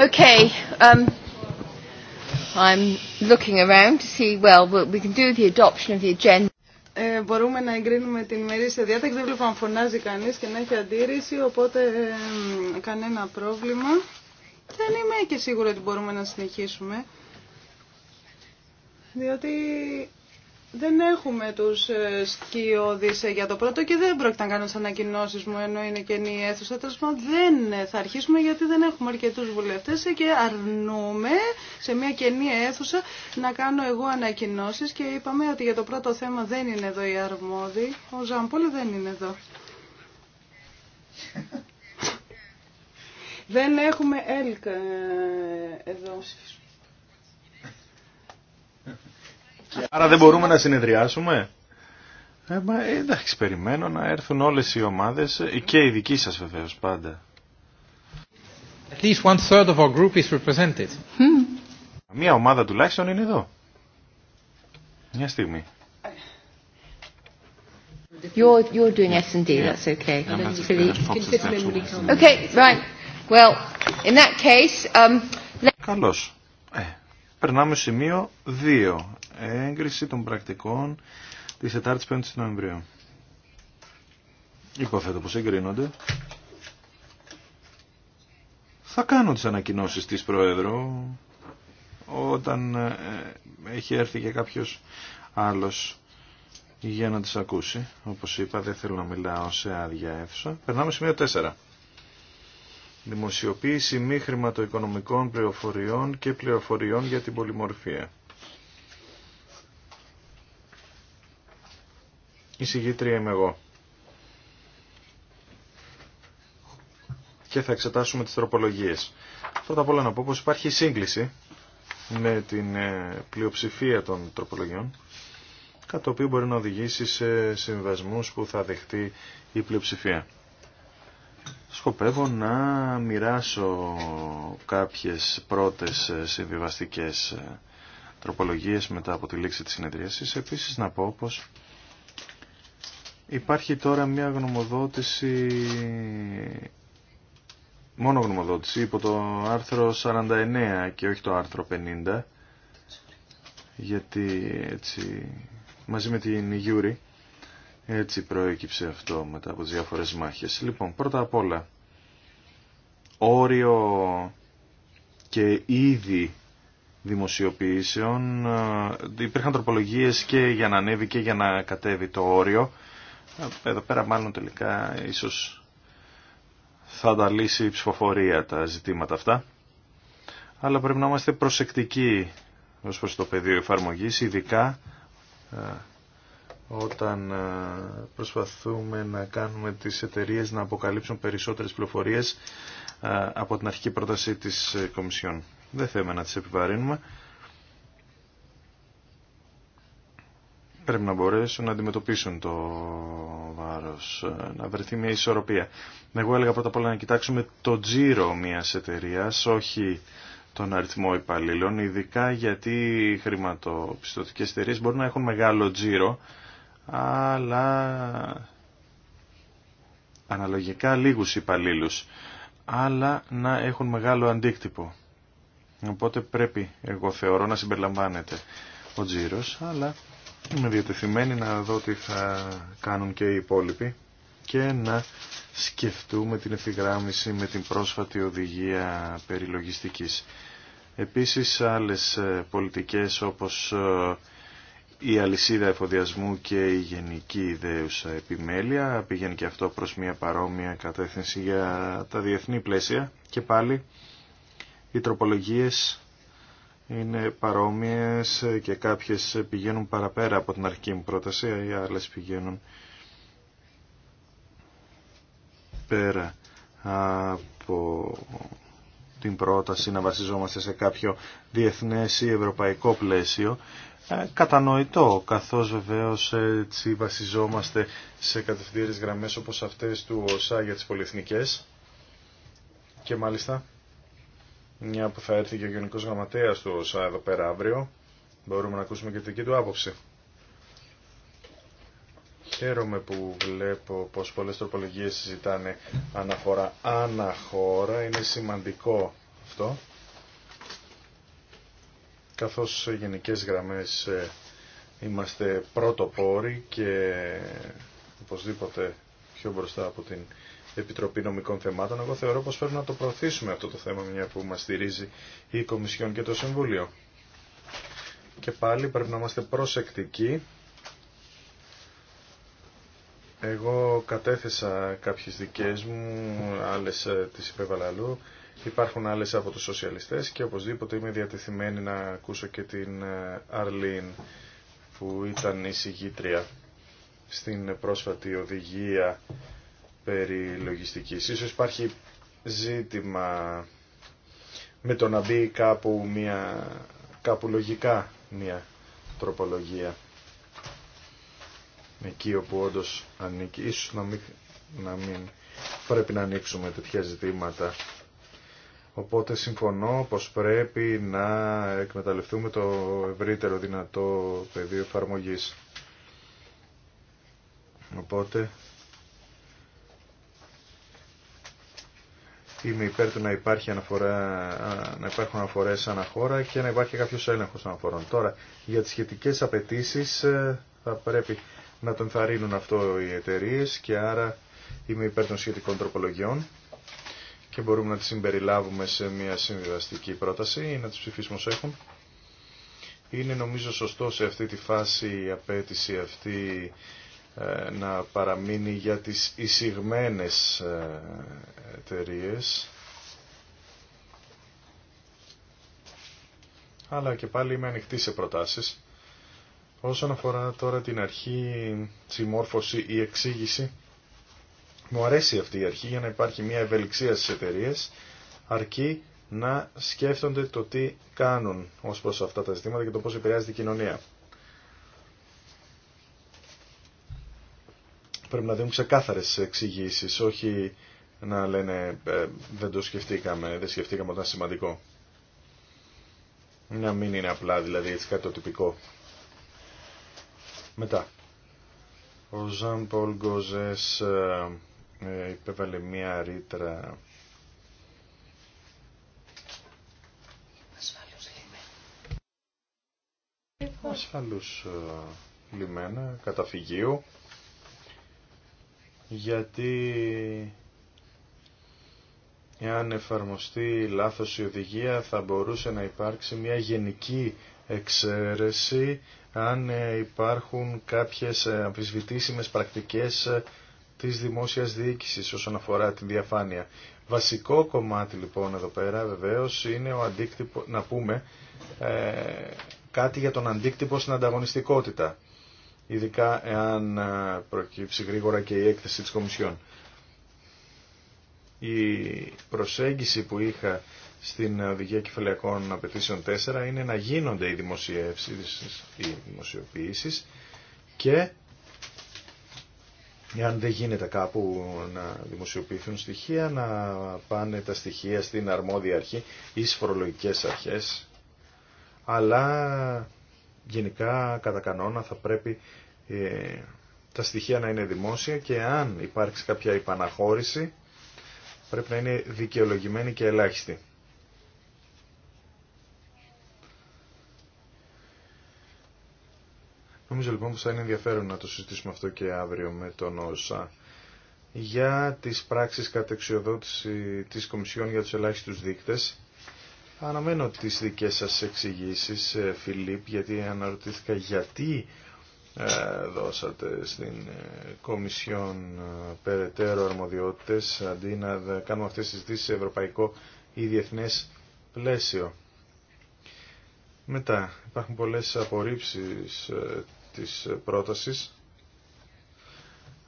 Okay. Um, I'm looking around μπορούμε να εγκρίνουμε την ημερήσια διάταξη. Δεν βλέπω αν φωνάζει κανείς και να έχει αντίρρηση, οπότε ε, κανένα πρόβλημα. Δεν είμαι και σίγουρη ότι μπορούμε να συνεχίσουμε. Διότι δεν έχουμε τους ε, σκιώδεις ε, για το πρώτο και δεν πρόκειται να κάνω τι ανακοινώσει μου ενώ είναι καινή η αίθουσα. δεν ε, θα αρχίσουμε γιατί δεν έχουμε αρκετούς βουλευτές και αρνούμε σε μια καινή αίθουσα να κάνω εγώ ανακοινώσει και είπαμε ότι για το πρώτο θέμα δεν είναι εδώ οι αρμόδιοι. Ο Ζαμπόλη δεν είναι εδώ. δεν έχουμε έλκα εδώ. Άρα δεν μπορούμε να συνεδριάσουμε. Ε, μα, ε, εντάξει, περιμένω να έρθουν όλες οι ομάδες ε, και οι δικοί σας βεβαίως πάντα. At least one third of our group is represented. Mm. Hm. Μία ομάδα τουλάχιστον είναι εδώ. Μια στιγμή. You're, you're doing S&D, that's okay. Okay, right. Well, in that case... Um, Καλώς. Ε, Περνάμε στο σημείο 2. Έγκριση των πρακτικών τη 4 Η 5ης η νοεμβριου Υποθέτω πως εγκρίνονται. Θα κάνω τι ανακοινώσει τη Προέδρου όταν ε, έχει έρθει και κάποιο άλλο για να τι ακούσει. Όπω είπα δεν θέλω να μιλάω σε άδεια αίθουσα. Περνάμε σημείο 4 δημοσιοποίηση μη χρηματοοικονομικών πληροφοριών και πληροφοριών για την πολυμορφία. Η συγγήτρια είμαι εγώ. Και θα εξετάσουμε τις τροπολογίες. Πρώτα απ' όλα να πω πως υπάρχει σύγκληση με την ε, πλειοψηφία των τροπολογιών, κατά το οποίο μπορεί να οδηγήσει σε συμβασμούς που θα δεχτεί η πλειοψηφία σκοπεύω να μοιράσω κάποιες πρώτες συμβιβαστικές τροπολογίες μετά από τη λήξη της συνεδρίασης. Επίσης να πω πως υπάρχει τώρα μια γνωμοδότηση, μόνο γνωμοδότηση υπό το άρθρο 49 και όχι το άρθρο 50 γιατί έτσι μαζί με την Γιούρη έτσι προέκυψε αυτό μετά από τις διάφορες μάχες. Λοιπόν, πρώτα απ' όλα, όριο και είδη δημοσιοποιήσεων. Ε, υπήρχαν τροπολογίες και για να ανέβει και για να κατέβει το όριο. Ε, εδώ πέρα μάλλον τελικά ίσως θα τα η ψηφοφορία τα ζητήματα αυτά. Αλλά πρέπει να είμαστε προσεκτικοί ως προς το πεδίο εφαρμογής, ειδικά ε, όταν ε, προσπαθούμε να κάνουμε τις εταιρείες να αποκαλύψουν περισσότερες πληροφορίες ε, από την αρχική πρόταση της ε, Κομισιόν. Δεν θέλουμε να τις επιβαρύνουμε. Πρέπει να μπορέσουν να αντιμετωπίσουν το βάρος, να βρεθεί μια ισορροπία. Εγώ έλεγα πρώτα απ' όλα να κοιτάξουμε το τζίρο μιας εταιρείας, όχι τον αριθμό υπαλλήλων, ειδικά γιατί οι χρηματοπιστωτικές εταιρείε μπορούν να έχουν μεγάλο τζίρο αλλά αναλογικά λίγους υπαλλήλους, αλλά να έχουν μεγάλο αντίκτυπο. Οπότε πρέπει, εγώ θεωρώ, να συμπεριλαμβάνεται ο τζίρος, αλλά είμαι διατεθειμένη να δω τι θα κάνουν και οι υπόλοιποι και να σκεφτούμε την ευθυγράμμιση με την πρόσφατη οδηγία περιλογιστικής. Επίσης άλλες ε, πολιτικές όπως ε, η αλυσίδα εφοδιασμού και η γενική ιδέουσα επιμέλεια πηγαίνει και αυτό προς μια παρόμοια κατεύθυνση για τα διεθνή πλαίσια και πάλι οι τροπολογίες είναι παρόμοιες και κάποιες πηγαίνουν παραπέρα από την αρχική μου πρόταση οι άλλες πηγαίνουν πέρα από την πρόταση να βασιζόμαστε σε κάποιο διεθνές ή ευρωπαϊκό πλαίσιο ε, κατανοητό, καθώς βεβαίως έτσι βασιζόμαστε σε κατευθυντήρες γραμμές όπως αυτές του ΩΣΑ για τις πολυεθνικές και μάλιστα μια που θα έρθει και ο Γενικός Γραμματέας του ΩΣΑ εδώ πέρα αύριο μπορούμε να ακούσουμε και τη δική του άποψη. Χαίρομαι που βλέπω πως πολλές τροπολογίες συζητάνε αναφορά αναχώρα, είναι σημαντικό αυτό καθώς σε γενικές γραμμές ε, είμαστε πρωτοπόροι και οπωσδήποτε πιο μπροστά από την Επιτροπή Νομικών Θεμάτων. Εγώ θεωρώ πως πρέπει να το προωθήσουμε αυτό το θέμα μια που μας στηρίζει η Κομισιόν και το Συμβούλιο. Και πάλι πρέπει να είμαστε προσεκτικοί. Εγώ κατέθεσα κάποιες δικές μου, άλλες ε, τις υπέβαλα αλλού. Υπάρχουν άλλες από τους σοσιαλιστές και οπωσδήποτε είμαι διατεθειμένη να ακούσω και την ε, Αρλίν που ήταν η συγγήτρια στην πρόσφατη οδηγία περί λογιστικής. Ίσως υπάρχει ζήτημα με το να μπει κάπου, μια, κάπου λογικά μια τροπολογία εκεί όπου όντω ανήκει. Ίσως να μην, να μην πρέπει να ανοίξουμε τέτοια ζητήματα Οπότε συμφωνώ πως πρέπει να εκμεταλλευτούμε το ευρύτερο δυνατό πεδίο εφαρμογή. Οπότε είμαι υπέρ του να, υπάρχει αναφορά, να υπάρχουν αναφορές σαν χώρα και να υπάρχει κάποιος έλεγχος αναφορών. Τώρα, για τις σχετικές απαιτήσει ε, θα πρέπει να τον θαρρύνουν αυτό οι εταιρείε και άρα είμαι υπέρ των σχετικών τροπολογιών μπορούμε να τις συμπεριλάβουμε σε μια συμβιβαστική πρόταση ή να τις ψηφίσουμε όσο έχουν. Είναι νομίζω σωστό σε αυτή τη φάση η απέτηση αυτή ε, να παραμείνει για τις εισηγμένες ε, εταιρείε. Αλλά και πάλι είμαι ανοιχτή σε προτάσεις. Όσον αφορά τώρα την αρχή συμμόρφωση ή εξήγηση, μου αρέσει αυτή η αρχή για να υπάρχει μια ευελιξία στις εταιρείε, αρκεί να σκέφτονται το τι κάνουν ως προς αυτά τα ζητήματα και το πώς επηρεάζεται η κοινωνία. Πρέπει να δίνουν ξεκάθαρες εξηγήσει, όχι να λένε «Ε, δεν το σκεφτήκαμε, δεν σκεφτήκαμε όταν σημαντικό. Να μην είναι απλά δηλαδή έτσι κάτι το τυπικό. Μετά. Ο Ζαν Πολ Γκοζές... Ε, ε, υπέβαλε μία ρήτρα ασφαλούς ε, λιμένα, καταφυγίου, γιατί εάν εφαρμοστεί λάθος η οδηγία θα μπορούσε να υπάρξει μια ρητρα ασφαλους λιμενα καταφυγείου γιατι αν εφαρμοστει λαθος η εξαίρεση αν ε, υπάρχουν κάποιες αμφισβητήσιμες πρακτικές της δημόσιας διοίκησης όσον αφορά τη διαφάνεια. Βασικό κομμάτι λοιπόν εδώ πέρα βεβαίως είναι ο αντίκτυπο, να πούμε ε, κάτι για τον αντίκτυπο στην ανταγωνιστικότητα. Ειδικά εάν ε, προκύψει γρήγορα και η έκθεση της Κομισιόν. Η προσέγγιση που είχα στην Οδηγία Κεφαλαιακών Απαιτήσεων 4 είναι να γίνονται οι δημοσιεύσεις, οι δημοσιοποιήσεις και Εάν δεν γίνεται κάπου να δημοσιοποιηθούν στοιχεία, να πάνε τα στοιχεία στην αρμόδια αρχή ή στις αρχές. Αλλά γενικά κατά κανόνα θα πρέπει ε, τα στοιχεία να είναι δημόσια και αν υπάρξει κάποια υπαναχώρηση πρέπει να είναι δικαιολογημένη και ελάχιστη. Νομίζω λοιπόν πως θα είναι ενδιαφέρον να το συζητήσουμε αυτό και αύριο με τον ΩΣΑ για τις πράξεις κατεξιοδότηση της Κομισιόν για τους ελάχιστους δείκτες. Αναμένω τις δικές σας εξηγήσεις, ε, Φιλίπ, γιατί αναρωτήθηκα γιατί ε, δώσατε στην ε, Κομισιόν περαιτέρω αρμοδιότητες αντί να κάνουμε αυτές τις συζητήσεις σε ευρωπαϊκό ή διεθνές πλαίσιο. Μετά, υπάρχουν πολλές απορρίψεις της ε, πρότασης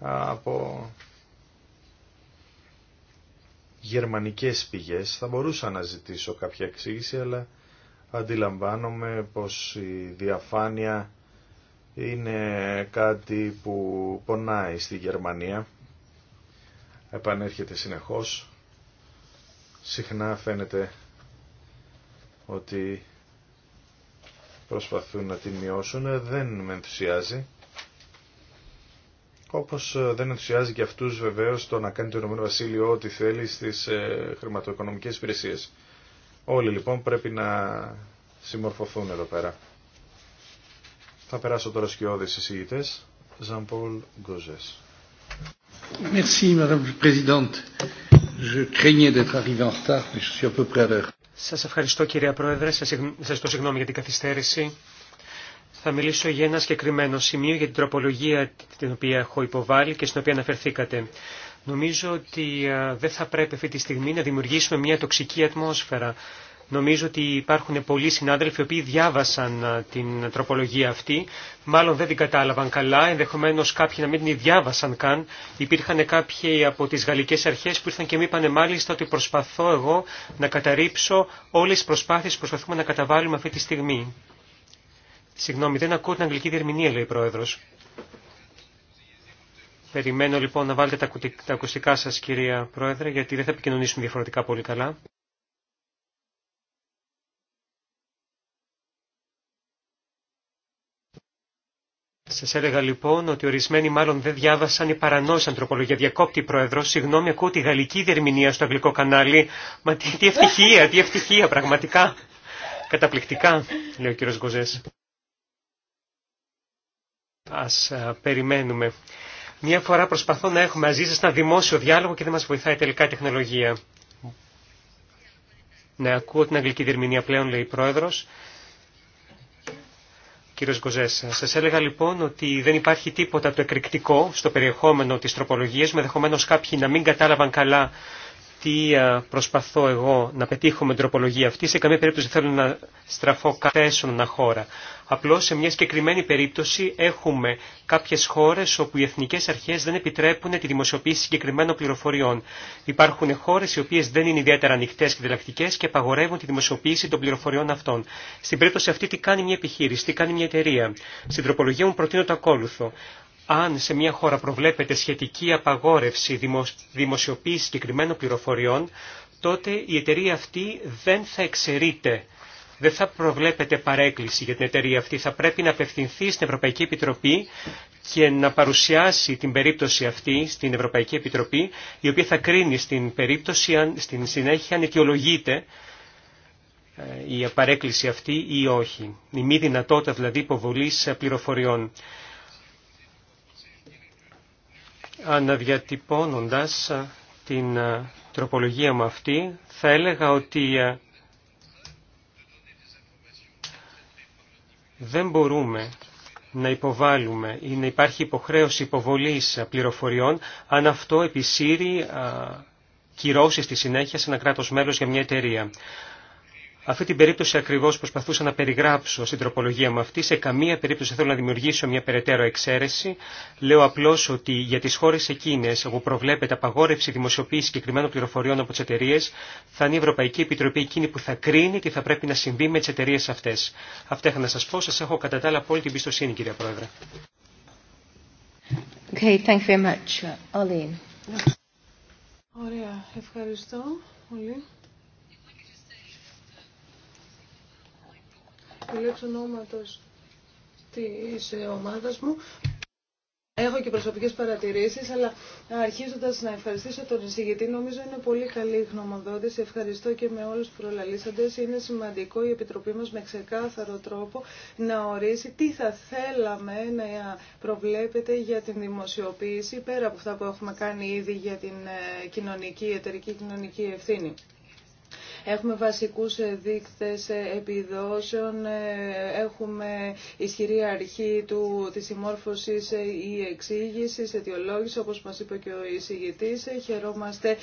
από γερμανικές πηγές. Θα μπορούσα να ζητήσω κάποια εξήγηση, αλλά αντιλαμβάνομαι πως η διαφάνεια είναι κάτι που πονάει στη Γερμανία. Επανέρχεται συνεχώς. Συχνά φαίνεται ότι προσπαθούν να την μειώσουν δεν με ενθουσιάζει. Όπως ε, δεν ενθουσιάζει και αυτούς βεβαίως το να κάνει το Ηνωμένο Βασίλειο ό,τι θέλει στις ε, χρηματοοικονομικές υπηρεσίε. Όλοι λοιπόν πρέπει να συμμορφωθούν εδώ πέρα. Θα περάσω τώρα σκιώδες εισηγητές. Ζαμπολ Γκοζές. Merci Madame la Présidente. Je craignais d'être arrivé en retard, mais je σας ευχαριστώ κυρία Πρόεδρε, σας, το συγγνώμη για την καθυστέρηση. Θα μιλήσω για ένα συγκεκριμένο σημείο για την τροπολογία την οποία έχω υποβάλει και στην οποία αναφερθήκατε. Νομίζω ότι ε, δεν θα πρέπει αυτή τη στιγμή να δημιουργήσουμε μια τοξική ατμόσφαιρα. Νομίζω ότι υπάρχουν πολλοί συνάδελφοι οι οποίοι διάβασαν την τροπολογία αυτή. Μάλλον δεν την κατάλαβαν καλά, ενδεχομένως κάποιοι να μην την διάβασαν καν. Υπήρχαν κάποιοι από τις γαλλικές αρχές που ήρθαν και μου είπαν μάλιστα ότι προσπαθώ εγώ να καταρρύψω όλες τις προσπάθειες που προσπαθούμε να καταβάλουμε αυτή τη στιγμή. Συγγνώμη, δεν ακούω την αγγλική διερμηνία, λέει η Πρόεδρος. Περιμένω λοιπόν να βάλετε τα ακουστικά σας κυρία Πρόεδρε γιατί δεν θα επικοινωνήσουμε διαφορετικά πολύ καλά. Σα έλεγα λοιπόν ότι ορισμένοι μάλλον δεν διάβασαν ή παρανόηση τροπολογία. Διακόπτη πρόεδρο, συγγνώμη, ακούω τη γαλλική διερμηνία στο αγγλικό κανάλι. Μα τι, τι ευτυχία, τι ευτυχία, πραγματικά. Καταπληκτικά, λέει ο κύριο Γκοζέ. Α ε, περιμένουμε. Μια φορά προσπαθώ να έχουμε μαζί σα δημόσιο διάλογο και δεν μα βοηθάει τελικά η τεχνολογία. Ναι, ακούω την αγγλική διερμηνία πλέον, λέει η πρόεδρο. Κύριος Γκοζές, σας έλεγα λοιπόν ότι δεν υπάρχει τίποτα το εκρηκτικό στο περιεχόμενο της τροπολογίας, με δεχομένως κάποιοι να μην κατάλαβαν καλά τι προσπαθώ εγώ να πετύχω με την τροπολογία αυτή. Σε καμία περίπτωση δεν θέλω να στραφώ καθέσον ένα χώρα. Απλώ σε μια συγκεκριμένη περίπτωση έχουμε κάποιε χώρε όπου οι εθνικέ αρχέ δεν επιτρέπουν τη δημοσιοποίηση συγκεκριμένων πληροφοριών. Υπάρχουν χώρε οι οποίε δεν είναι ιδιαίτερα ανοιχτέ και διδακτικέ και απαγορεύουν τη δημοσιοποίηση των πληροφοριών αυτών. Στην περίπτωση αυτή τι κάνει μια επιχείρηση, τι κάνει μια εταιρεία. Στην τροπολογία μου προτείνω το ακόλουθο αν σε μια χώρα προβλέπεται σχετική απαγόρευση δημοσιοποίηση συγκεκριμένων πληροφοριών, τότε η εταιρεία αυτή δεν θα εξαιρείται. Δεν θα προβλέπεται παρέκκληση για την εταιρεία αυτή. Θα πρέπει να απευθυνθεί στην Ευρωπαϊκή Επιτροπή και να παρουσιάσει την περίπτωση αυτή στην Ευρωπαϊκή Επιτροπή, η οποία θα κρίνει στην περίπτωση, στην συνέχεια, αν αιτιολογείται ε, η παρέκκληση αυτή ή όχι. Η μη δυνατότητα δηλαδή υποβολής ε, πληροφοριών αναδιατυπώνοντας ε, την ε, τροπολογία μου αυτή, θα έλεγα ότι ε, δεν μπορούμε να υποβάλουμε ή να υπάρχει υποχρέωση υποβολής πληροφοριών αν αυτό επισύρει κυρώσεις στη συνέχεια σε ένα κράτος μέλος για μια εταιρεία. Αυτή την περίπτωση ακριβώ προσπαθούσα να περιγράψω στην τροπολογία μου αυτή. Σε καμία περίπτωση θέλω να δημιουργήσω μια περαιτέρω εξαίρεση. Λέω απλώ ότι για τι χώρε εκείνε όπου προβλέπεται απαγόρευση δημοσιοποίηση συγκεκριμένων πληροφοριών από τι εταιρείε, θα είναι η Ευρωπαϊκή Επιτροπή εκείνη που θα κρίνει τι θα πρέπει να συμβεί με τι εταιρείε αυτέ. Αυτά είχα να σα πω. Σα έχω κατά τα άλλα απόλυτη εμπιστοσύνη, κυρία Πρόεδρε. Okay, thank you very much. Ωραία, ευχαριστώ πολύ. μιλώ ονόματο τη της ε, ομάδας μου. Έχω και προσωπικέ παρατηρήσει, αλλά αρχίζοντα να ευχαριστήσω τον εισηγητή, νομίζω είναι πολύ καλή η γνωμοδότηση. Ευχαριστώ και με όλου του προλαλήσαντε. Είναι σημαντικό η Επιτροπή μα με ξεκάθαρο τρόπο να ορίσει τι θα θέλαμε να προβλέπετε για την δημοσιοποίηση, πέρα από αυτά που έχουμε κάνει ήδη για την ε, κοινωνική, εταιρική κοινωνική ευθύνη. Έχουμε βασικούς ε, δείκτες ε, επιδόσεων, ε, έχουμε ισχυρή αρχή του, της συμμόρφωσης ή εξήγησης, αιτιολόγηση, όπως μας είπε και ο εισηγητής. Χαιρόμαστε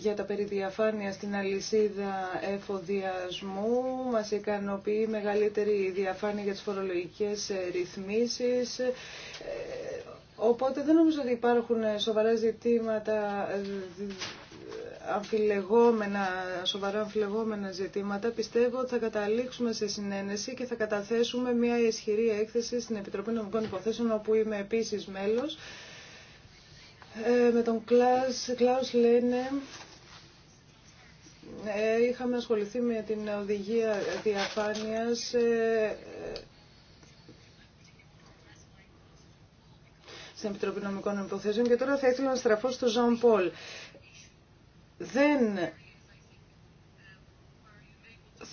για, τα περί διαφάνεια στην αλυσίδα εφοδιασμού. Μας ικανοποιεί μεγαλύτερη διαφάνεια για τις φορολογικές ρυθμίσεις. Οπότε δεν νομίζω ότι υπάρχουν σοβαρά ζητήματα αμφιλεγόμενα, σοβαρά αμφιλεγόμενα ζητήματα, πιστεύω ότι θα καταλήξουμε σε συνένεση και θα καταθέσουμε μια ισχυρή έκθεση στην Επιτροπή Νομικών Υποθέσεων, όπου είμαι επίσης μέλος, ε, με τον Κλάους, λένε ε, είχαμε ασχοληθεί με την οδηγία διαφάνειας ε, στην Επιτροπή Νομικών Υποθέσεων και τώρα θα ήθελα να στραφώ στο Ζαν Πολ. Δεν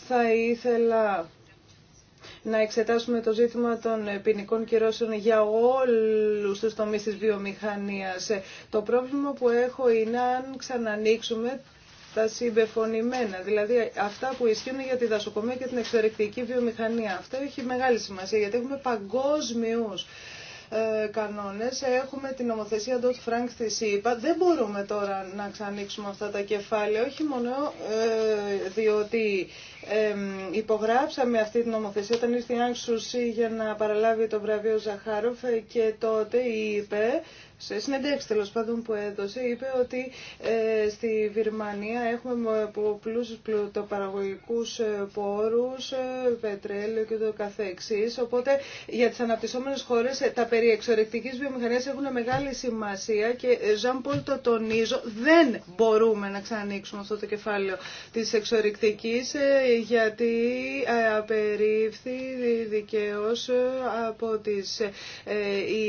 θα ήθελα να εξετάσουμε το ζήτημα των ποινικών κυρώσεων για όλους τους τομείς της βιομηχανίας. Το πρόβλημα που έχω είναι αν ξανανοίξουμε τα συμπεφωνημένα, δηλαδή αυτά που ισχύουν για τη δασοκομεία και την εξωτερική βιομηχανία. Αυτό έχει μεγάλη σημασία γιατί έχουμε παγκόσμιους ε, κανόνες. Έχουμε την νομοθεσία του Frank στη ΣΥΠΑ. Δεν μπορούμε τώρα να ξανοίξουμε αυτά τα κεφάλαια, όχι μόνο ε, διότι υπογράψαμε αυτή την νομοθεσία όταν ήρθε η Άγξουσή για να παραλάβει το βραβείο Ζαχάροφ και τότε είπε σε συνεντεύξει τέλο πάντων που έδωσε, είπε ότι ε, στη Βυρμανία έχουμε πλούσιου πλουτοπαραγωγικού ε, πόρου, ε, πετρέλαιο και το καθεξής. Οπότε για τις αναπτυσσόμενες χώρες τα περί εξορρεκτική βιομηχανία έχουν μεγάλη σημασία και Ζαν Πολ το τονίζω, δεν μπορούμε να ξανανοίξουμε αυτό το κεφάλαιο της ε, γιατί απερίφθη δικαίως από τις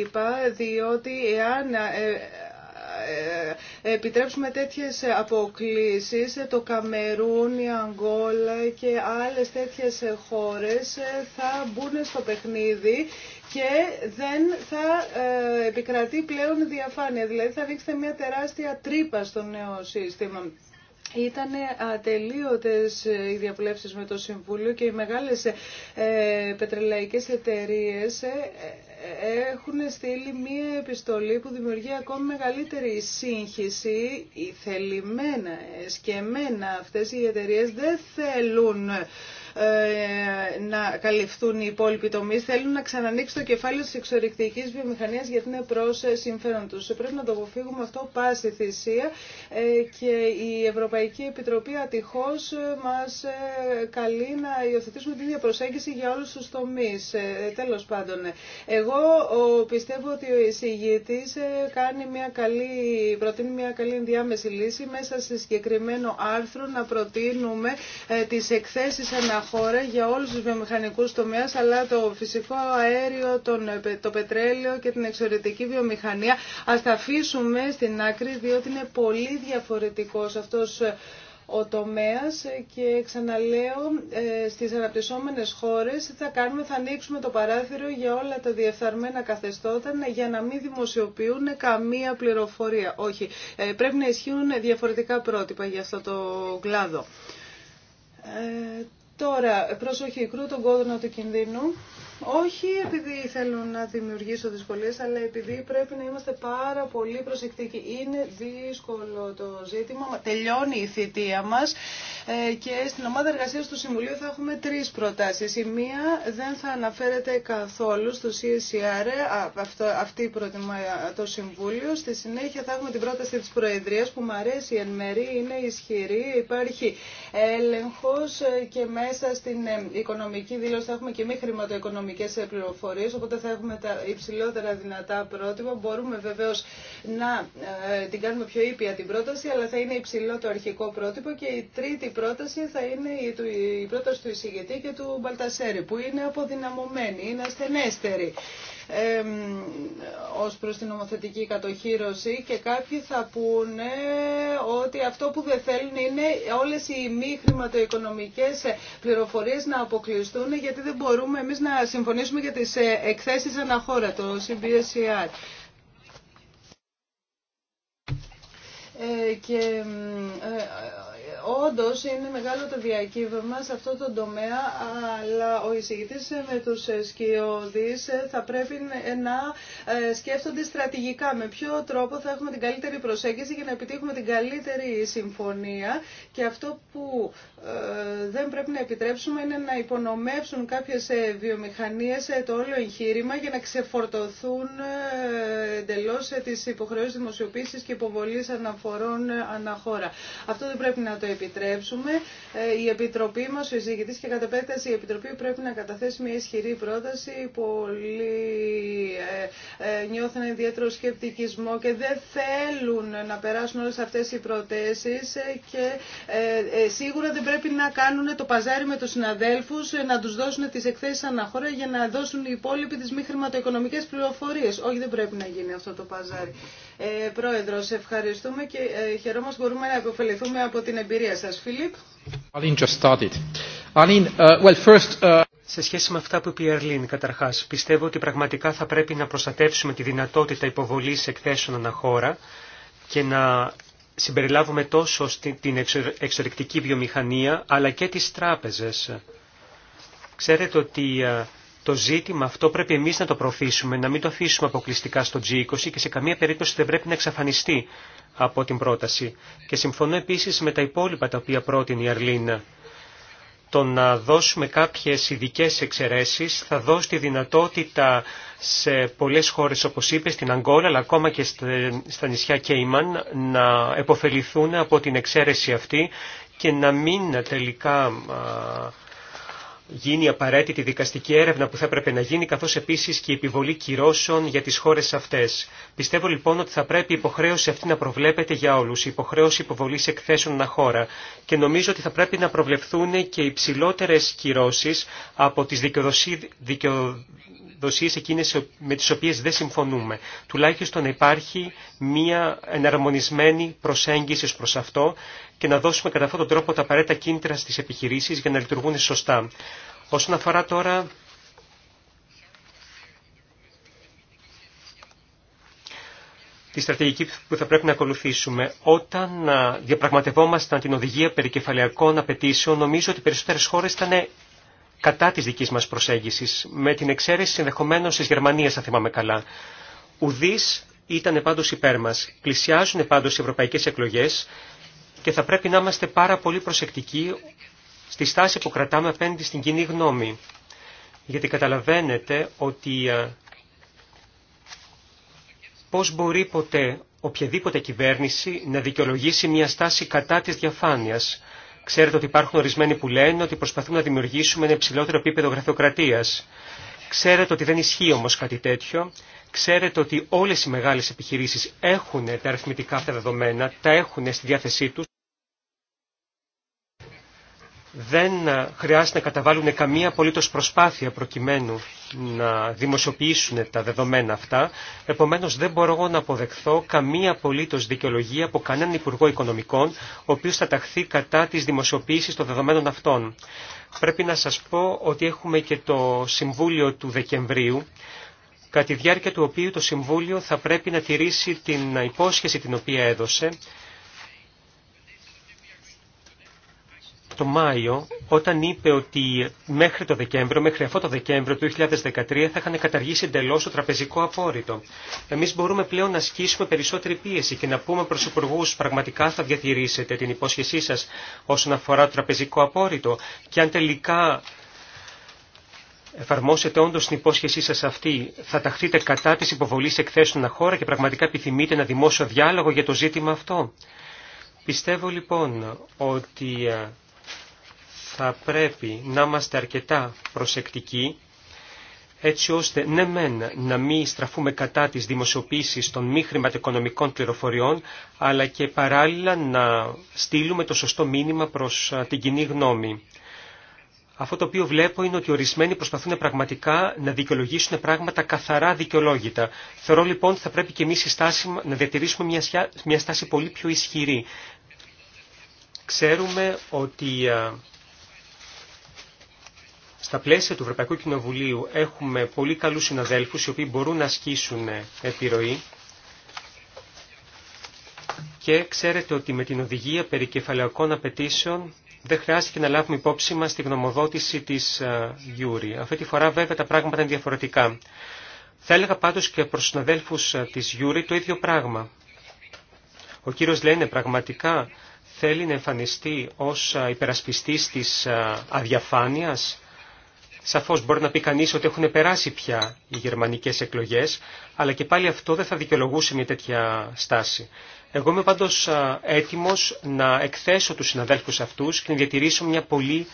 ΗΠΑ διότι εάν να ε, ε, ε, επιτρέψουμε τέτοιες αποκλήσεις, το Καμερούν, η Αγγόλα και άλλες τέτοιες χώρες θα μπουν στο παιχνίδι και δεν θα επικρατεί πλέον διαφάνεια. Δηλαδή θα ρίξετε μια τεράστια τρύπα στο νέο σύστημα. Ήταν ατελείωτες ε, οι διαβουλεύσεις με το Συμβούλιο και οι μεγάλες ε, πετρελαϊκές εταιρείες ε, έχουν στείλει μία επιστολή που δημιουργεί ακόμη μεγαλύτερη σύγχυση. Θελημένα, εσκεμμένα αυτές οι εταιρείες δεν θέλουν ε, να καλυφθούν οι υπόλοιποι τομεί. Θέλουν να ξανανοίξει το κεφάλαιο τη εξορρυκτική βιομηχανία γιατί είναι προ ε, συμφέρον του. Πρέπει να το αποφύγουμε αυτό πάση θυσία ε, και η Ευρωπαϊκή Επιτροπή ατυχώ μα καλεί να υιοθετήσουμε την ίδια προσέγγιση για όλου του τομεί. Τέλο πάντων, εγώ πιστεύω ότι ο εισηγητή κάνει μια καλή, προτείνει μια καλή ενδιάμεση λύση μέσα σε συγκεκριμένο άρθρο να προτείνουμε τι εκθέσει ανα χώρα για όλους τους βιομηχανικούς τομέας, αλλά το φυσικό αέριο, τον, το πετρέλαιο και την εξωτερική βιομηχανία ας τα αφήσουμε στην άκρη, διότι είναι πολύ διαφορετικός αυτός ε, ο τομέας και ξαναλέω ε, στις αναπτυσσόμενες χώρες θα κάνουμε, θα ανοίξουμε το παράθυρο για όλα τα διεφθαρμένα καθεστώτα για να μην δημοσιοποιούν καμία πληροφορία. Όχι, ε, πρέπει να ισχύουν διαφορετικά πρότυπα για αυτό το κλάδο. Τώρα, προσοχή, κρούτων, κόδωνα του κινδύνου όχι επειδή θέλουν να δημιουργήσω δυσκολίες, αλλά επειδή πρέπει να είμαστε πάρα πολύ προσεκτικοί. Είναι δύσκολο το ζήτημα, τελειώνει η θητεία μας ε, και στην ομάδα εργασίας του Συμβουλίου θα έχουμε τρεις προτάσεις. Η μία δεν θα αναφέρεται καθόλου στο CSR, e ε, αυτό, αυτή ε, το Συμβούλιο. Στη συνέχεια θα έχουμε την πρόταση της Προεδρίας που μου αρέσει εν μέρη, είναι ισχυρή, υπάρχει έλεγχος και μέσα στην οικονομική δήλωση θα έχουμε και μη χρηματοοικονομική σε πληροφορίες, οπότε θα έχουμε τα υψηλότερα δυνατά πρότυπα. Μπορούμε βεβαίως να ε, την κάνουμε πιο ήπια την πρόταση, αλλά θα είναι υψηλό το αρχικό πρότυπο και η τρίτη πρόταση θα είναι η πρόταση του εισηγητή και του Μπαλτασέρη, που είναι αποδυναμωμένη, είναι ασθενέστερη ως προς την νομοθετική κατοχήρωση και κάποιοι θα πούνε ότι αυτό που δεν θέλουν είναι όλες οι μη χρηματοοικονομικές πληροφορίες να αποκλειστούν γιατί δεν μπορούμε εμείς να συμφωνήσουμε για τις ε, εκθέσεις αναχώρα, το CBSCR. E ε, και ε, Όντω είναι μεγάλο το διακύβευμα σε αυτό το τομέα, αλλά ο εισηγητή με του σκιώδει θα πρέπει να ε, σκέφτονται στρατηγικά με ποιο τρόπο θα έχουμε την καλύτερη προσέγγιση για να επιτύχουμε την καλύτερη συμφωνία και αυτό που ε, δεν πρέπει να επιτρέψουμε είναι να υπονομεύσουν κάποιες ε, βιομηχανίες ε, το όλο εγχείρημα για να ξεφορτωθούν εντελώς τις υποχρεώσεις δημοσιοποίησης και υποβολής αναφορών αναχώρα. Αυτό δεν πρέπει να το επιτρέψουμε. Η Επιτροπή μας, ο εισηγητής και κατά επέκταση η Επιτροπή πρέπει να καταθέσει μια ισχυρή πρόταση. Πολλοί νιώθουν ιδιαίτερο σκεπτικισμό και δεν θέλουν να περάσουν όλες αυτές οι προτέσεις και σίγουρα δεν πρέπει να κάνουν το παζάρι με του συναδέλφου, ε, να του δώσουν τι εκθέσει αναχώρα για να δώσουν οι υπόλοιποι τις μη χρηματοοικονομικές πληροφορίες. Όχι, δεν πρέπει να γίνει αυτό το παζάρι. Ε, Πρόεδρος, ευχαριστούμε και ε, χαιρόμαστε μπορούμε να υποφεληθούμε από την εμπειρία σα, Φίλιπ. Uh, uh, σε σχέση με αυτά που είπε η Ερλίν, καταρχά, πιστεύω ότι πραγματικά θα πρέπει να προστατεύσουμε τη δυνατότητα υποβολή εκθέσεων αναχώρα και να συμπεριλάβουμε τόσο την εξορρυκτική βιομηχανία αλλά και τις τράπεζες. Ξέρετε ότι το ζήτημα αυτό πρέπει εμείς να το προωθήσουμε, να μην το αφήσουμε αποκλειστικά στο G20 και σε καμία περίπτωση δεν πρέπει να εξαφανιστεί από την πρόταση. Και συμφωνώ επίσης με τα υπόλοιπα τα οποία πρότεινε η Αρλίνα. Το να δώσουμε κάποιες ειδικέ εξαιρέσεις θα δώσει τη δυνατότητα σε πολλές χώρες όπως είπε, στην Αγκόλα αλλά ακόμα και στα νησιά Κέιμαν να επωφεληθούν από την εξαίρεση αυτή και να μην τελικά γίνει απαραίτητη δικαστική έρευνα που θα έπρεπε να γίνει, καθώς επίσης και η επιβολή κυρώσεων για τις χώρες αυτές. Πιστεύω λοιπόν ότι θα πρέπει η υποχρέωση αυτή να προβλέπεται για όλους, η υποχρέωση υποβολής εκθέσεων να χώρα. Και νομίζω ότι θα πρέπει να προβλεφθούν και υψηλότερε κυρώσεις από τις δικαιοδοσίες δοσίες εκείνες με τις οποίες δεν συμφωνούμε. Τουλάχιστον υπάρχει μία εναρμονισμένη προσέγγιση προς αυτό και να δώσουμε κατά αυτόν τον τρόπο τα απαραίτητα κίνητρα στις επιχειρήσεις για να λειτουργούν σωστά. Όσον αφορά τώρα τη στρατηγική που θα πρέπει να ακολουθήσουμε. Όταν διαπραγματευόμασταν την οδηγία περί κεφαλαιακών απαιτήσεων, νομίζω ότι περισσότερες χώρες ήταν κατά της δικής μας προσέγγισης, με την εξαίρεση ενδεχομένως της Γερμανίας, αν θυμάμαι καλά. Ουδής ήταν πάντως υπέρ μας. Πλησιάζουν πάντως οι ευρωπαϊκές εκλογές και θα πρέπει να είμαστε πάρα πολύ προσεκτικοί στη στάση που κρατάμε απέναντι στην κοινή γνώμη. Γιατί καταλαβαίνετε ότι ε, πώς μπορεί ποτέ οποιαδήποτε κυβέρνηση να δικαιολογήσει μια στάση κατά της διαφάνειας. Ξέρετε ότι υπάρχουν ορισμένοι που λένε ότι προσπαθούμε να δημιουργήσουμε ένα υψηλότερο επίπεδο γραφειοκρατίας. Ξέρετε ότι δεν ισχύει όμως κάτι τέτοιο. Ξέρετε ότι όλες οι μεγάλες επιχειρήσεις έχουν τα αριθμητικά αυτά δεδομένα, τα έχουν στη διάθεσή τους δεν ε, χρειάζεται να καταβάλουν καμία απολύτως προσπάθεια προκειμένου να δημοσιοποιήσουν τα δεδομένα αυτά. Επομένως δεν μπορώ να αποδεχθώ καμία απολύτως δικαιολογία από κανέναν Υπουργό Οικονομικών ο οποίος θα ταχθεί κατά της δημοσιοποίησης των δεδομένων αυτών. Πρέπει να σας πω ότι έχουμε και το Συμβούλιο του Δεκεμβρίου κατά τη διάρκεια του οποίου το Συμβούλιο θα πρέπει να τηρήσει την υπόσχεση την οποία έδωσε το Μάιο όταν είπε ότι μέχρι το Δεκέμβριο, μέχρι αυτό το Δεκέμβριο του 2013 θα είχαν καταργήσει εντελώ το τραπεζικό απόρριτο. Εμεί μπορούμε πλέον να ασκήσουμε περισσότερη πίεση και να πούμε προ υπουργού πραγματικά θα διατηρήσετε την υπόσχεσή σα όσον αφορά το τραπεζικό απόρριτο και αν τελικά εφαρμόσετε όντω την υπόσχεσή σα αυτή, θα ταχθείτε κατά τη υποβολή εκθέσεων χώρα και πραγματικά επιθυμείτε ένα δημόσιο διάλογο για το ζήτημα αυτό. Πιστεύω λοιπόν ότι ε, θα πρέπει να είμαστε αρκετά προσεκτικοί έτσι ώστε ναι μεν να μην στραφούμε κατά της δημοσιοποίησης των μη χρηματοοικονομικών πληροφοριών, αλλά και παράλληλα να στείλουμε το σωστό μήνυμα προς την κοινή γνώμη. Αυτό το οποίο βλέπω είναι ότι ορισμένοι προσπαθούν πραγματικά να δικαιολογήσουν πράγματα καθαρά δικαιολόγητα. Θεωρώ λοιπόν ότι θα πρέπει και εμείς να διατηρήσουμε μια στάση πολύ πιο ισχυρή. Ξέρουμε ότι στα πλαίσια του Ευρωπαϊκού Κοινοβουλίου έχουμε πολύ καλούς συναδέλφους οι οποίοι μπορούν να ασκήσουν επιρροή και ξέρετε ότι με την οδηγία περί κεφαλαιακών απαιτήσεων δεν χρειάστηκε να λάβουμε υπόψη μας τη γνωμοδότηση της ε, Γιούρη. Αυτή τη φορά βέβαια τα πράγματα είναι διαφορετικά. Θα έλεγα πάντως και προς συναδέλφους ε, της Γιούρη το ίδιο πράγμα. Ο κύριος Λένε πραγματικά θέλει να εμφανιστεί ως ε, υπερασπιστής της αδιαφάνειας. Σαφώς μπορεί να πει κανείς ότι έχουν περάσει πια οι γερμανικές εκλογές, αλλά και πάλι αυτό δεν θα δικαιολογούσε μια τέτοια στάση. Εγώ είμαι πάντως έτοιμος να εκθέσω τους συναδέλφους αυτούς και να διατηρήσω μια πολύ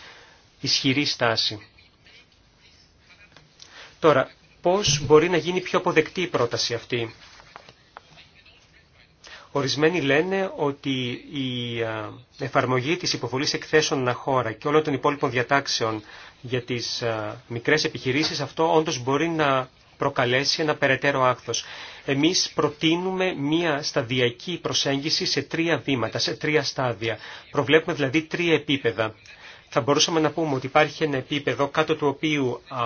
ισχυρή στάση. Τώρα, πώς μπορεί να γίνει πιο αποδεκτή η πρόταση αυτή. Ορισμένοι λένε ότι η εφαρμογή της υποβολής εκθέσεων χώρα και όλων των υπόλοιπων διατάξεων για τις μικρές επιχειρήσεις αυτό όντως μπορεί να προκαλέσει ένα περαιτέρω άκθος. Εμείς προτείνουμε μία σταδιακή προσέγγιση σε τρία βήματα, σε τρία στάδια. Προβλέπουμε δηλαδή τρία επίπεδα θα μπορούσαμε να πούμε ότι υπάρχει ένα επίπεδο κάτω του οποίου α,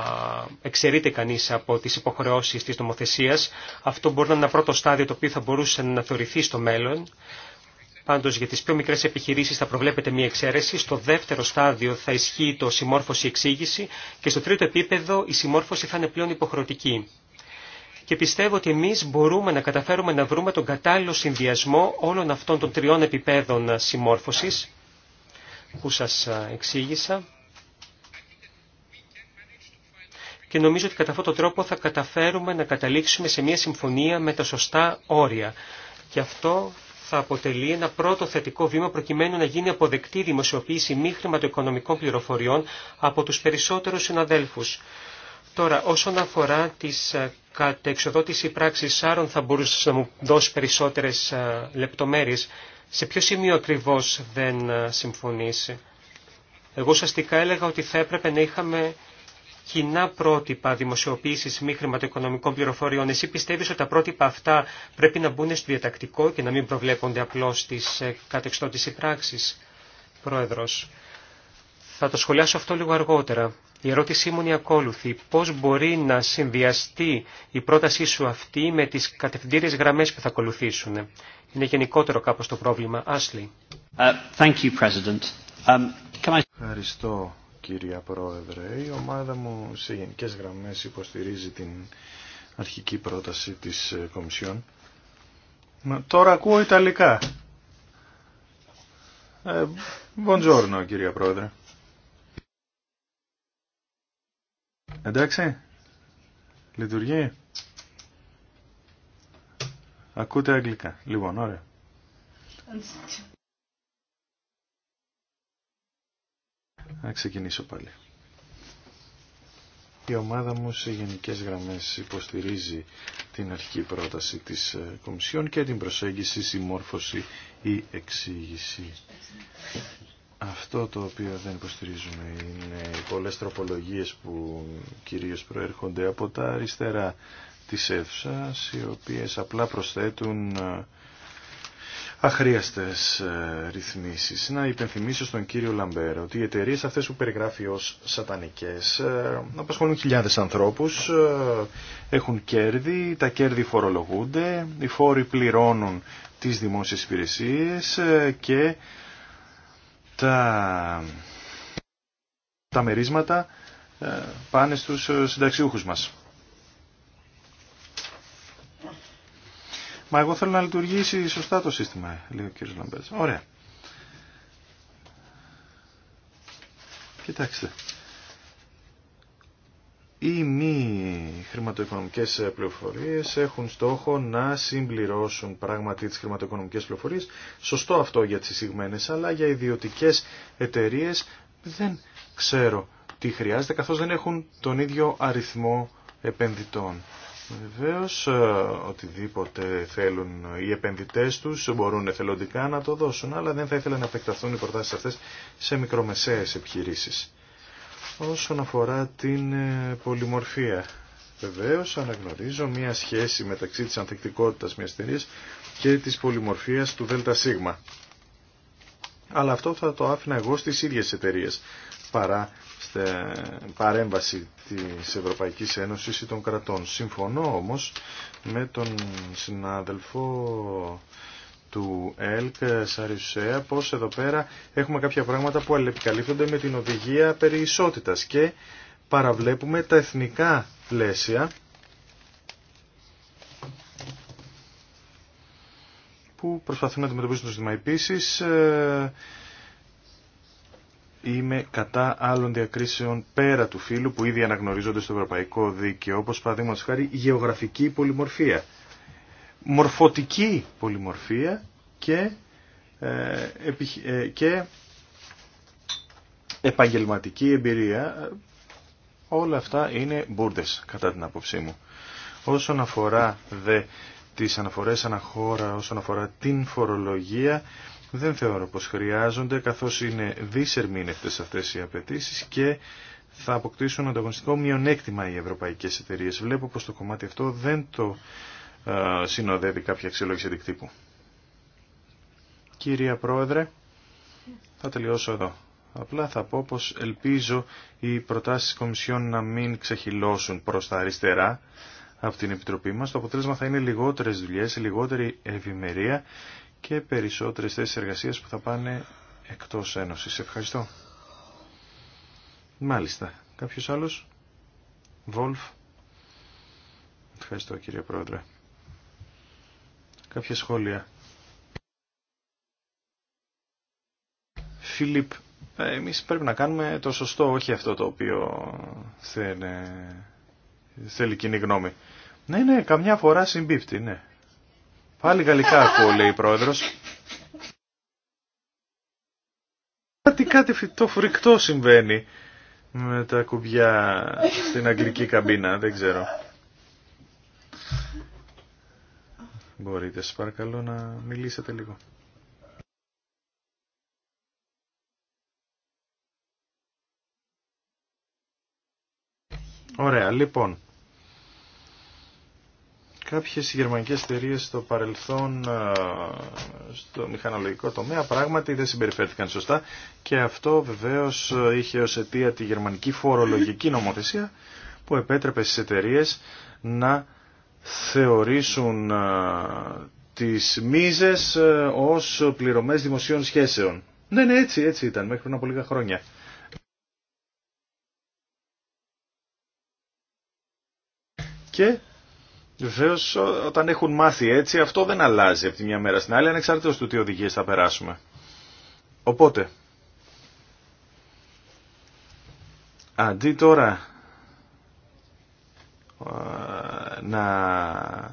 εξαιρείται κανείς από τις υποχρεώσεις της νομοθεσίας. Αυτό μπορεί να είναι ένα πρώτο στάδιο το οποίο θα μπορούσε να θεωρηθεί στο μέλλον. Πάντως για τις πιο μικρές επιχειρήσεις θα προβλέπεται μία εξαίρεση. Στο δεύτερο στάδιο θα ισχύει το συμμόρφωση εξήγηση και στο τρίτο επίπεδο η συμμόρφωση θα είναι πλέον υποχρεωτική. Και πιστεύω ότι εμείς μπορούμε να καταφέρουμε να βρούμε τον κατάλληλο συνδυασμό όλων αυτών των τριών επιπέδων συμμόρφωσης που σας εξήγησα και νομίζω ότι κατά αυτόν τον τρόπο θα καταφέρουμε να καταλήξουμε σε μια συμφωνία με τα σωστά όρια. Και αυτό θα αποτελεί ένα πρώτο θετικό βήμα προκειμένου να γίνει αποδεκτή δημοσιοποίηση μη χρηματοοικονομικών πληροφοριών από τους περισσότερους συναδέλφους. Τώρα, όσον αφορά τις κατεξοδότηση πράξης Σάρων, θα μπορούσε να μου δώσει περισσότερες λεπτομέρειες. Σε ποιο σημείο ακριβώ δεν ε, συμφωνήσει. Εγώ ουσιαστικά έλεγα ότι θα έπρεπε να είχαμε κοινά πρότυπα δημοσιοποίηση μη χρηματοοικονομικών πληροφοριών. Εσύ πιστεύει ότι τα πρότυπα αυτά πρέπει να μπουν στο διατακτικό και να μην προβλέπονται απλώ στι ε, κατεξτότητε πράξη, Πρόεδρο. Θα το σχολιάσω αυτό λίγο αργότερα. Η ερώτησή μου είναι η ακόλουθη. Πώς μπορεί να συνδυαστεί η πρότασή σου αυτή με τις κατευθυντήριες γραμμές που θα ακολουθήσουν είναι γενικότερο κάπως το πρόβλημα. Άσλι. Ε, um, Ευχαριστώ, κύριε Πρόεδρε. Η ομάδα μου σε γενικές γραμμές υποστηρίζει την αρχική πρόταση της ε, Κομισιόν. τώρα ακούω Ιταλικά. Ε, buongiorno, κύριε Πρόεδρε. Εντάξει, λειτουργεί. Ακούτε αγγλικά. Λοιπόν, ωραία. Να ξεκινήσω πάλι. Η ομάδα μου σε γενικές γραμμές υποστηρίζει την αρχική πρόταση της ε, Κομισιόν και την προσέγγιση, συμμόρφωση ή εξήγηση. Αυτό το οποίο δεν υποστηρίζουμε είναι πολλές τροπολογίες που κυρίως προέρχονται από τα αριστερά της εύσας οι οποίες απλά προσθέτουν ε, αχρίαστες ε, ρυθμίσεις. Να υπενθυμίσω στον κύριο Λαμπέρ ότι οι εταιρείε αυτές που περιγράφει ως σατανικές ε, απασχολούν χιλιάδες ανθρώπους, έχουν κέρδη, τα κέρδη φορολογούνται, οι φόροι πληρώνουν τις δημόσιες υπηρεσίες και τα, τα μερίσματα πάνε στους συνταξιούχους μας. Μα εγώ θέλω να λειτουργήσει σωστά το σύστημα, λέει ο κύριος Λαμπέζ. Ωραία. Κοιτάξτε. Οι μη χρηματοοικονομικές πληροφορίες έχουν στόχο να συμπληρώσουν πράγματι τις χρηματοοικονομικές πληροφορίες. Σωστό αυτό για τις εισηγμένες, αλλά για ιδιωτικές εταιρείες δεν ξέρω τι χρειάζεται, καθώς δεν έχουν τον ίδιο αριθμό επενδυτών. Βεβαίω, ε, οτιδήποτε θέλουν οι επενδυτές τους μπορούν εθελοντικά να το δώσουν αλλά δεν θα ήθελα να επεκταθούν οι προτάσει αυτές σε μικρομεσαίες επιχειρήσει. Όσον αφορά την ε, πολυμορφία Βεβαίω αναγνωρίζω μια σχέση μεταξύ της ανθεκτικότητας μιας εταιρεία και της πολυμορφίας του ΔΣ. Αλλά αυτό θα το άφηνα εγώ στι ίδιε εταιρείε παρά στη παρέμβαση της Ευρωπαϊκής Ένωσης ή των κρατών. Συμφωνώ όμως με τον συνάδελφο του ΕΛΚ Σαριουσέα, πως εδώ πέρα έχουμε κάποια πράγματα που αλληλεπικαλύπτονται με την οδηγία περί ισότητας και παραβλέπουμε τα εθνικά πλαίσια που προσπαθούν να αντιμετωπίσουν το ζήτημα. Επίσης, ε, είμαι κατά άλλων διακρίσεων πέρα του φύλου που ήδη αναγνωρίζονται στο ευρωπαϊκό δίκαιο, όπως παραδείγματο χάρη γεωγραφική πολυμορφία, μορφωτική πολυμορφία και, ε, ε, και επαγγελματική εμπειρία. Όλα αυτά είναι μπουρδες κατά την άποψή μου. Όσον αφορά δε τις αναφορές αναχώρα, όσον αφορά την φορολογία, δεν θεωρώ πως χρειάζονται καθώς είναι δυσερμήνευτες αυτές οι απαιτήσει και θα αποκτήσουν ανταγωνιστικό μειονέκτημα οι ευρωπαϊκές εταιρείες. Βλέπω πως το κομμάτι αυτό δεν το συνοδεύει κάποια αξιολόγηση αντικτύπου. Κυρία Πρόεδρε, θα τελειώσω εδώ. Απλά θα πω πως ελπίζω οι προτάσεις της Κομισιόν να μην ξεχυλώσουν προς τα αριστερά από την Επιτροπή μας. Το αποτέλεσμα θα είναι λιγότερες δουλειές, λιγότερη ευημερία και περισσότερες θέσεις εργασίας που θα πάνε εκτός Ένωσης. Ευχαριστώ. Μάλιστα. Κάποιος άλλος. Βόλφ. Ευχαριστώ κύριε Πρόεδρε. Κάποια σχόλια. Φίλιπ, ε, εμείς πρέπει να κάνουμε το σωστό, όχι αυτό το οποίο θέλει, θέλει κοινή γνώμη. Ναι, ναι, καμιά φορά συμπίπτει, ναι. Πάλι γαλλικά ακούω, λέει η πρόεδρος. Κάτι, κάτι φυτό φρικτό συμβαίνει με τα κουμπιά στην αγγλική καμπίνα, δεν ξέρω. Μπορείτε, σας παρακαλώ, να μιλήσετε λίγο. Ωραία, λοιπόν. Κάποιες γερμανικές εταιρείε στο παρελθόν στο μηχανολογικό τομέα πράγματι δεν συμπεριφέρθηκαν σωστά και αυτό βεβαίως είχε ως αιτία τη γερμανική φορολογική νομοθεσία που επέτρεπε στις εταιρείε να θεωρήσουν τις μίζες ως πληρωμές δημοσίων σχέσεων. Ναι, ναι, έτσι, έτσι ήταν μέχρι πριν από λίγα χρόνια. Και Βεβαίω, όταν έχουν μάθει έτσι, αυτό δεν αλλάζει από τη μια μέρα στην άλλη, ανεξαρτήτως του τι οδηγίε θα περάσουμε. Οπότε, αντί τώρα να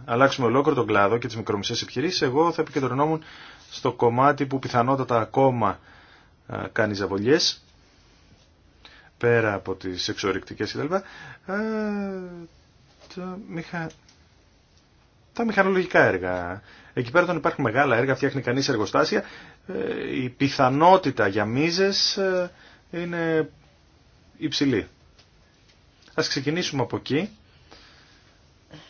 αλλάξουμε ολόκληρο τον κλάδο και τις μικρομισές επιχειρήσεις, εγώ θα επικεντρωνόμουν στο κομμάτι που πιθανότατα ακόμα κάνει ζαβολιές, πέρα από τις εξορρυκτικές κλπ ε, το τα μηχανολογικά έργα. Εκεί πέρα όταν υπάρχουν μεγάλα έργα, φτιάχνει κανείς εργοστάσια, ε, η πιθανότητα για μίζες ε, είναι υψηλή. Ας ξεκινήσουμε από εκεί.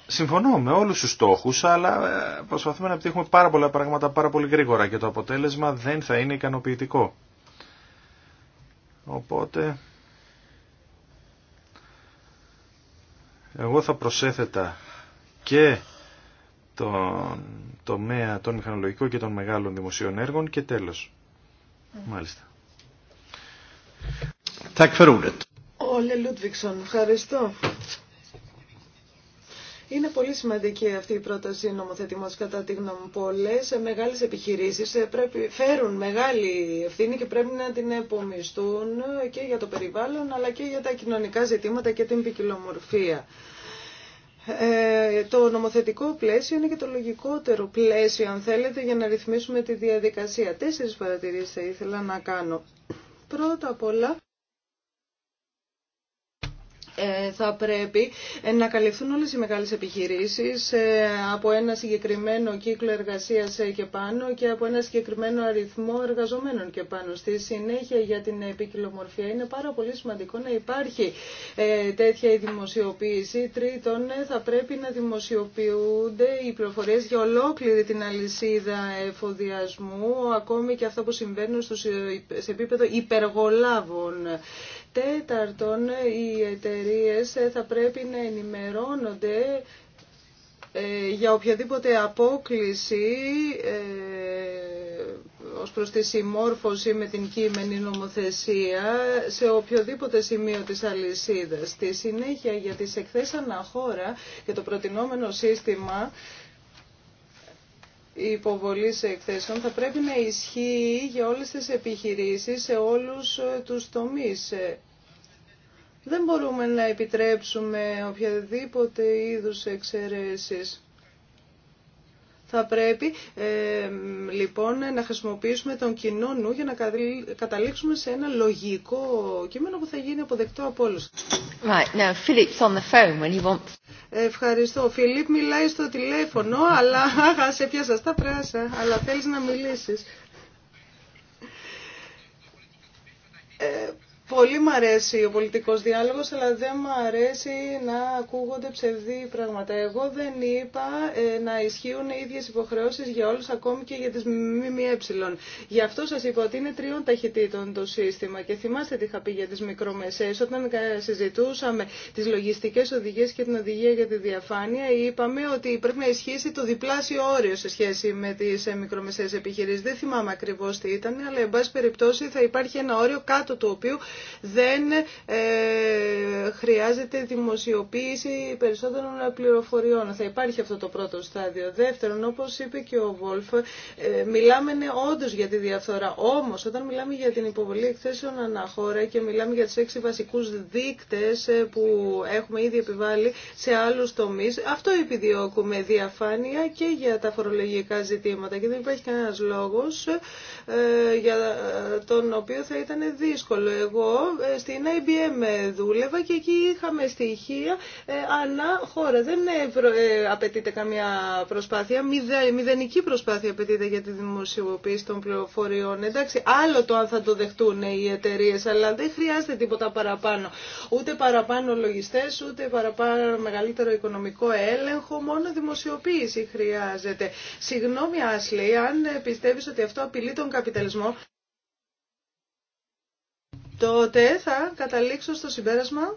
Συμφωνώ με όλους τους στόχους, αλλά ε, προσπαθούμε να επιτύχουμε πάρα πολλά πράγματα πάρα πολύ γρήγορα και το αποτέλεσμα δεν θα είναι ικανοποιητικό. Οπότε... Εγώ θα προσέθετα και τον τομέα των μηχανολογικών και των μεγάλων δημοσίων έργων και τέλος. Ε. Μάλιστα. Όλε Λούτβιξον, ευχαριστώ. Είναι πολύ σημαντική αυτή η πρόταση νομοθετήματο κατά τη γνώμη μου. Πολλέ μεγάλε επιχειρήσει ε, φέρουν μεγάλη ευθύνη και πρέπει να την επομιστούν και για το περιβάλλον αλλά και για τα κοινωνικά ζητήματα και την ποικιλομορφία. Ε, το νομοθετικό πλαίσιο είναι και το λογικότερο πλαίσιο, αν θέλετε, για να ρυθμίσουμε τη διαδικασία. Τέσσερις παρατηρήσεις θα ήθελα να κάνω. Πρώτα απ' όλα, ε, θα πρέπει ε, να καλυφθούν όλες οι μεγάλες επιχειρήσεις ε, από ένα συγκεκριμένο κύκλο εργασίας και πάνω και από ένα συγκεκριμένο αριθμό εργαζομένων και πάνω. Στη συνέχεια για την επικοινομορφία είναι πάρα πολύ σημαντικό να υπάρχει τέτοια η δημοσιοποίηση. Τρίτον, θα πρέπει να δημοσιοποιούνται οι πληροφορίες για ολόκληρη την αλυσίδα εφοδιασμού, ακόμη και αυτά που συμβαίνουν σε επίπεδο υπεργολάβων. Τέταρτον, οι εταιρείε θα πρέπει να ενημερώνονται ε, για οποιαδήποτε απόκληση ε, ως προς τη συμμόρφωση με την κείμενη νομοθεσία σε οποιοδήποτε σημείο της αλυσίδας. Στη συνέχεια για τις εκθέσεις αναχώρα και το προτινόμενο σύστημα σε εκθέσεων θα πρέπει να ισχύει για όλες τις επιχειρήσεις σε όλους ε, τους τομείς. Ε, δεν μπορούμε να επιτρέψουμε οποιαδήποτε είδους εξαιρέσεις. Θα πρέπει ε, λοιπόν να χρησιμοποιήσουμε τον κοινό νου για να καταλήξουμε σε ένα λογικό κείμενο που θα γίνει αποδεκτό από όλους. Right, now Ευχαριστώ. Ο Φιλίπ μιλάει στο τηλέφωνο, αλλά σε πιάσα τα πράσα, αλλά θέλεις να μιλήσεις. Ε, Πολύ μ' αρέσει ο πολιτικός διάλογος, αλλά δεν μ' αρέσει να ακούγονται ψευδή πράγματα. Εγώ δεν είπα ε, να ισχύουν οι ίδιες υποχρεώσεις για όλους, ακόμη και για τις ΜΜΕ. Γι' αυτό σας είπα ότι είναι τριών ταχυτήτων το σύστημα και θυμάστε τι είχα πει για τις μικρομεσαίες. Όταν συζητούσαμε τις λογιστικές οδηγίες και την οδηγία για τη διαφάνεια, είπαμε ότι πρέπει να ισχύσει το διπλάσιο όριο σε σχέση με τις ε, μικρομεσαίες επιχειρήσεις. Δεν θυμάμαι ακριβώς τι ήταν, αλλά εν πάση περιπτώσει θα υπάρχει ένα όριο κάτω του οποίου δεν ε, χρειάζεται δημοσιοποίηση περισσότερων πληροφοριών. Θα υπάρχει αυτό το πρώτο στάδιο. Δεύτερον, όπως είπε και ο Βόλφ, ε, μιλάμε ναι, όντως για τη διαφθορά. Όμως, όταν μιλάμε για την υποβολή εκθέσεων αναχώρα και μιλάμε για τις έξι βασικούς δείκτες ε, που έχουμε ήδη επιβάλει σε άλλους τομείς, αυτό επιδιώκουμε διαφάνεια και για τα φορολογικά ζητήματα. Και δεν υπάρχει κανένας λόγος για τον οποίο θα ήταν δύσκολο. Εγώ ε, στην IBM δούλευα και εκεί είχαμε στοιχεία ε, ανά χώρα. Δεν ε, απαιτείται καμία προσπάθεια, μηδενική προσπάθεια απαιτείται για τη δημοσιοποίηση των πληροφοριών. Εντάξει, άλλο το αν θα το δεχτούν οι εταιρείε, αλλά δεν χρειάζεται τίποτα παραπάνω. Ούτε παραπάνω λογιστέ, ούτε παραπάνω μεγαλύτερο οικονομικό έλεγχο, μόνο δημοσιοποίηση χρειάζεται. Συγγνώμη, Άσλη, αν πιστεύει ότι αυτό απειλεί τον καπιταλισμό τότε θα καταλήξω στο συμπέρασμα.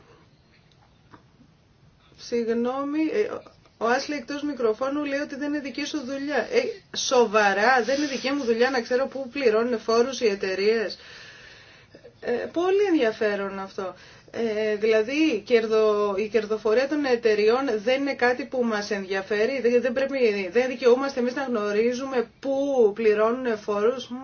Συγγνώμη, ε, ο Άσλη εκτό μικροφώνου λέει ότι δεν είναι δική σου δουλειά. Ε, σοβαρά, δεν είναι δική μου δουλειά να ξέρω πού πληρώνουν φόρους οι εταιρείε. Ε, πολύ ενδιαφέρον αυτό. Ε, δηλαδή η κερδοφορία των εταιριών δεν είναι κάτι που μας ενδιαφέρει, δεν, δεν, πρέπει, δεν δικαιούμαστε εμείς να γνωρίζουμε πού πληρώνουν φόρους. Μ,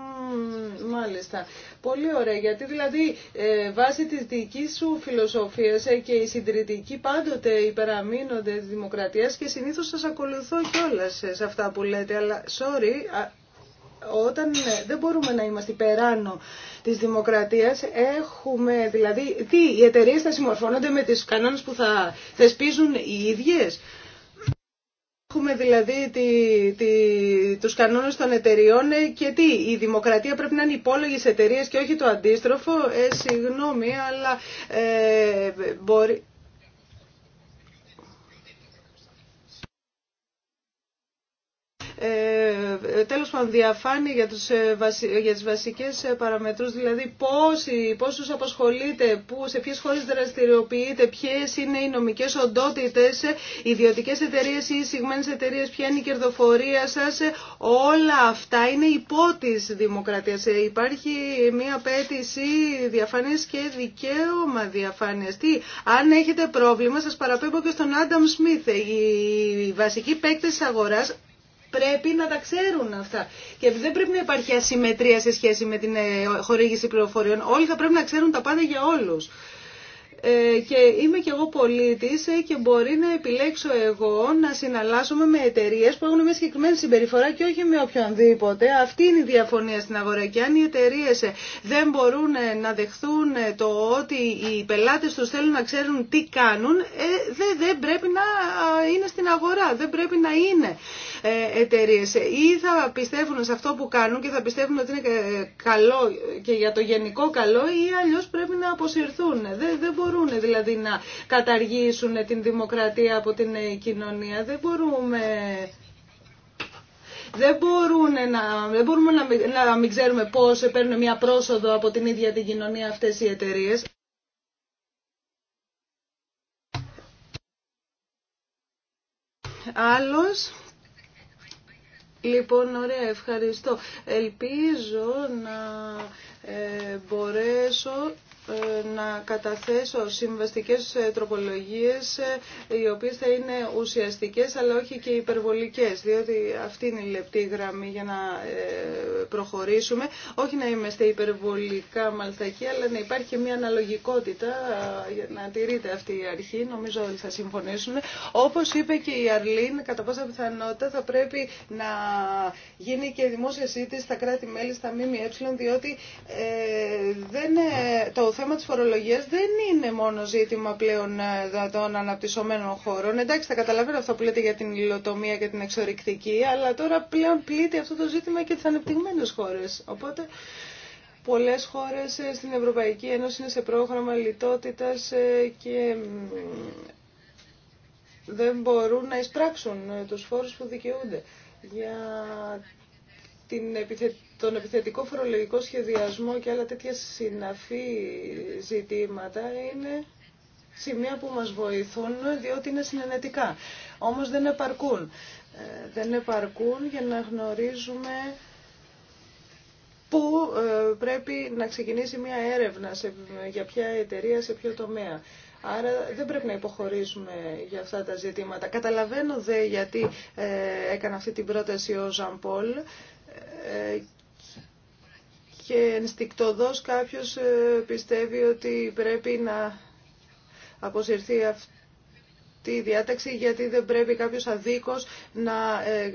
μάλιστα. Πολύ ωραία, γιατί δηλαδή ε, βάσει της δικής σου φιλοσοφίας ε, και οι συντηρητικοί πάντοτε υπεραμείνονται της δημοκρατίας και συνήθως σας ακολουθώ κιόλας ε, σε αυτά που λέτε, αλλά sorry, όταν δεν μπορούμε να είμαστε υπεράνω της δημοκρατίας, έχουμε δηλαδή, τι, οι εταιρείε θα συμμορφώνονται με τις κανόνες που θα θεσπίζουν οι ίδιες. Έχουμε δηλαδή τη, τη, τους κανόνες των εταιριών ε, και τι, η δημοκρατία πρέπει να είναι υπόλογης εταιρεία και όχι το αντίστροφο. Ε, συγγνώμη, αλλά ε, μπορεί, Ε, τέλος πάντων διαφάνει για, τους, ε, για τις βασικές ε, παραμετρούς, δηλαδή πόσοι, πόσους που, σε ποιες χώρες δραστηριοποιείται, ποιες είναι οι νομικές οντότητες, ιδιωτικές εταιρείες ή συγμένες εταιρείες, ποια είναι η κερδοφορία σας, όλα αυτά είναι υπό της δημοκρατίας. Υπάρχει μια απέτηση διαφάνειας και δικαίωμα διαφάνειας. Τι, αν έχετε πρόβλημα, σας παραπέμπω και στον Άνταμ Σμιθ. Οι βασικοί παίκτες της αγοράς πρέπει να τα ξέρουν αυτά. Και δεν πρέπει να υπάρχει ασυμμετρία σε σχέση με την ε, χορήγηση πληροφοριών. Όλοι θα πρέπει να ξέρουν τα πάντα για όλους. Ε, και είμαι κι εγώ πολίτης ε, και μπορεί να επιλέξω εγώ να συναλλάσσομαι με εταιρείε που έχουν μια συγκεκριμένη συμπεριφορά και όχι με οποιονδήποτε. Αυτή είναι η διαφωνία στην αγορά. Και αν οι εταιρείε δεν μπορούν να δεχθούν το ότι οι πελάτες τους θέλουν να ξέρουν τι κάνουν, δεν πρέπει να είναι στην αγορά, δεν πρέπει να είναι. Ε, εταιρείε. Ή θα πιστεύουν σε αυτό που κάνουν και θα πιστεύουν ότι είναι καλό και για το γενικό καλό ή αλλιώ πρέπει να αποσυρθούν. Δεν, δεν μπορούν δηλαδή να καταργήσουν την δημοκρατία από την ε, κοινωνία. Δεν μπορούμε δεν, να, δεν μπορούμε να μην, να ξέρουμε πώς παίρνουν μια πρόσοδο από την ίδια την κοινωνία αυτές οι εταιρείε. Άλλος. Λοιπόν, ωραία, ευχαριστώ. Ελπίζω να ε, μπορέσω να καταθέσω συμβαστικές ε, τροπολογίες ε, οι οποίες θα είναι ουσιαστικές αλλά όχι και υπερβολικές διότι αυτή είναι η λεπτή γραμμή για να ε, προχωρήσουμε όχι να είμαστε υπερβολικά μαλθακοί αλλά να υπάρχει μια αναλογικότητα να τηρείται αυτή η αρχή νομίζω ότι θα συμφωνήσουν όπως είπε και η Αρλίν κατά πάσα πιθανότητα θα πρέπει να γίνει και δημόσια σύντηση στα κράτη-μέλη στα ΜΜΕ διότι ε, δεν, το θέμα της φορολογίας δεν είναι μόνο ζήτημα πλέον ε, των αναπτυσσομένων χώρων. Εντάξει, θα καταλαβαίνω αυτό που λέτε για την υλοτομία και την εξορρυκτική, αλλά τώρα πλέον πλήττει αυτό το ζήτημα και τις ανεπτυγμένες χώρες. Οπότε πολλές χώρες ε, στην Ευρωπαϊκή Ένωση είναι σε πρόγραμμα λιτότητας ε, και δεν μπορούν να εισπράξουν τους φόρους που δικαιούνται. Για την επιθετική τον επιθετικό φορολογικό σχεδιασμό και άλλα τέτοια συναφή ζητήματα είναι σημεία που μας βοηθούν διότι είναι συνενετικά. Όμως δεν επαρκούν. Ε, δεν επαρκούν για να γνωρίζουμε πού ε, πρέπει να ξεκινήσει μια έρευνα για ποια εταιρεία, σε ποιο τομέα. Άρα δεν πρέπει να υποχωρήσουμε για αυτά τα ζητήματα. Καταλαβαίνω δε γιατί ε, έκανε αυτή την πρόταση ο Ζανπόλ και ενστικτοδός κάποιος ε, πιστεύει ότι πρέπει να αποσυρθεί αυτή τη διάταξη γιατί δεν πρέπει κάποιος αδίκος να, ε, ε,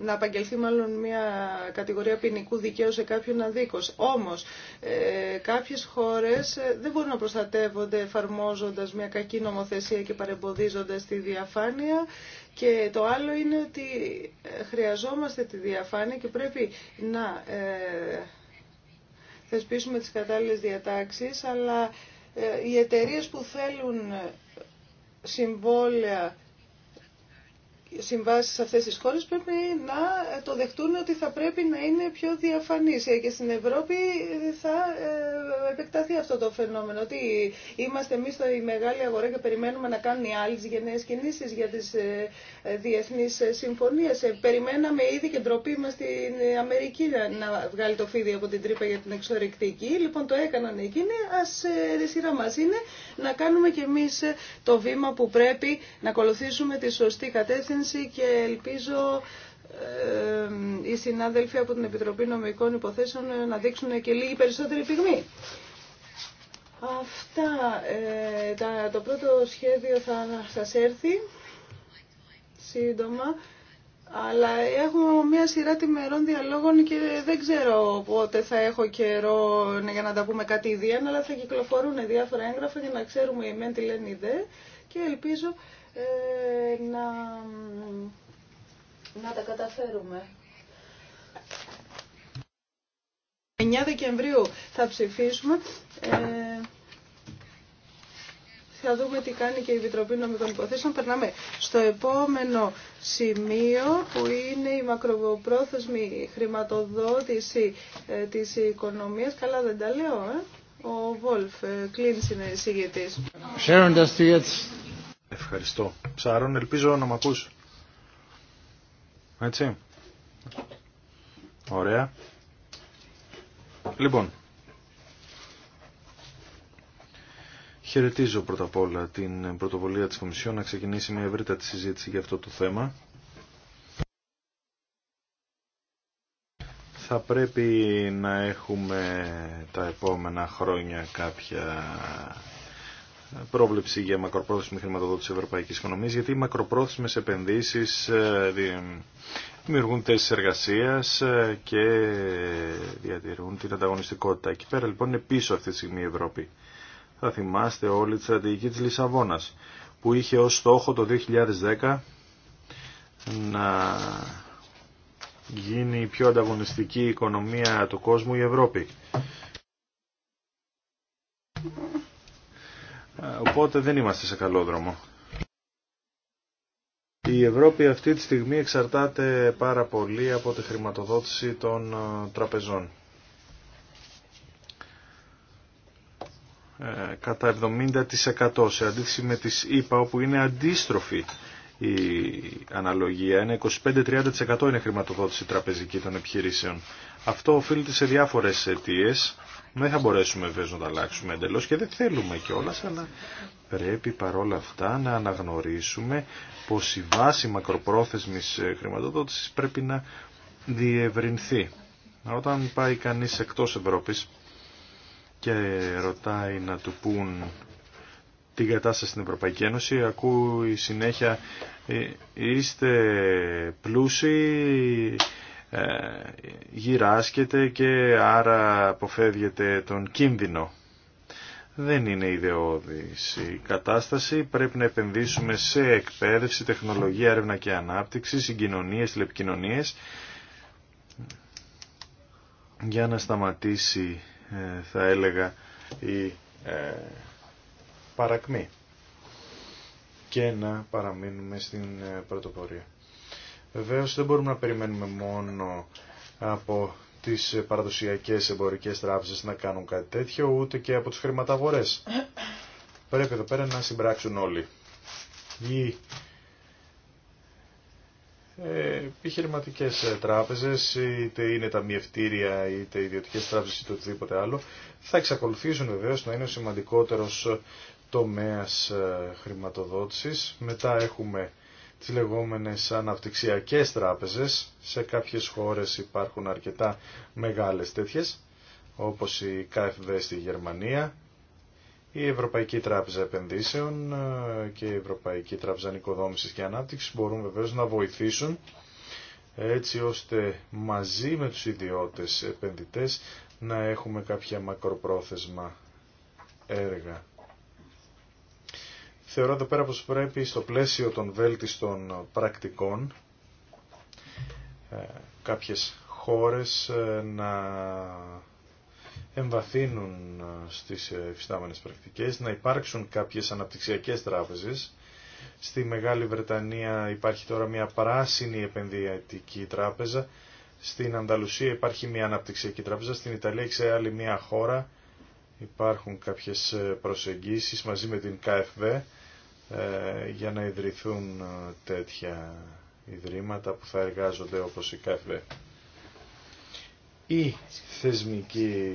να απαγγελθεί μάλλον μια κατηγορία ποινικού δικαίου σε κάποιον αδίκος. Όμως κάποιες χώρες δεν μπορούν να προστατεύονται εφαρμόζοντας μια κακή νομοθεσία και παρεμποδίζοντας τη διαφάνεια. Και το άλλο είναι ότι χρειαζόμαστε τη διαφάνεια και πρέπει να ε, θεσπίσουμε τις κατάλληλες διατάξεις, αλλά ε, οι εταιρείε που θέλουν ε, συμβόλαια Συμβάσει σε αυτές τις χώρε πρέπει να το δεχτούν ότι θα πρέπει να είναι πιο διαφανή. Ε, και στην Ευρώπη ε, θα ε, επεκταθεί αυτό το φαινόμενο ότι είμαστε εμεί η μεγάλη αγορά και περιμένουμε να κάνουν οι άλλοι γενναίε κινήσει για τι διεθνεί συμφωνίε. Περιμέναμε ήδη και ντροπή μα στην Αμερική να βγάλει το φίδι από την τρύπα για την εξορρυκτική. Λοιπόν το έκαναν εκείνοι, Α η σειρά μα είναι να κάνουμε κι εμεί το βήμα που πρέπει να ακολουθήσουμε τη σωστή κατεύθυνση και ελπίζω ε, οι συνάδελφοι από την Επιτροπή Νομικών Υποθέσεων να δείξουν και λίγη περισσότερη πυγμή. Αυτά. Ε, τα, το πρώτο σχέδιο θα σας έρθει σύντομα. Αλλά έχω μια σειρά τιμερών διαλόγων και δεν ξέρω πότε θα έχω καιρό για να τα πούμε κάτι ιδιαίτερα, αλλά θα κυκλοφορούν διάφορα έγγραφα για να ξέρουμε οι μεν τι λένε οι και ελπίζω ε, να, να τα καταφέρουμε. 9 Δεκεμβρίου θα ψηφίσουμε. Ε, θα δούμε τι κάνει και η Επιτροπή Νομικών Υποθέσεων. Περνάμε στο επόμενο σημείο που είναι η μακροπρόθεσμη χρηματοδότηση ε, της οικονομίας. Καλά δεν τα λέω, ε. Ο Βόλφ, ε, κλείνει συνεργασίγητης. Ευχαριστώ. Ψάρων, ελπίζω να μ' ακούς. Έτσι. Ωραία. Λοιπόν, χαιρετίζω πρώτα απ' όλα την πρωτοβολία της Κομισιόν να ξεκινήσει μια ευρύτατη συζήτηση για αυτό το θέμα. Θα πρέπει να έχουμε τα επόμενα χρόνια κάποια πρόβλεψη για μακροπρόθεσμη χρηματοδότηση ευρωπαϊκής οικονομίας, γιατί οι μακροπρόθεσμες επενδύσεις ε, δημιουργούν θέσει εργασίας ε, και διατηρούν την ανταγωνιστικότητα. Εκεί πέρα λοιπόν είναι πίσω αυτή τη στιγμή η Ευρώπη. Θα θυμάστε όλη τη στρατηγική της Λισαβόνας, που είχε ως στόχο το 2010 να γίνει η πιο ανταγωνιστική οικονομία του κόσμου η Ευρώπη. Οπότε δεν είμαστε σε καλό δρόμο. Η Ευρώπη αυτή τη στιγμή εξαρτάται πάρα πολύ από τη χρηματοδότηση των τραπεζών. Ε, κατά 70% σε αντίθεση με τις ΗΠΑ όπου είναι αντίστροφη η αναλογια ειναι Ένα 25-30% είναι χρηματοδότηση τραπεζική των επιχειρήσεων. Αυτό οφείλεται σε διάφορες αιτίες. Δεν ναι, θα μπορέσουμε βέβαια να τα αλλάξουμε εντελώ και δεν θέλουμε κιόλα, αλλά πρέπει παρόλα αυτά να αναγνωρίσουμε πω η βάση μακροπρόθεσμη ε, χρηματοδότηση πρέπει να διευρυνθεί. Όταν πάει κανεί εκτό Ευρώπη και ρωτάει να του πούν την κατάσταση στην Ευρωπαϊκή Ένωση, ακούει συνέχεια «Ε, είστε πλούσιοι ε, γυράσκεται και άρα αποφεύγεται τον κίνδυνο. Δεν είναι ιδεώδης η κατάσταση. Πρέπει να επενδύσουμε σε εκπαίδευση, τεχνολογία, έρευνα και ανάπτυξη, συγκοινωνίες, τηλεπικοινωνίες για να σταματήσει ε, θα έλεγα η ε, παρακμή και να παραμείνουμε στην πρωτοπορία. Βεβαίως δεν μπορούμε να περιμένουμε μόνο από τις παραδοσιακές εμπορικές τράπεζες να κάνουν κάτι τέτοιο, ούτε και από τους χρηματαγορές. Πρέπει εδώ πέρα να συμπράξουν όλοι. Οι ε, επιχειρηματικές τράπεζες, είτε είναι τα ταμιευτήρια, είτε ιδιωτικές τράπεζες, είτε οτιδήποτε άλλο, θα εξακολουθήσουν βεβαίως να είναι ο σημαντικότερος τομέας ε, χρηματοδότησης. Μετά έχουμε τις λεγόμενες αναπτυξιακές τράπεζες. Σε κάποιες χώρες υπάρχουν αρκετά μεγάλες τέτοιες, όπως η KfW στη Γερμανία, η Ευρωπαϊκή Τράπεζα Επενδύσεων ε, και η Ευρωπαϊκή Τράπεζα Νοικοδόμησης και Ανάπτυξης μπορούν βεβαίως να βοηθήσουν έτσι ώστε μαζί με τους ιδιώτες επενδυτές να έχουμε κάποια μακροπρόθεσμα έργα. Θεωρώ εδώ πέρα πως πρέπει στο πλαίσιο των βέλτιστων πρακτικών ε, κάποιες χώρες ε, να εμβαθύνουν ε, στις εφιστάμενες πρακτικές, να υπάρξουν κάποιες αναπτυξιακές τράπεζες. Στη Μεγάλη Βρετανία υπάρχει τώρα μια πράσινη επενδυτική τράπεζα, στην Ανταλουσία υπάρχει μια αναπτυξιακή τράπεζα, στην Ιταλία σε άλλη μια χώρα υπάρχουν κάποιες προσεγγίσεις μαζί με την ΚΑΕΦΒ ε, για να ιδρυθούν ε, τέτοια ιδρύματα που θα εργάζονται όπως η ΚΑΦΕ. Οι θεσμικοί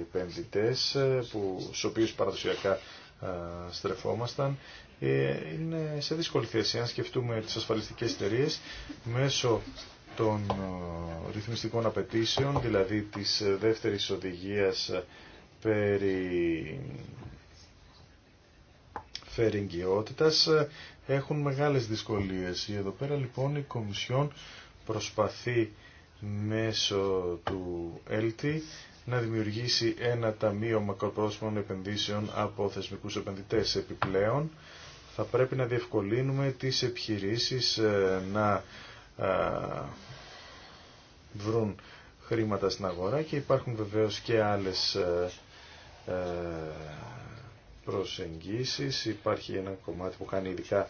επενδυτές, ε, που, στους οποίους παραδοσιακά στρεφόμασταν, είναι σε δύσκολη θέση. Αν σκεφτούμε τις ασφαλιστικές εταιρείε μέσω των ρυθμιστικών απαιτήσεων, δηλαδή της δεύτερης οδηγίας περί φερεγγιότητας ε, έχουν μεγάλες δυσκολίες. Εδώ πέρα λοιπόν η Κομισιόν προσπαθεί μέσω του ΕΛΤΗ να δημιουργήσει ένα ταμείο μακροπρόσωπων επενδύσεων από θεσμικούς επενδυτές επιπλέον. Θα πρέπει να διευκολύνουμε τις επιχειρήσεις ε, να ε, βρουν χρήματα στην αγορά και υπάρχουν βεβαίως και άλλες προσεγγίσεις. Υπάρχει ένα κομμάτι που κάνει ειδικά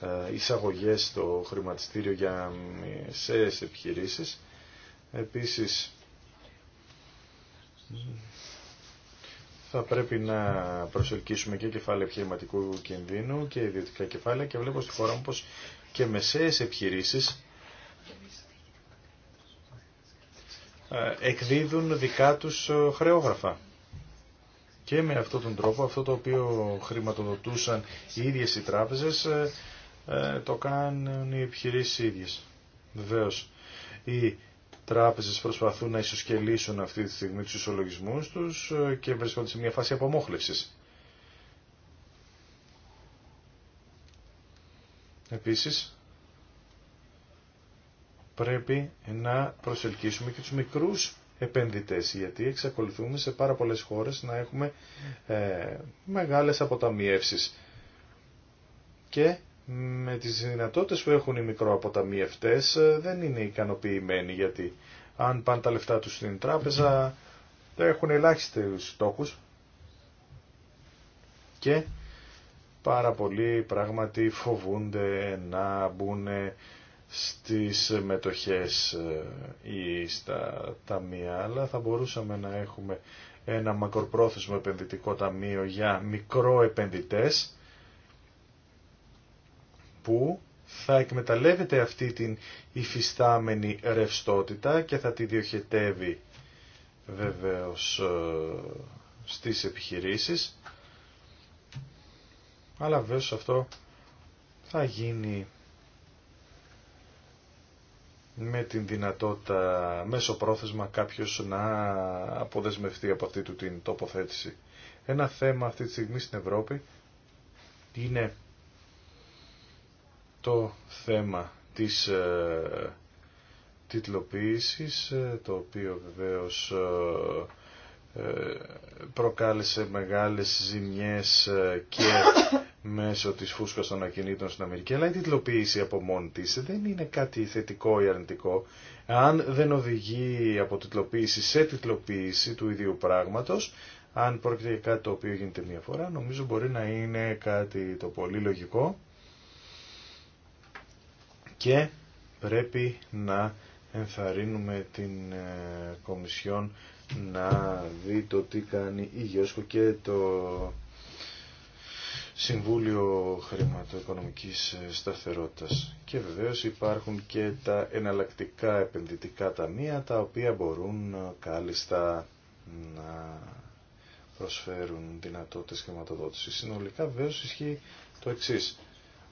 ε, εισαγωγές στο χρηματιστήριο για μεσαίες επιχειρήσεις. Επίσης, θα πρέπει να προσελκύσουμε και κεφάλαια επιχειρηματικού κινδύνου και ιδιωτικά κεφάλαια και βλέπω στη χώρα μου πως και μεσαίες επιχειρήσεις ε, εκδίδουν δικά τους ε, χρεόγραφα. Και με αυτόν τον τρόπο αυτό το οποίο χρηματοδοτούσαν οι ίδιες οι τράπεζες ε, ε, το κάνουν οι επιχειρήσεις οι ίδιες. Βεβαίως οι τράπεζες προσπαθούν να ισοσκελίσουν αυτή τη στιγμή τους ισολογισμούς τους ε, και βρίσκονται σε μια φάση απομόχλευσης. Επίσης, πρέπει να προσελκύσουμε και τους μικρούς επενδυτές, γιατί εξακολουθούμε σε πάρα πολλές χώρες να έχουμε ε, μεγάλες αποταμιεύσεις. Και με τις δυνατότητες που έχουν οι μικροαποταμιευτές ε, δεν είναι ικανοποιημένοι, γιατί αν πάνε τα λεφτά τους στην τράπεζα έχουν ελάχιστες στόχους και πάρα πολλοί πράγματι φοβούνται να μπουν στις μετοχές ε, ή στα ταμεία, αλλά θα μπορούσαμε να έχουμε ένα μακροπρόθεσμο επενδυτικό ταμείο για μικροεπενδυτές που θα εκμεταλλεύεται αυτή την υφιστάμενη ρευστότητα και θα τη διοχετεύει βεβαίως ε, στις επιχειρήσεις αλλά βεβαίως αυτό θα γίνει με την δυνατότητα μέσω πρόθεσμα κάποιος να αποδεσμευτεί από αυτή του την τοποθέτηση. Ένα θέμα αυτή τη στιγμή στην Ευρώπη είναι το θέμα της ε, τιτλοποίησης, ε, το οποίο βεβαίως ε, ε, προκάλεσε μεγάλες ζημιές και μέσω της φούσκας των ακινήτων στην Αμερική, αλλά η τιτλοποίηση από μόνη της δεν είναι κάτι θετικό ή αρνητικό. Αν δεν οδηγεί από τιτλοποίηση σε τιτλοποίηση του ίδιου πράγματος, αν πρόκειται για κάτι το οποίο γίνεται μία φορά, νομίζω μπορεί να είναι κάτι το πολύ λογικό και πρέπει να ενθαρρύνουμε την ε, Κομισιόν να δει το τι κάνει η Γιώσκο και το Συμβούλιο Χρηματοοικονομικής ε, Σταθερότητας. Και βεβαίως υπάρχουν και τα εναλλακτικά επενδυτικά ταμεία τα οποία μπορούν ε, κάλλιστα να προσφέρουν δυνατότητες χρηματοδότησης. Συνολικά βεβαίως ισχύει το εξής.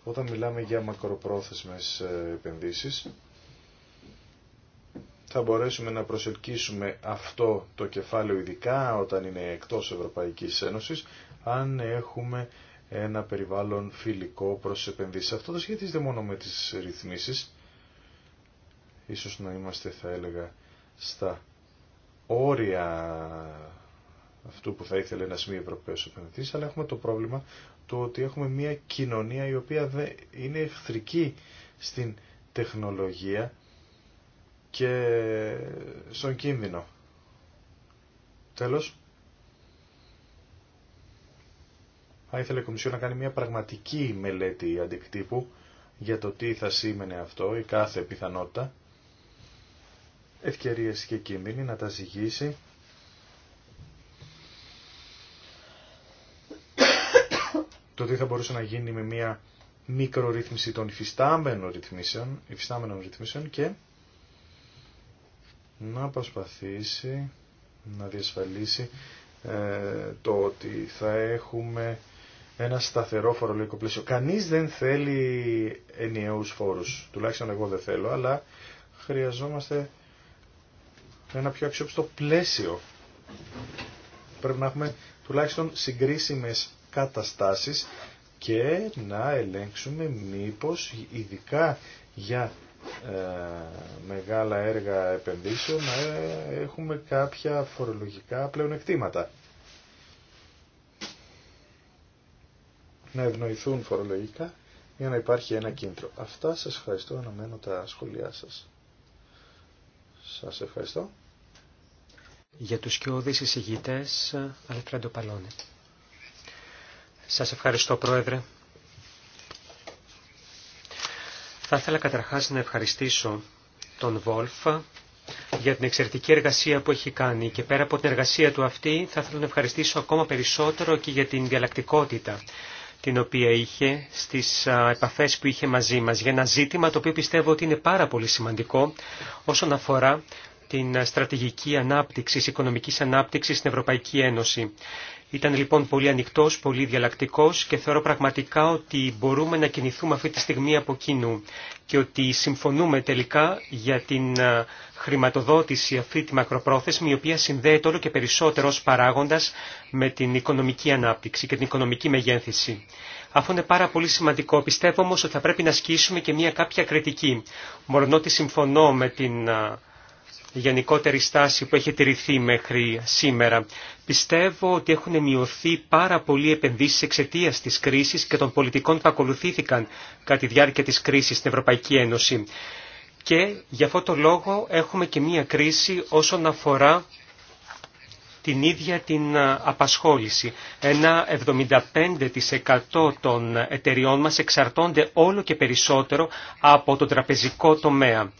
Όταν μιλάμε για μακροπρόθεσμες ε, επενδύσεις, θα μπορέσουμε να προσελκύσουμε αυτό το κεφάλαιο ειδικά όταν είναι εκτός Ευρωπαϊκής Ένωσης, αν έχουμε ένα περιβάλλον φιλικό προς τις επενδύσεις. Αυτό το σχετίζεται μόνο με τις ρυθμίσεις. Ίσως να είμαστε, θα έλεγα, στα όρια αυτού που θα ήθελε ένας μη Ευρωπαίος επενδυτής, αλλά έχουμε το πρόβλημα το ότι έχουμε μια κοινωνία η οποία είναι εχθρική στην τεχνολογία και στον κίνδυνο. Τέλος, θα ήθελε η Κομισιόν να κάνει μια πραγματική μελέτη αντικτύπου για το τι θα σήμαινε αυτό η κάθε πιθανότητα, ευκαιρίες και κίνδυνοι να τα ζυγίσει. το τι θα μπορούσε να γίνει με μια μικρορύθμιση των υφιστάμενων ρυθμίσεων, υφιστάμενων ρυθμίσεων και να προσπαθήσει να διασφαλίσει ε, το ότι θα έχουμε ένα σταθερό φορολογικό πλαίσιο. Κανείς δεν θέλει ενιαίους φόρους, τουλάχιστον εγώ δεν θέλω, αλλά χρειαζόμαστε ένα πιο αξιόπιστο πλαίσιο. Πρέπει να έχουμε τουλάχιστον συγκρίσιμες καταστάσεις και να ελέγξουμε μήπως ειδικά για ε, μεγάλα έργα επενδύσεων έχουμε κάποια φορολογικά πλεονεκτήματα. να ευνοηθούν φορολογικά για να υπάρχει ένα κίνητρο. Αυτά σας ευχαριστώ, αναμένω τα σχόλιά σας. Σας ευχαριστώ. Για τους κοιόδης εισηγητές, Αλφρέντο Παλώνη. Σας ευχαριστώ, Πρόεδρε. Θα ήθελα καταρχάς να ευχαριστήσω τον Βόλφα για την εξαιρετική εργασία που έχει κάνει και πέρα από την εργασία του αυτή θα ήθελα να ευχαριστήσω ακόμα περισσότερο και για την διαλλακτικότητα την οποία είχε στις επαφές που είχε μαζί μας για ένα ζήτημα το οποίο πιστεύω ότι είναι πάρα πολύ σημαντικό όσον αφορά την στρατηγική ανάπτυξη, οικονομικής ανάπτυξης στην Ευρωπαϊκή Ένωση. Ήταν λοιπόν πολύ ανοιχτό, πολύ διαλλακτικό και θεωρώ πραγματικά ότι μπορούμε να κινηθούμε αυτή τη στιγμή από κοινού και ότι συμφωνούμε τελικά για την ε, χρηματοδότηση αυτή τη μακροπρόθεσμη η οποία συνδέεται όλο και περισσότερο ως παράγοντας με την οικονομική ανάπτυξη και την οικονομική μεγέθυνση. Αυτό είναι πάρα πολύ σημαντικό. Πιστεύω όμως ότι θα πρέπει να ασκήσουμε και μια κάποια κριτική. μόνο ότι συμφωνώ με την ε, γενικότερη στάση που έχει τηρηθεί μέχρι σήμερα. Πιστεύω ότι έχουν μειωθεί πάρα πολλοί επενδύσεις εξαιτία της κρίσης και των πολιτικών που ακολουθήθηκαν κατά τη διάρκεια της κρίσης στην Ευρωπαϊκή Ένωση. Και για αυτό το λόγο έχουμε και μία κρίση όσον αφορά την ίδια την απασχόληση. Ένα 75% των εταιριών μας εξαρτώνται όλο και περισσότερο από τον τραπεζικό τομέα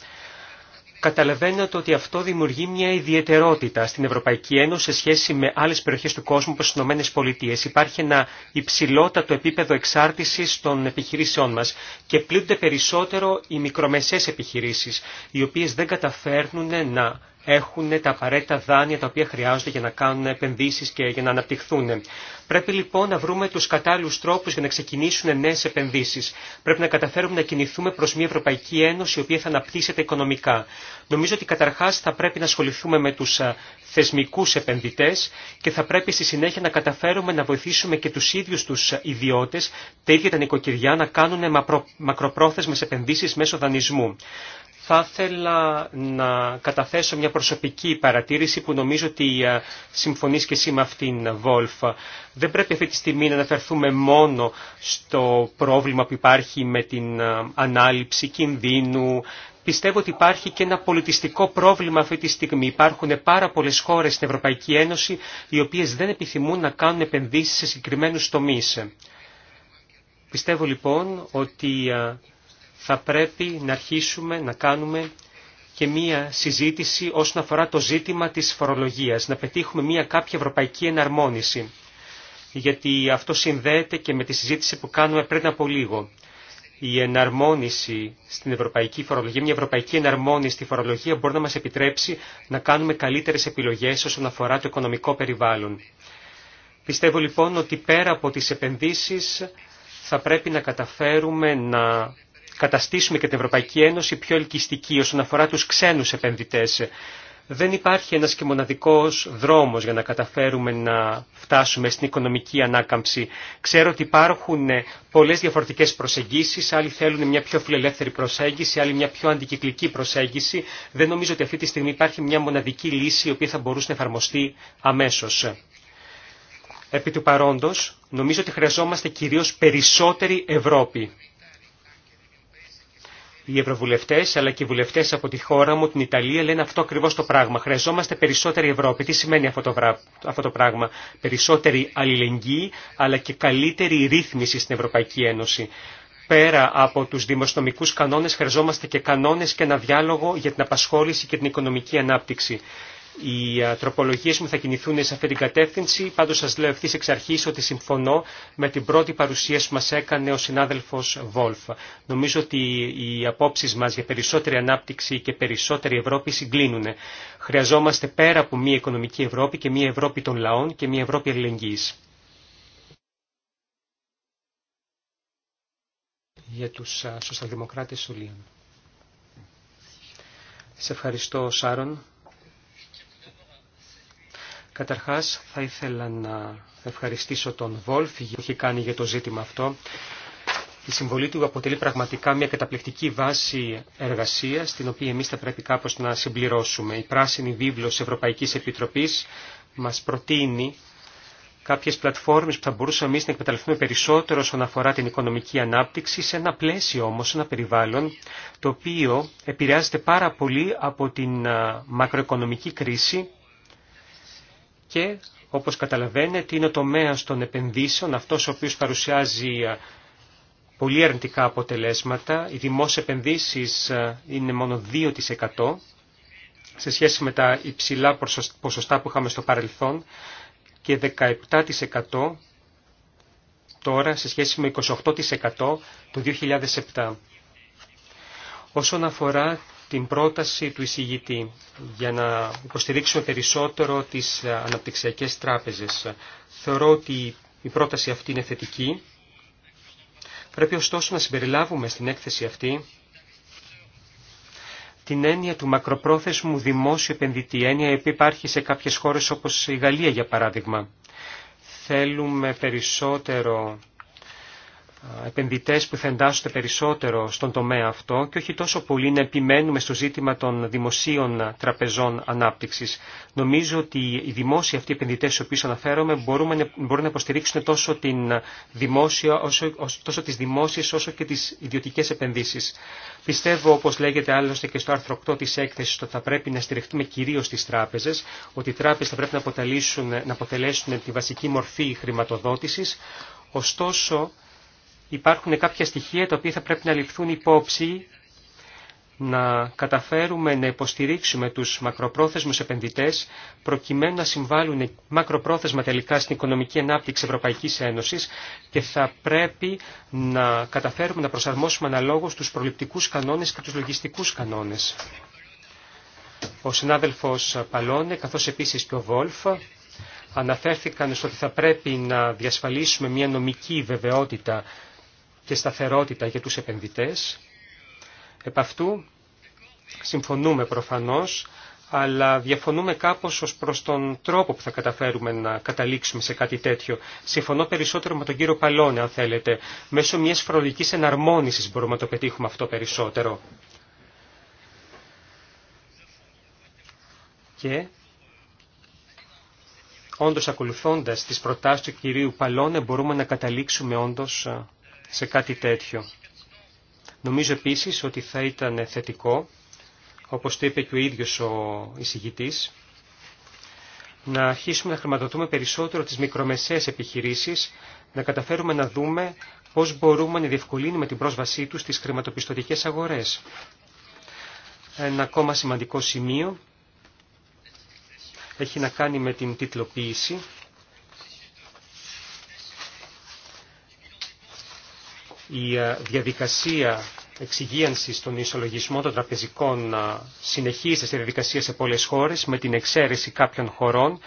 καταλαβαίνετε ότι αυτό δημιουργεί μια ιδιαιτερότητα στην Ευρωπαϊκή Ένωση σε σχέση με άλλε περιοχέ του κόσμου όπω οι Ηνωμένε Πολιτείε. Υπάρχει ένα υψηλότατο επίπεδο εξάρτηση των επιχειρήσεών μα και πλήττονται περισσότερο οι μικρομεσαίες επιχειρήσει, οι οποίε δεν καταφέρνουν να έχουν τα απαραίτητα δάνεια τα οποία χρειάζονται για να κάνουν επενδύσει και για να αναπτυχθούν. Πρέπει λοιπόν να βρούμε του κατάλληλου τρόπου για να ξεκινήσουν νέε επενδύσει. Πρέπει να καταφέρουμε να κινηθούμε προ μια Ευρωπαϊκή Ένωση η οποία θα αναπτύσσεται οικονομικά. Νομίζω ότι καταρχά θα πρέπει να ασχοληθούμε με του θεσμικού επενδυτέ και θα πρέπει στη συνέχεια να καταφέρουμε να βοηθήσουμε και του ίδιου του ιδιώτες, τα ίδια τα νοικοκυριά, να κάνουν μακροπρόθεσμε επενδύσει μέσω δανεισμού θα ήθελα να καταθέσω μια προσωπική παρατήρηση που νομίζω ότι ε, συμφωνείς και εσύ με αυτήν, Βόλφ. Δεν πρέπει αυτή τη στιγμή να αναφερθούμε μόνο στο πρόβλημα που υπάρχει με την ε, ανάληψη κινδύνου. Πιστεύω ότι υπάρχει και ένα πολιτιστικό πρόβλημα αυτή τη στιγμή. Υπάρχουν πάρα πολλές χώρες στην Ευρωπαϊκή Ένωση οι οποίες δεν επιθυμούν να κάνουν επενδύσεις σε συγκεκριμένους τομείς. Πιστεύω λοιπόν ότι ε, θα πρέπει να αρχίσουμε να κάνουμε και μία συζήτηση όσον αφορά το ζήτημα της φορολογίας, να πετύχουμε μία κάποια ευρωπαϊκή εναρμόνιση. Γιατί αυτό συνδέεται και με τη συζήτηση που κάνουμε πριν από λίγο. Η εναρμόνιση στην ευρωπαϊκή φορολογία, μια ευρωπαϊκή εναρμόνιση στη φορολογία μπορεί να μας επιτρέψει να κάνουμε καλύτερες επιλογές όσον αφορά το οικονομικό περιβάλλον. Πιστεύω λοιπόν ότι πέρα από τις επενδύσεις θα πρέπει να καταφέρουμε να καταστήσουμε και την Ευρωπαϊκή Ένωση πιο ελκυστική όσον αφορά τους ξένους επενδυτές. Δεν υπάρχει ένας και μοναδικός δρόμος για να καταφέρουμε να φτάσουμε στην οικονομική ανάκαμψη. Ξέρω ότι υπάρχουν πολλές διαφορετικές προσεγγίσεις, άλλοι θέλουν μια πιο φιλελεύθερη προσέγγιση, άλλοι μια πιο αντικυκλική προσέγγιση. Δεν νομίζω ότι αυτή τη στιγμή υπάρχει μια μοναδική λύση η οποία θα μπορούσε να εφαρμοστεί αμέσως. Επί του παρόντος, νομίζω ότι χρειαζόμαστε κυρίως περισσότερη Ευρώπη οι ευρωβουλευτέ αλλά και οι βουλευτέ από τη χώρα μου, την Ιταλία, λένε αυτό ακριβώ το πράγμα. Χρειαζόμαστε περισσότερη Ευρώπη. Τι σημαίνει αυτό το, πράγμα. Περισσότερη αλληλεγγύη αλλά και καλύτερη ρύθμιση στην Ευρωπαϊκή Ένωση. Πέρα από του δημοσιονομικού κανόνε, χρειαζόμαστε και κανόνε και ένα διάλογο για την απασχόληση και την οικονομική ανάπτυξη. Οι ε, τροπολογίε μου θα κινηθούν σε αυτή την κατεύθυνση. Πάντω σα λέω ευθύ εξ αρχή ότι συμφωνώ με την πρώτη παρουσίαση που μα έκανε ο συνάδελφο Βόλφ. Νομίζω ότι οι απόψει μα για περισσότερη ανάπτυξη και περισσότερη Ευρώπη συγκλίνουν. Χρειαζόμαστε πέρα από μια οικονομική Ευρώπη και μια Ευρώπη των λαών και μια Ευρώπη αλληλεγγύη. Για ε, Σε ευχαριστώ, Σάρον. Καταρχάς θα ήθελα να ευχαριστήσω τον Βόλφ που έχει κάνει για το ζήτημα αυτό. Η συμβολή του αποτελεί πραγματικά μια καταπληκτική βάση εργασία, την οποία εμεί θα πρέπει κάπω να συμπληρώσουμε. Η πράσινη βίβλο Ευρωπαϊκή Επιτροπή μα προτείνει κάποιε πλατφόρμες που θα μπορούσαμε εμεί να εκμεταλλευτούμε περισσότερο όσον αφορά την οικονομική ανάπτυξη, σε ένα πλαίσιο όμω, ένα περιβάλλον, το οποίο επηρεάζεται πάρα πολύ από την μακροοικονομική κρίση και όπως καταλαβαίνετε είναι ο τομέας των επενδύσεων, αυτός ο οποίος παρουσιάζει πολύ αρνητικά αποτελέσματα. Οι δημόσιες επενδύσεις είναι μόνο 2% σε σχέση με τα υψηλά ποσοστά που είχαμε στο παρελθόν και 17% τώρα σε σχέση με 28% το 2007. Όσον αφορά την πρόταση του εισηγητή για να υποστηρίξουμε περισσότερο τις αναπτυξιακές τράπεζες. Θεωρώ ότι η πρόταση αυτή είναι θετική. Πρέπει ωστόσο να συμπεριλάβουμε στην έκθεση αυτή την έννοια του μακροπρόθεσμου δημόσιου επενδυτή, έννοια η οποία υπάρχει σε κάποιες χώρες όπως η Γαλλία για παράδειγμα. Θέλουμε περισσότερο επενδυτές που θα εντάσσονται περισσότερο στον τομέα αυτό και όχι τόσο πολύ να επιμένουμε στο ζήτημα των δημοσίων τραπεζών ανάπτυξης. Νομίζω ότι οι δημόσιοι αυτοί οι επενδυτές στους οποίους αναφέρομαι μπορούμε, μπορούν να υποστηρίξουν τόσο, την δημόσια, όσο, τόσο τις δημόσιες όσο και τις ιδιωτικές επενδύσεις. Πιστεύω, όπως λέγεται άλλωστε και στο άρθρο 8 της έκθεσης, ότι θα πρέπει να στηριχτούμε κυρίως στις τράπεζες, ότι οι τράπεζες θα πρέπει να, αποτελέσουν, να αποτελέσουν τη βασική μορφή χρηματοδότησης, Ωστόσο, υπάρχουν κάποια στοιχεία τα οποία θα πρέπει να ληφθούν υπόψη να καταφέρουμε να υποστηρίξουμε τους μακροπρόθεσμους επενδυτές προκειμένου να συμβάλλουν μακροπρόθεσμα τελικά στην οικονομική ανάπτυξη Ευρωπαϊκής Ένωσης και θα πρέπει να καταφέρουμε να προσαρμόσουμε αναλόγως τους προληπτικούς κανόνες και τους λογιστικούς κανόνες. Ο συνάδελφος Παλώνε, καθώς επίσης και ο Βόλφ, αναφέρθηκαν στο ότι θα πρέπει να διασφαλίσουμε μια νομική βεβαιότητα και σταθερότητα για τους επενδυτές. Επ' αυτού συμφωνούμε προφανώς, αλλά διαφωνούμε κάπως ως προς τον τρόπο που θα καταφέρουμε να καταλήξουμε σε κάτι τέτοιο. Συμφωνώ περισσότερο με τον κύριο Παλώνε, αν θέλετε. Μέσω μιας φορολογικής εναρμόνισης μπορούμε να το πετύχουμε αυτό περισσότερο. Και όντως ακολουθώντας τις προτάσεις του κυρίου Παλώνε μπορούμε να καταλήξουμε όντως σε κάτι τέτοιο. Νομίζω επίσης ότι θα ήταν θετικό, όπως το είπε και ο ίδιος ο εισηγητής, να αρχίσουμε να χρηματοδοτούμε περισσότερο τις μικρομεσαίες επιχειρήσεις, να καταφέρουμε να δούμε πώς μπορούμε να διευκολύνουμε την πρόσβασή τους στις χρηματοπιστωτικές αγορές. Ένα ακόμα σημαντικό σημείο έχει να κάνει με την τίτλοποίηση. η ε, διαδικασία εξυγίανσης των ισολογισμών των τραπεζικών ε, συνεχίζεται στη διαδικασία σε πολλές χώρες με την εξαίρεση κάποιων χωρών.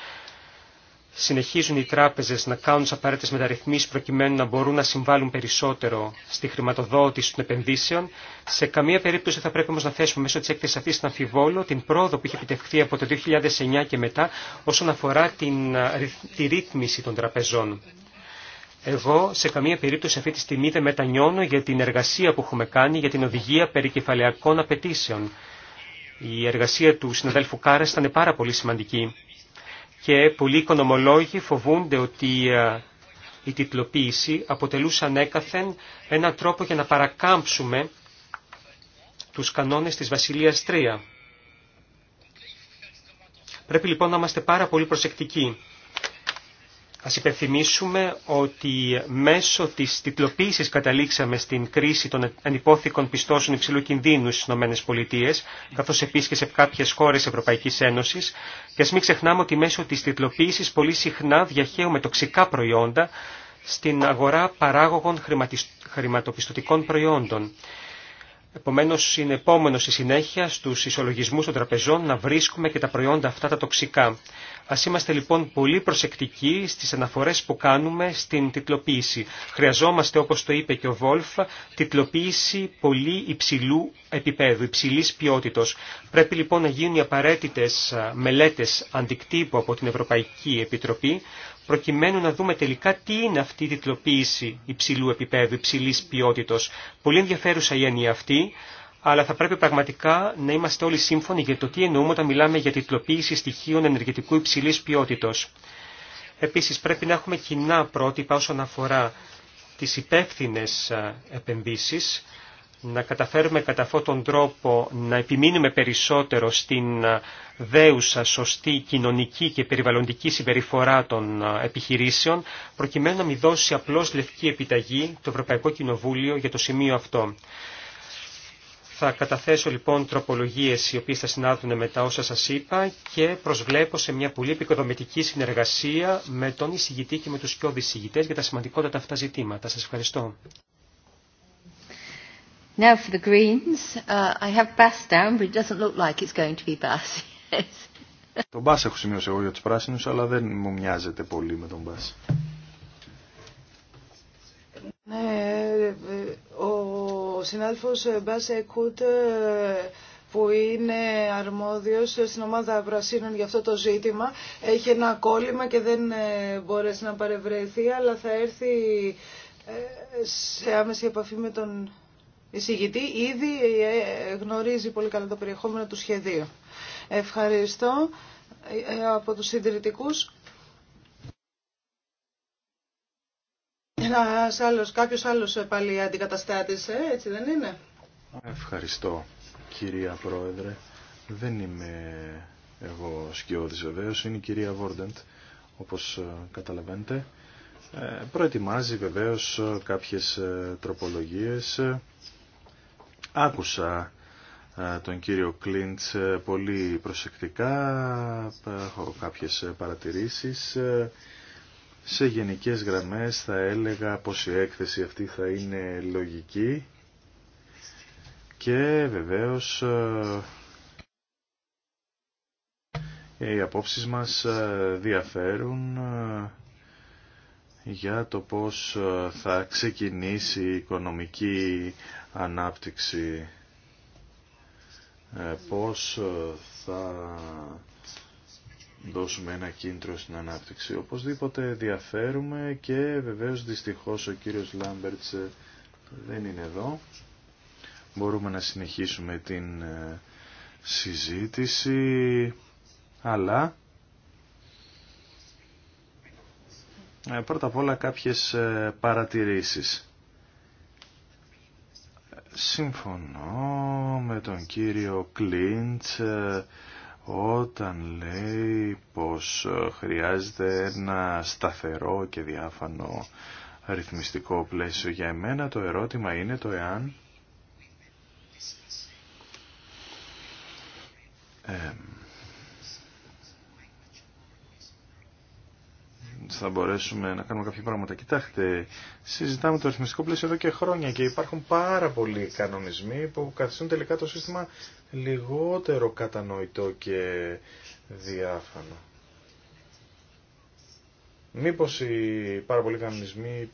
Συνεχίζουν οι τράπεζες να κάνουν τις απαραίτητες μεταρρυθμίσεις προκειμένου να μπορούν να συμβάλλουν περισσότερο στη χρηματοδότηση των επενδύσεων. Σε καμία περίπτωση θα πρέπει όμως να θέσουμε μέσω της έκθεσης αυτής στην αμφιβόλο την πρόοδο που είχε επιτευχθεί από το 2009 και μετά όσον αφορά την, ε, τη ρύθμιση των τραπεζών. Εγώ σε καμία περίπτωση αυτή τη στιγμή δεν μετανιώνω για την εργασία που έχουμε κάνει για την οδηγία περί κεφαλαιακών απαιτήσεων. Η εργασία του συναδέλφου Κάρα ήταν πάρα πολύ σημαντική και πολλοί οικονομολόγοι φοβούνται ότι ε, η τιτλοποίηση αποτελούσε ανέκαθεν έναν τρόπο για να παρακάμψουμε τους κανόνες της Βασιλείας Τρία. Πρέπει λοιπόν να είμαστε πάρα πολύ προσεκτικοί Ας υπενθυμίσουμε ότι μέσω της τιτλοποίησης καταλήξαμε στην κρίση των ανυπόθηκων πιστώσεων υψηλού κινδύνου στις ΗΠΑ, καθώς επίσης και σε κάποιες χώρες Ευρωπαϊκής Ένωσης, και ας μην ξεχνάμε ότι μέσω της τιτλοποίησης πολύ συχνά διαχέουμε τοξικά προϊόντα στην αγορά παράγωγων χρηματοπιστωτικών προϊόντων. Επομένως, είναι επόμενο στη συνέχεια στους ισολογισμούς των τραπεζών να βρίσκουμε και τα προϊόντα αυτά τα τοξικά. Ας είμαστε λοιπόν πολύ προσεκτικοί στις αναφορές που κάνουμε στην τιτλοποίηση. Χρειαζόμαστε, όπως το είπε και ο Βόλφ, τιτλοποίηση πολύ υψηλού επίπεδου, υψηλής ποιότητος. Πρέπει λοιπόν να γίνουν οι απαραίτητες μελέτες αντικτύπου από την Ευρωπαϊκή Επιτροπή, προκειμένου να δούμε τελικά τι είναι αυτή η τιτλοποίηση υψηλού επίπεδου, υψηλής ποιότητος. Πολύ ενδιαφέρουσα η έννοια αυτή αλλά θα πρέπει πραγματικά να είμαστε όλοι σύμφωνοι για το τι εννοούμε όταν μιλάμε για τιτλοποίηση στοιχείων ενεργετικού υψηλή ποιότητα. Επίση, πρέπει να έχουμε κοινά πρότυπα όσον αφορά τι υπεύθυνε επενδύσει, να καταφέρουμε κατά αυτόν τον τρόπο να επιμείνουμε περισσότερο στην δέουσα, σωστή, κοινωνική και περιβαλλοντική συμπεριφορά των επιχειρήσεων, προκειμένου να μην δώσει απλώς λευκή επιταγή το Ευρωπαϊκό Κοινοβούλιο για το σημείο αυτό. Θα καταθέσω λοιπόν τροπολογίες οι οποίες θα συνάδουν με τα όσα σας είπα και προσβλέπω σε μια πολύ επικοδομητική συνεργασία με τον εισηγητή και με τους πιο εισηγητές για τα σημαντικότατα αυτά ζητήματα. Σας ευχαριστώ. Now for the Greens, uh, I have Bass down, but it doesn't look like it's going to be Bass. τον Μπάς έχω σημειώσει εγώ για τους πράσινους, αλλά δεν μου μοιάζεται πολύ με τον Μπάς. Ναι, ε, ε, ο ο συνάδελφος ε, Μπάσε Κούτ ε, που είναι αρμόδιος στην ομάδα Πρασίνων για αυτό το ζήτημα. Έχει ένα κόλλημα και δεν ε, μπορέσει να παρευρεθεί, αλλά θα έρθει σε άμεση επαφή με τον εισηγητή. Ήδη γνωρίζει πολύ καλά το περιεχόμενο του σχεδίου. Ευχαριστώ από τους συντηρητικούς. Ένας άλλος, κάποιος άλλος ε, πάλι αντικαταστάτησε, έτσι δεν είναι. Ευχαριστώ κυρία Πρόεδρε. Δεν είμαι εγώ σκιώδης βεβαίως, είναι η κυρία Βόρντεντ, όπως ε, καταλαβαίνετε. Ε, προετοιμάζει βεβαίως κάποιες τροπολογίες. Άκουσα τον κύριο Κλίντς πολύ προσεκτικά, έχω κάποιες παρατηρήσεις. Σε γενικές γραμμές θα έλεγα πως η έκθεση αυτή θα είναι λογική και βεβαίως ε, οι απόψεις μας ε, διαφέρουν ε, για το πώς θα ξεκινήσει η οικονομική ανάπτυξη, πώς θα δώσουμε ένα κίνητρο στην ανάπτυξη. Οπωσδήποτε διαφέρουμε και βεβαίως δυστυχώς ο κύριος Λάμπερτς ε, δεν είναι εδώ. Μπορούμε να συνεχίσουμε την ε, συζήτηση, αλλά ε, πρώτα απ' όλα κάποιες παρατηρήσεις. Συμφωνώ με τον κύριο Κλίντς όταν λέει πως ε, χρειάζεται ένα σταθερό και διάφανο αριθμιστικό πλαίσιο για εμένα το ερώτημα είναι το εάν ε, θα μπορέσουμε να κάνουμε κάποια πράγματα. Κοιτάξτε, συζητάμε το ρυθμιστικό πλαίσιο εδώ και χρόνια και υπάρχουν πάρα πολλοί κανονισμοί που καθιστούν τελικά το σύστημα λιγότερο κατανοητό και διάφανο. Μήπως οι πάρα πολλοί κανονισμοί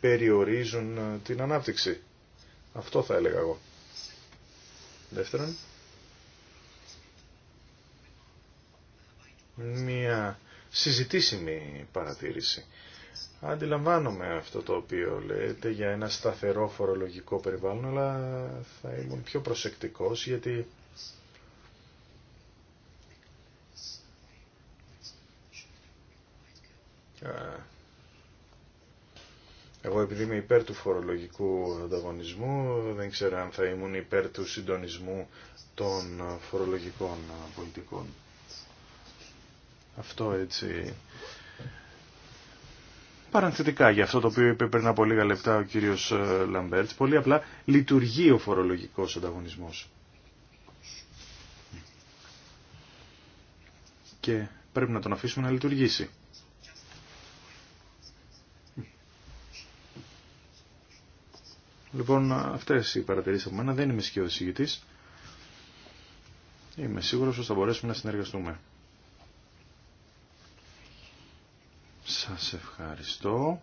περιορίζουν την ανάπτυξη. Αυτό θα έλεγα εγώ. Δεύτερον, μία συζητήσιμη παρατήρηση. Αντιλαμβάνομαι αυτό το οποίο λέτε για ένα σταθερό φορολογικό περιβάλλον, αλλά θα ήμουν πιο προσεκτικός γιατί Εγώ επειδή είμαι υπέρ του φορολογικού ανταγωνισμού, δεν ξέρω αν θα ήμουν υπέρ του συντονισμού των φορολογικών πολιτικών. Αυτό έτσι παρανθετικά για αυτό το οποίο είπε πριν από λίγα λεπτά ο κύριος ε, Λαμπέρτς. Πολύ απλά λειτουργεί ο φορολογικός ανταγωνισμός. Και πρέπει να τον αφήσουμε να λειτουργήσει. Λοιπόν, αυτές οι παρατηρήσεις από μένα δεν είμαι σκιώδης ηγητής. Είμαι σίγουρος ότι θα μπορέσουμε να συνεργαστούμε. Σας ευχαριστώ.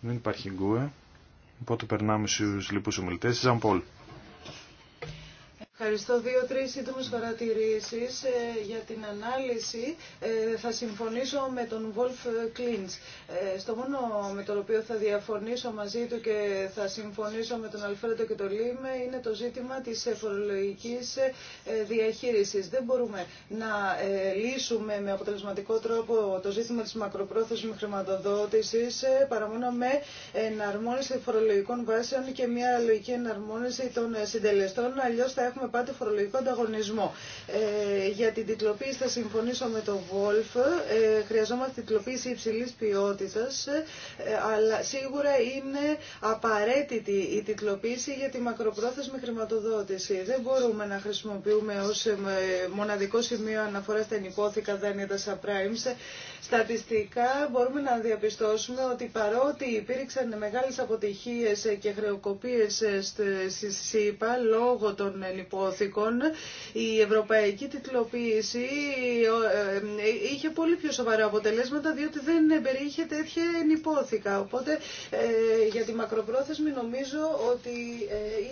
Δεν υπάρχει γκουε. Οπότε περνάμε στους λοιπούς ομιλητές. Ευχαριστώ. Δύο-τρει σύντομε παρατηρήσει ε, για την ανάλυση. Ε, θα συμφωνήσω με τον Βόλφ Ε, στο μόνο με το οποίο θα διαφωνήσω μαζί του και θα συμφωνήσω με τον Αλφρέντο και τον Λίμε είναι το ζήτημα τη φορολογική ε, διαχείριση. Δεν μπορούμε να λύσουμε με αποτελεσματικό τρόπο το ζήτημα τη μακροπρόθεσμη χρηματοδότηση παρά μόνο με εναρμόνιση φορολογικών βάσεων και μια λογική εναρμόνιση των συντελεστών. Αλλιώ θα έχουμε έχουμε πάντα φορολογικό ανταγωνισμό. Ε, για την τυκλοποίηση θα συμφωνήσω με τον Βόλφ. Ε, χρειαζόμαστε τυπλοποίηση υψηλής ποιότητας, ε, αλλά σίγουρα είναι απαραίτητη η τυκλοποίηση για τη μακροπρόθεσμη χρηματοδότηση. Δεν μπορούμε να χρησιμοποιούμε ως ε, μοναδικό σημείο αναφορά στην ενυπόθηκα δάνεια τα subprimes. Στατιστικά μπορούμε να διαπιστώσουμε ότι παρότι υπήρξαν μεγάλες αποτυχίες και χρεοκοπίες ε, στη ΣΥΠΑ λόγω των λοιπόν η ευρωπαϊκή τιτλοποίηση ε, ε, είχε πολύ πιο σοβαρά αποτελέσματα διότι δεν περιείχε τέτοια ενυπόθηκα. Οπότε ε, για τη μακροπρόθεσμη νομίζω ότι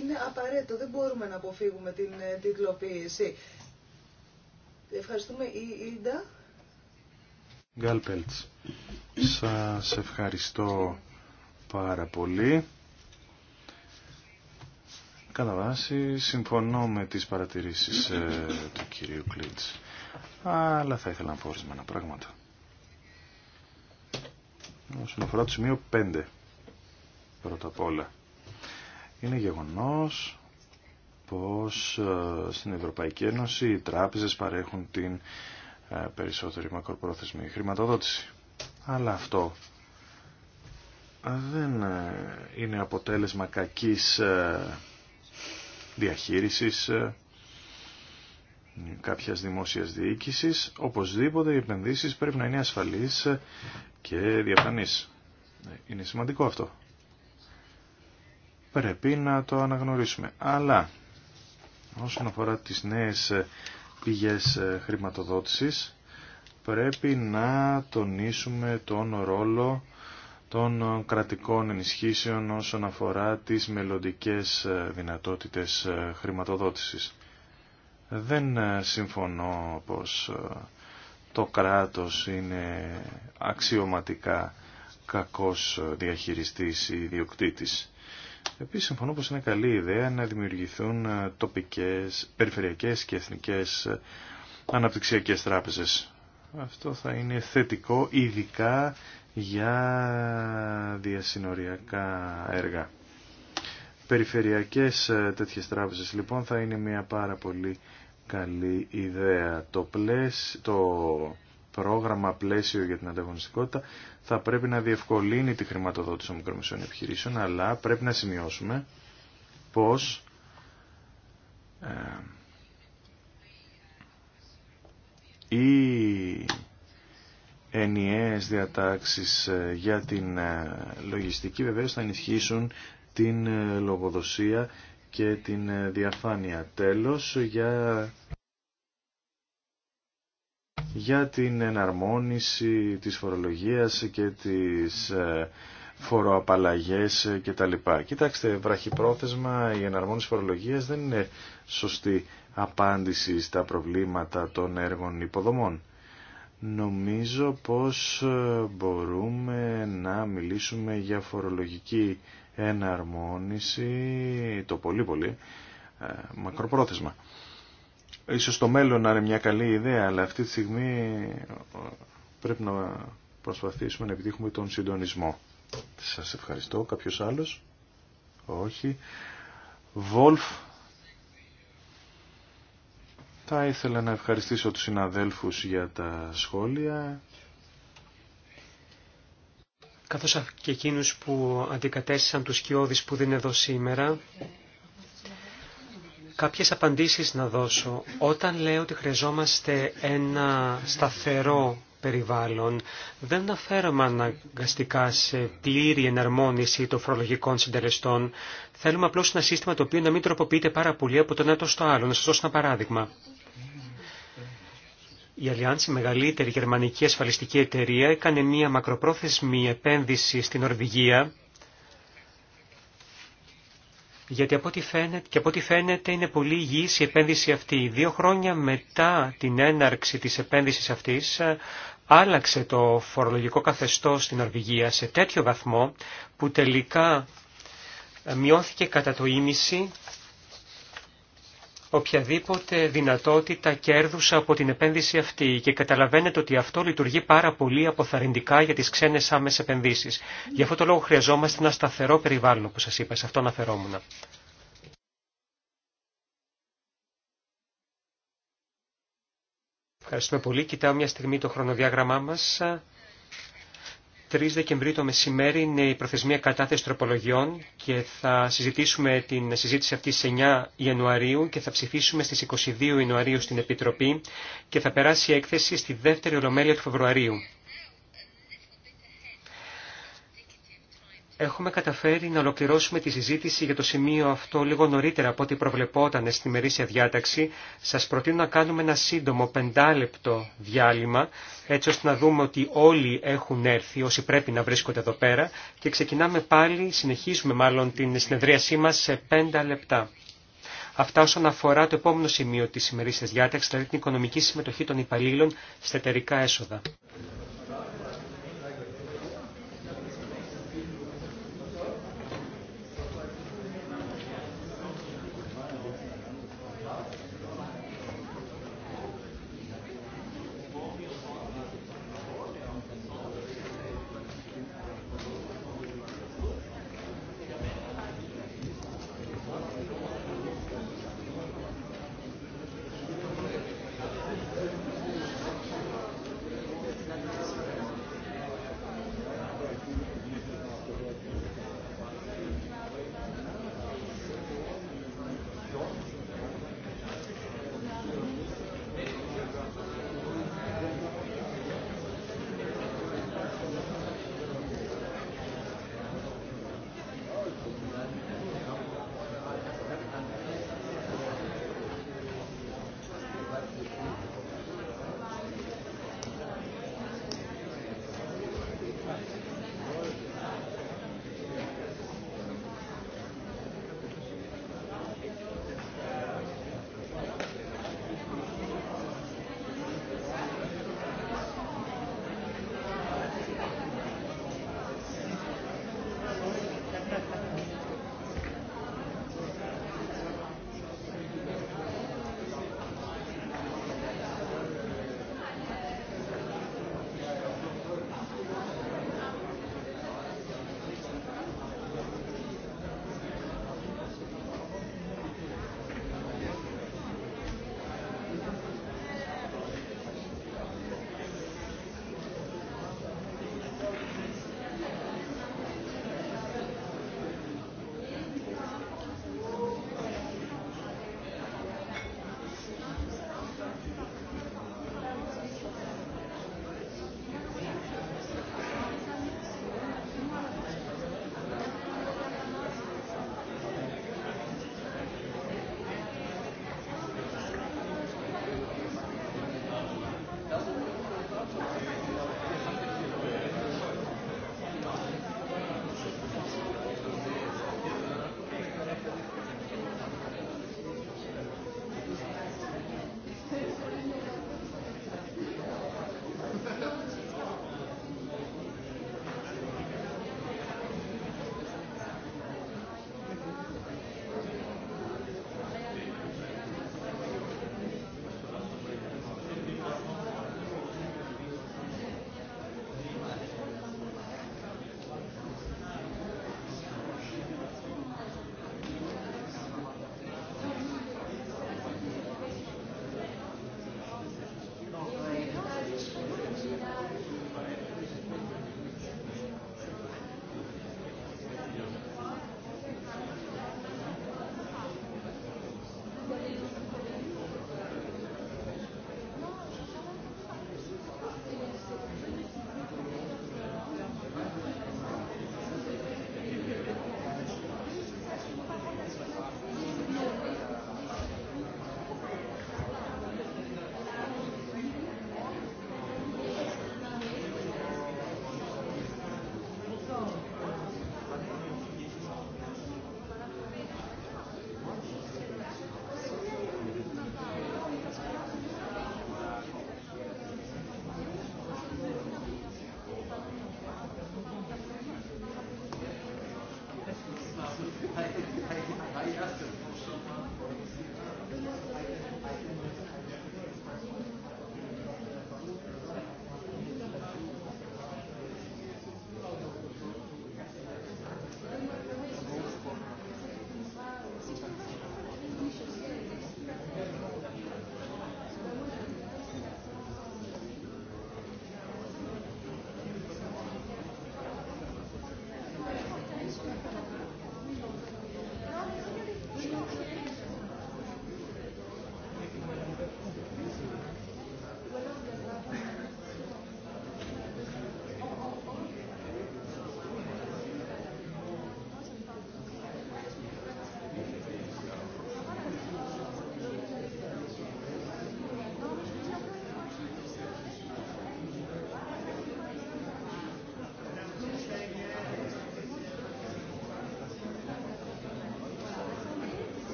είναι απαραίτητο. Δεν μπορούμε να αποφύγουμε την τιτλοποίηση. Ευχαριστούμε η Ίντα. Γκάλπελτς, σας ευχαριστώ πάρα πολύ. Κατά βάση συμφωνώ με τις παρατηρήσεις ε, του κυρίου Κλίντς, αλλά θα ήθελα να πω ορισμένα πράγματα. Όσον αφορά το σημείο 5, πρώτα απ' όλα, είναι γεγονός πως ε, στην Ευρωπαϊκή Ένωση οι τράπεζες παρέχουν την ε, περισσότερη μακροπρόθεσμη χρηματοδότηση. Αλλά αυτό δεν είναι αποτέλεσμα κακής διαχείρισης ε, κάποιας δημόσιας διοίκησης, οπωσδήποτε οι επενδύσεις πρέπει να είναι ασφαλείς ε, και διαφανείς. Είναι σημαντικό αυτό. Πρέπει να το αναγνωρίσουμε. Αλλά όσον αφορά τις νέες ε, πηγές χρηματοδότησης, πρέπει να τονίσουμε τον ρόλο των ε, κρατικών ενισχύσεων όσον αφορά τις μελλοντικέ ε, δυνατότητες ε, χρηματοδότησης. Δεν συμφωνώ πως το κράτος είναι αξιωματικά κακός διαχειριστής ή διοκτήτης. Επίσης συμφωνώ πως είναι καλή ιδέα να δημιουργηθούν τοπικές, περιφερειακές και εθνικές αναπτυξιακές τράπεζες. Αυτό θα είναι θετικό ειδικά για διασυνοριακά έργα. Περιφερειακές ε, τέτοιες τράπεζες λοιπόν θα είναι μια πάρα πολύ καλή ιδέα. Το, το πρόγραμμα πλαίσιο για την ανταγωνιστικότητα θα πρέπει να διευκολύνει τη χρηματοδότηση των μικρομεσαίων επιχειρήσεων, αλλά πρέπει να σημειώσουμε πως ε, η ενιαίες διατάξεις ε, για την ε, λογιστική βεβαίως θα ενισχύσουν την ε, λογοδοσία και την διαφάνεια. Τέλος, για, για την εναρμόνιση της φορολογίας και τις φοροαπαλλαγές κτλ. Κοιτάξτε, βραχυπρόθεσμα η εναρμόνιση φορολογίας δεν είναι σωστή απάντηση στα προβλήματα των έργων υποδομών νομίζω πως ε, μπορούμε να μιλήσουμε για φορολογική εναρμόνιση το πολύ πολύ ε, μακροπρόθεσμα. Ίσως το μέλλον να είναι μια καλή ιδέα, αλλά αυτή τη στιγμή ε, πρέπει να προσπαθήσουμε να επιτύχουμε τον συντονισμό. Σας ευχαριστώ. Κάποιος άλλος? Όχι. Βολφ θα ήθελα να ευχαριστήσω τους συναδέλφους για τα σχόλια. Καθώς και εκείνους που αντικατέστησαν τους σκιώδεις που δεν είναι εδώ σήμερα, κάποιες απαντήσεις να δώσω. Όταν λέω ότι χρειαζόμαστε ένα σταθερό περιβάλλον, δεν αναφέρομαι αναγκαστικά σε πλήρη εναρμόνιση των φορολογικών συντελεστών. Θέλουμε απλώς ένα σύστημα το οποίο να μην τροποποιείται πάρα πολύ από τον ένα στο άλλο. Να σας δώσω ένα παράδειγμα. Η Αλιαντς, η μεγαλύτερη γερμανική ασφαλιστική εταιρεία, έκανε μία μακροπρόθεσμη επένδυση στην Ορβηγία, γιατί από ό,τι φαίνεται, και από ό,τι φαίνεται είναι πολύ υγιής η επένδυση αυτή. Δύο χρόνια μετά την έναρξη της επένδυσης αυτής, άλλαξε το φορολογικό καθεστώς στην Ορβηγία σε τέτοιο βαθμό που τελικά ε, μειώθηκε κατά το ίμιση οποιαδήποτε δυνατότητα κέρδους από την επένδυση αυτή και καταλαβαίνετε ότι αυτό λειτουργεί πάρα πολύ αποθαρρυντικά για τις ξένες άμεσες επενδύσεις. Γι' αυτό το λόγο χρειαζόμαστε ένα σταθερό περιβάλλον, όπως σας είπα, σε αυτό αναφερόμουν. Ευχαριστούμε πολύ. Κοιτάω μια στιγμή το χρονοδιάγραμμά μας. 3 Δεκεμβρίου το μεσημέρι είναι η προθεσμία κατάθεση τροπολογιών και θα συζητήσουμε την συζήτηση αυτή στις 9 Ιανουαρίου και θα ψηφίσουμε στις 22 Ιανουαρίου στην Επιτροπή και θα περάσει η έκθεση στη δεύτερη ολομέλεια του Φεβρουαρίου. Έχουμε καταφέρει να ολοκληρώσουμε τη συζήτηση για το σημείο αυτό λίγο νωρίτερα από ό,τι προβλεπόταν στη ημερήσια διάταξη. Σας προτείνω να κάνουμε ένα σύντομο πεντάλεπτο διάλειμμα, έτσι ώστε να δούμε ότι όλοι έχουν έρθει όσοι πρέπει να βρίσκονται εδώ πέρα και ξεκινάμε πάλι, συνεχίζουμε μάλλον την συνεδρίασή μας σε πέντα λεπτά. Αυτά όσον αφορά το επόμενο σημείο της ημερήσιας διάταξης, δηλαδή την οικονομική συμμετοχή των υπαλλήλων στα εταιρικά έσοδα.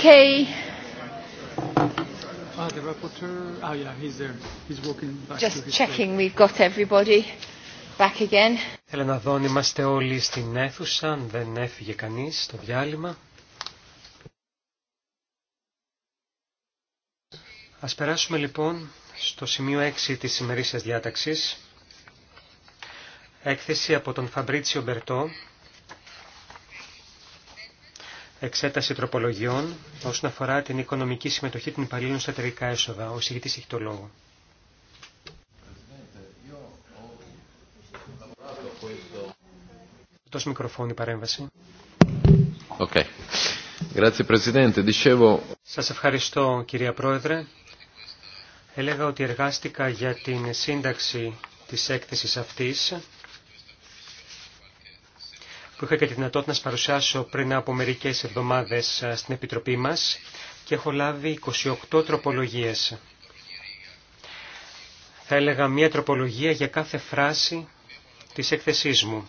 Okay. Ah, the rapporteur. Oh, yeah, he's there. He's walking back Just to his checking place. we've got everybody back again. Θέλω να δω αν είμαστε όλοι στην αίθουσα, αν δεν έφυγε κανείς στο διάλειμμα. Ας περάσουμε λοιπόν στο σημείο 6 της σημερίσιας διάταξης. Έκθεση από τον Φαμπρίτσιο Μπερτό Εξέταση τροπολογιών όσον αφορά την οικονομική συμμετοχή των υπαλλήλων στα εταιρικά έσοδα. Ο συγητής έχει το λόγο. Τόσο παρέμβαση. Σας ευχαριστώ κυρία Πρόεδρε. Έλεγα ότι εργάστηκα για την σύνταξη της έκθεσης αυτής που είχα και τη δυνατότητα να σας παρουσιάσω πριν από μερικές εβδομάδες στην Επιτροπή μας και έχω λάβει 28 τροπολογίες. Θα έλεγα μία τροπολογία για κάθε φράση της έκθεσής μου.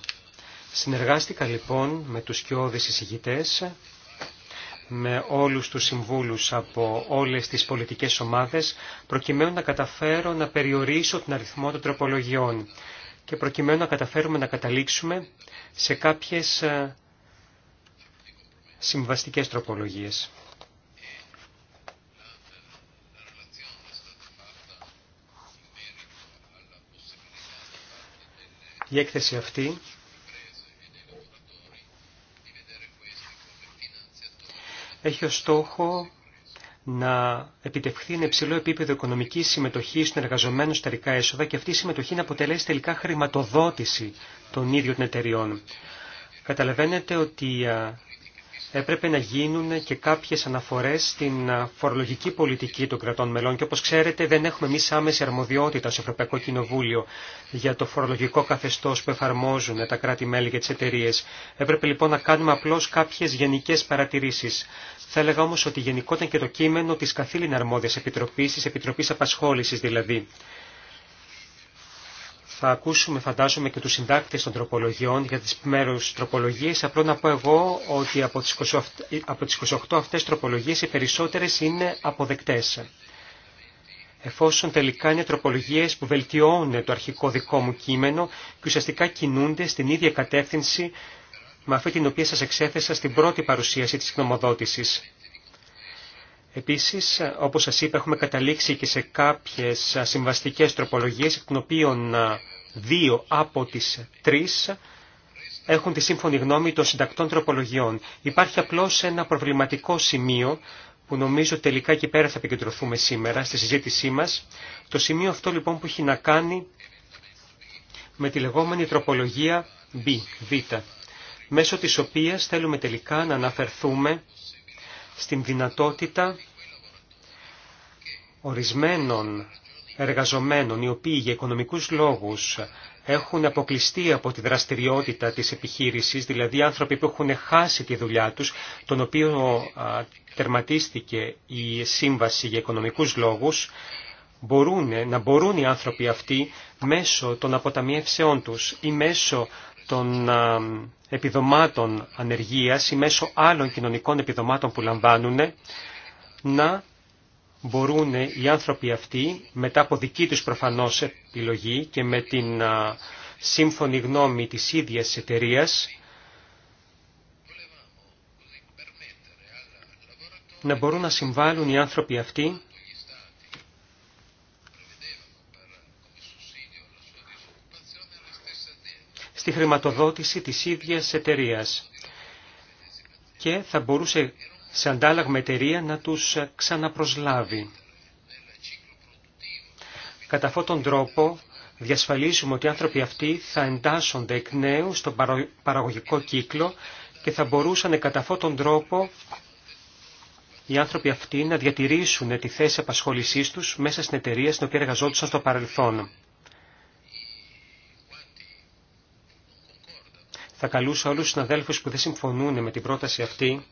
Συνεργάστηκα λοιπόν με τους κοιόδης εισηγητές, με όλους τους συμβούλους από όλες τις πολιτικές ομάδες, προκειμένου να καταφέρω να περιορίσω τον αριθμό των τροπολογιών και προκειμένου να καταφέρουμε να καταλήξουμε σε κάποιες ε, συμβαστικές τροπολογίες. Η έκθεση αυτή έχει ως στόχο να επιτευχθεί ένα υψηλό επίπεδο οικονομικής συμμετοχής των εργαζομένων στα ερικά έσοδα και αυτή η συμμετοχή να αποτελέσει τελικά χρηματοδότηση των ίδιων των εταιριών. Καταλαβαίνετε ότι έπρεπε να γίνουν και κάποιες αναφορές στην φορολογική πολιτική των κρατών μελών και όπως ξέρετε δεν έχουμε εμεί άμεση αρμοδιότητα στο Ευρωπαϊκό Κοινοβούλιο για το φορολογικό καθεστώς που εφαρμόζουν τα κράτη-μέλη και τις εταιρείε. Έπρεπε λοιπόν να κάνουμε απλώς κάποιες γενικές παρατηρήσεις. Θα έλεγα όμω ότι γενικόταν και το κείμενο της καθήλυνα αρμόδια επιτροπής, τη Επιτροπής Απασχόλησης δηλαδή. Θα ακούσουμε φαντάζομαι και του συντάκτε των τροπολογιών για τις μέρου τροπολογίες. Απλώ να πω εγώ ότι από τις 28, αυτέ τροπολογίε αυτές οι περισσότερες είναι αποδεκτές. Εφόσον τελικά είναι τροπολογίε που βελτιώνουν το αρχικό δικό μου κείμενο και ουσιαστικά κινούνται στην ίδια κατεύθυνση με αυτή την οποία σας εξέθεσα στην πρώτη παρουσίαση της γνωμοδότησης. Επίσης, όπως σας είπα, έχουμε καταλήξει και σε κάποιες συμβαστικές τροπολογίες, εκ των οποίων δύο από τις τρεις έχουν τη σύμφωνη γνώμη των συντακτών τροπολογιών. Υπάρχει απλώς ένα προβληματικό σημείο που νομίζω τελικά και πέρα θα επικεντρωθούμε σήμερα στη συζήτησή μας. Το σημείο αυτό λοιπόν που έχει να κάνει με τη λεγόμενη τροπολογία B, Β μέσω της οποίας θέλουμε τελικά να αναφερθούμε στην δυνατότητα ορισμένων εργαζομένων οι οποίοι για οικονομικούς λόγους έχουν αποκλειστεί από τη δραστηριότητα της επιχείρησης, δηλαδή άνθρωποι που έχουν χάσει τη δουλειά τους, τον οποίο τερματίστηκε η σύμβαση για οικονομικούς λόγους, μπορούν, να μπορούν οι άνθρωποι αυτοί μέσω των αποταμιεύσεών τους ή μέσω των ε, επιδομάτων ανεργίας ή μέσω άλλων κοινωνικών επιδομάτων που λαμβάνουν να μπορούν οι άνθρωποι αυτοί μετά από δική τους προφανώς επιλογή και με την ε, σύμφωνη γνώμη της ίδιας εταιρεία να μπορούν να συμβάλλουν οι άνθρωποι αυτοί στη χρηματοδότηση της ίδιας εταιρεία, και θα μπορούσε σε αντάλλαγμα εταιρεία να τους ξαναπροσλάβει. Κατά αυτόν τον τρόπο διασφαλίζουμε ότι οι άνθρωποι αυτοί θα εντάσσονται εκ νέου στον παραγωγικό κύκλο και θα μπορούσαν κατά αυτόν τον τρόπο οι άνθρωποι αυτοί να διατηρήσουν τη θέση απασχόλησής τους μέσα στην εταιρεία στην οποία εργαζόντουσαν στο παρελθόν. Θα καλούσα όλους τους συναδέλφους που δεν συμφωνούν με την πρόταση αυτή,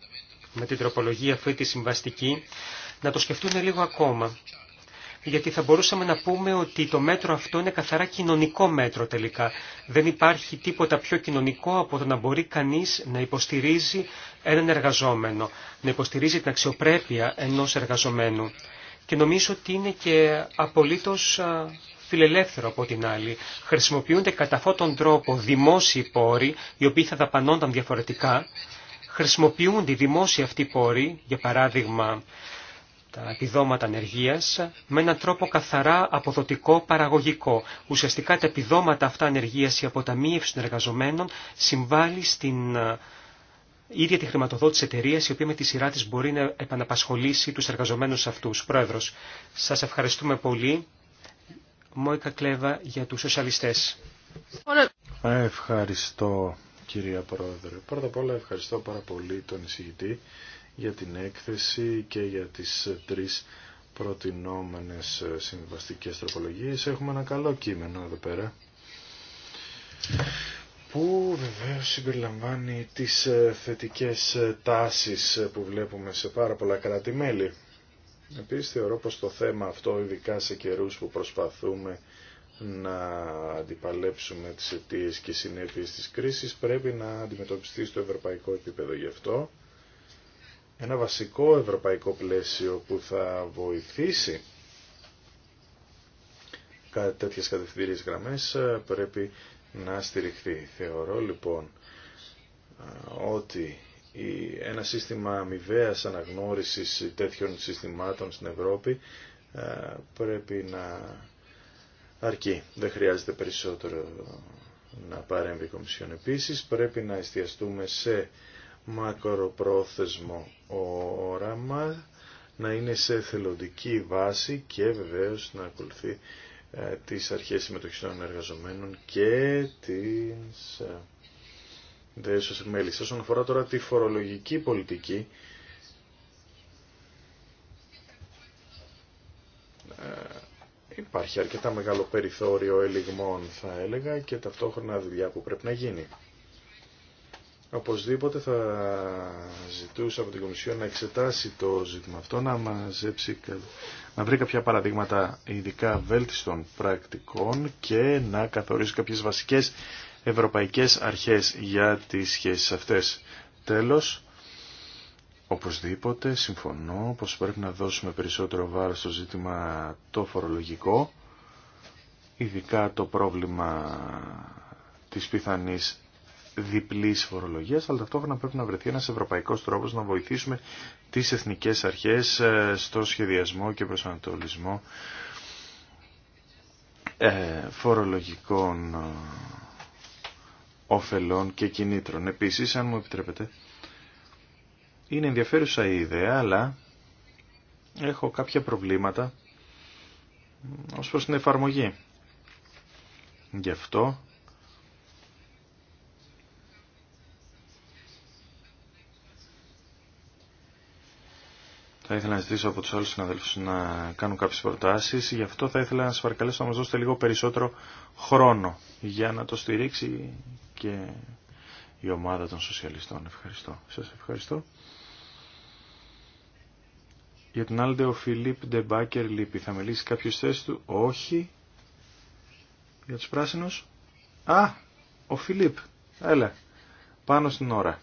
με την τροπολογία αυτή τη συμβαστική, να το σκεφτούν λίγο ακόμα. Γιατί θα μπορούσαμε να πούμε ότι το μέτρο αυτό είναι καθαρά κοινωνικό μέτρο τελικά. Δεν υπάρχει τίποτα πιο κοινωνικό από το να μπορεί κανείς να υποστηρίζει έναν εργαζόμενο, να υποστηρίζει την αξιοπρέπεια ενός εργαζομένου. Και νομίζω ότι είναι και απολύτως φιλελεύθερο από την άλλη. Χρησιμοποιούνται κατά αυτόν τον τρόπο δημόσιοι πόροι, οι οποίοι θα δαπανώνταν διαφορετικά. Χρησιμοποιούνται οι δημόσιοι αυτοί πόροι, για παράδειγμα τα επιδόματα ανεργίας, με έναν τρόπο καθαρά αποδοτικό παραγωγικό. Ουσιαστικά τα επιδόματα αυτά ανεργίας ή αποταμίευση των εργαζομένων συμβάλλει στην ε, ίδια τη χρηματοδότηση εταιρεία, η οποία με τη σειρά τη μπορεί να επαναπασχολήσει του εργαζομένου αυτού. Πρόεδρο, σα ευχαριστούμε πολύ. Μόικα Κλέβα για τους σοσιαλιστές. Ευχαριστώ κυρία Πρόεδρε. Πρώτα απ' όλα ευχαριστώ πάρα πολύ τον εισηγητή για την έκθεση και για τις τρεις προτινόμενες συμβαστικές τροπολογίες. Έχουμε ένα καλό κείμενο εδώ πέρα που βεβαίως συμπεριλαμβάνει τις θετικές τάσεις που βλέπουμε σε πάρα πολλά κράτη-μέλη. Επίσης θεωρώ πως το θέμα αυτό, ειδικά σε καιρούς που προσπαθούμε να αντιπαλέψουμε τις αιτίε και συνέπειες της κρίσης, πρέπει να αντιμετωπιστεί στο ευρωπαϊκό επίπεδο. Γι' αυτό ένα βασικό ευρωπαϊκό πλαίσιο που θα βοηθήσει τέτοιες κατευθυντήριες γραμμές ε, πρέπει να στηριχθεί. Θεωρώ λοιπόν ε, ότι ένα σύστημα αμοιβαία αναγνώρισης τέτοιων συστημάτων στην Ευρώπη ε, πρέπει να αρκεί. Δεν χρειάζεται περισσότερο να παρέμβει η Κομισιόν. Επίσης πρέπει να εστιαστούμε σε μακροπρόθεσμο όραμα, να είναι σε θελοντική βάση και βεβαίω να ακολουθεί ε, τις αρχές συμμετοχής των εργαζομένων και τις ε, σε επιμέλης. Όσον αφορά τώρα τη φορολογική πολιτική, ε, υπάρχει αρκετά μεγάλο περιθώριο ελιγμών θα έλεγα και ταυτόχρονα δουλειά που πρέπει να γίνει. Οπωσδήποτε θα ζητούσα από την Κομισιόν να εξετάσει το ζήτημα αυτό, να, μαζέψει, να βρει κάποια παραδείγματα ειδικά βέλτιστων πρακτικών και να καθορίσει κάποιες βασικές ευρωπαϊκές αρχές για τις σχέσεις αυτές. Τέλος, οπωσδήποτε συμφωνώ πως πρέπει να δώσουμε περισσότερο βάρος στο ζήτημα το φορολογικό, ειδικά το πρόβλημα της πιθανής διπλής φορολογίας, αλλά ταυτόχρονα πρέπει να βρεθεί ένας ευρωπαϊκός τρόπος να βοηθήσουμε τις εθνικές αρχές ε, στο σχεδιασμό και προσανατολισμό ε, φορολογικών ε, οφελών και κινήτρων. Επίσης, αν μου επιτρέπετε, είναι ενδιαφέρουσα η ιδέα, αλλά έχω κάποια προβλήματα ως προς την εφαρμογή. Γι' αυτό θα ήθελα να ζητήσω από τους άλλους συναδέλφους να κάνουν κάποιες προτάσεις. Γι' αυτό θα ήθελα να σας παρακαλέσω να μας δώσετε λίγο περισσότερο χρόνο για να το στηρίξει και η ομάδα των σοσιαλιστών. Ευχαριστώ. Σας ευχαριστώ. Για την άλλη ο Φιλίπ Ντεμπάκερ λείπει. Θα μιλήσει κάποιος θέση του. Όχι. Για τους πράσινους. Α, ο Φιλίπ. Έλα. Πάνω στην ώρα.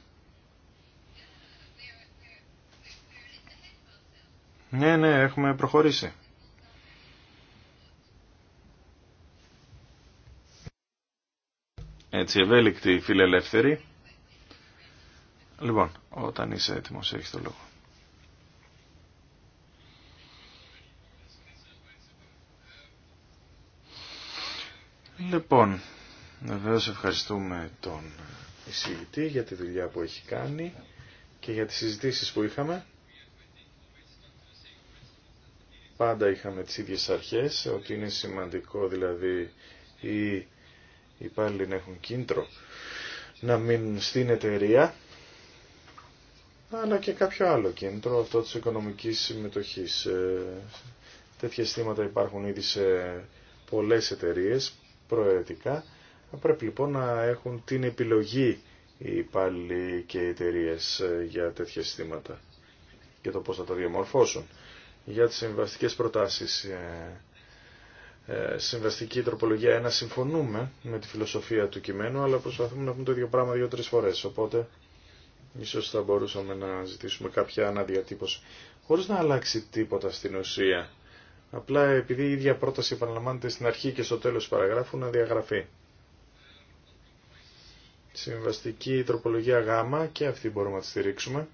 Ναι, ναι, έχουμε προχωρήσει. έτσι ευέλικτη φιλελεύθερη. Λοιπόν, όταν είσαι έτοιμος έχεις το λόγο. Λοιπόν, βεβαίω ευχαριστούμε τον εισηγητή για τη δουλειά που έχει κάνει και για τις συζητήσεις που είχαμε. Πάντα είχαμε τις ίδιες αρχές, ότι είναι σημαντικό δηλαδή η οι υπάλληλοι να έχουν κίνητρο να μην στην εταιρεία, αλλά και κάποιο άλλο κίνητρο, αυτό της οικονομικής συμμετοχής. Ε, τέτοια στήματα υπάρχουν ήδη σε πολλές εταιρείες προαιρετικά. Πρέπει λοιπόν να έχουν την επιλογή οι υπάλληλοι και οι εταιρείε ε, για τέτοια στήματα και το πώς θα τα διαμορφώσουν. Για τις συμβαστικές προτάσεις ε, ε, συμβαστική τροπολογία 1 συμφωνούμε με τη φιλοσοφία του κειμένου, αλλά προσπαθούμε να πούμε το ίδιο πράγμα δύο-τρει φορέ. Οπότε, ίσω θα μπορούσαμε να ζητήσουμε κάποια αναδιατύπωση, Χωρί να αλλάξει τίποτα στην ουσία. Απλά επειδή η ίδια πρόταση επαναλαμβάνεται στην αρχή και στο τέλο παραγράφου να διαγραφεί. Συμβαστική τροπολογία Γ και αυτή μπορούμε να τη στηρίξουμε.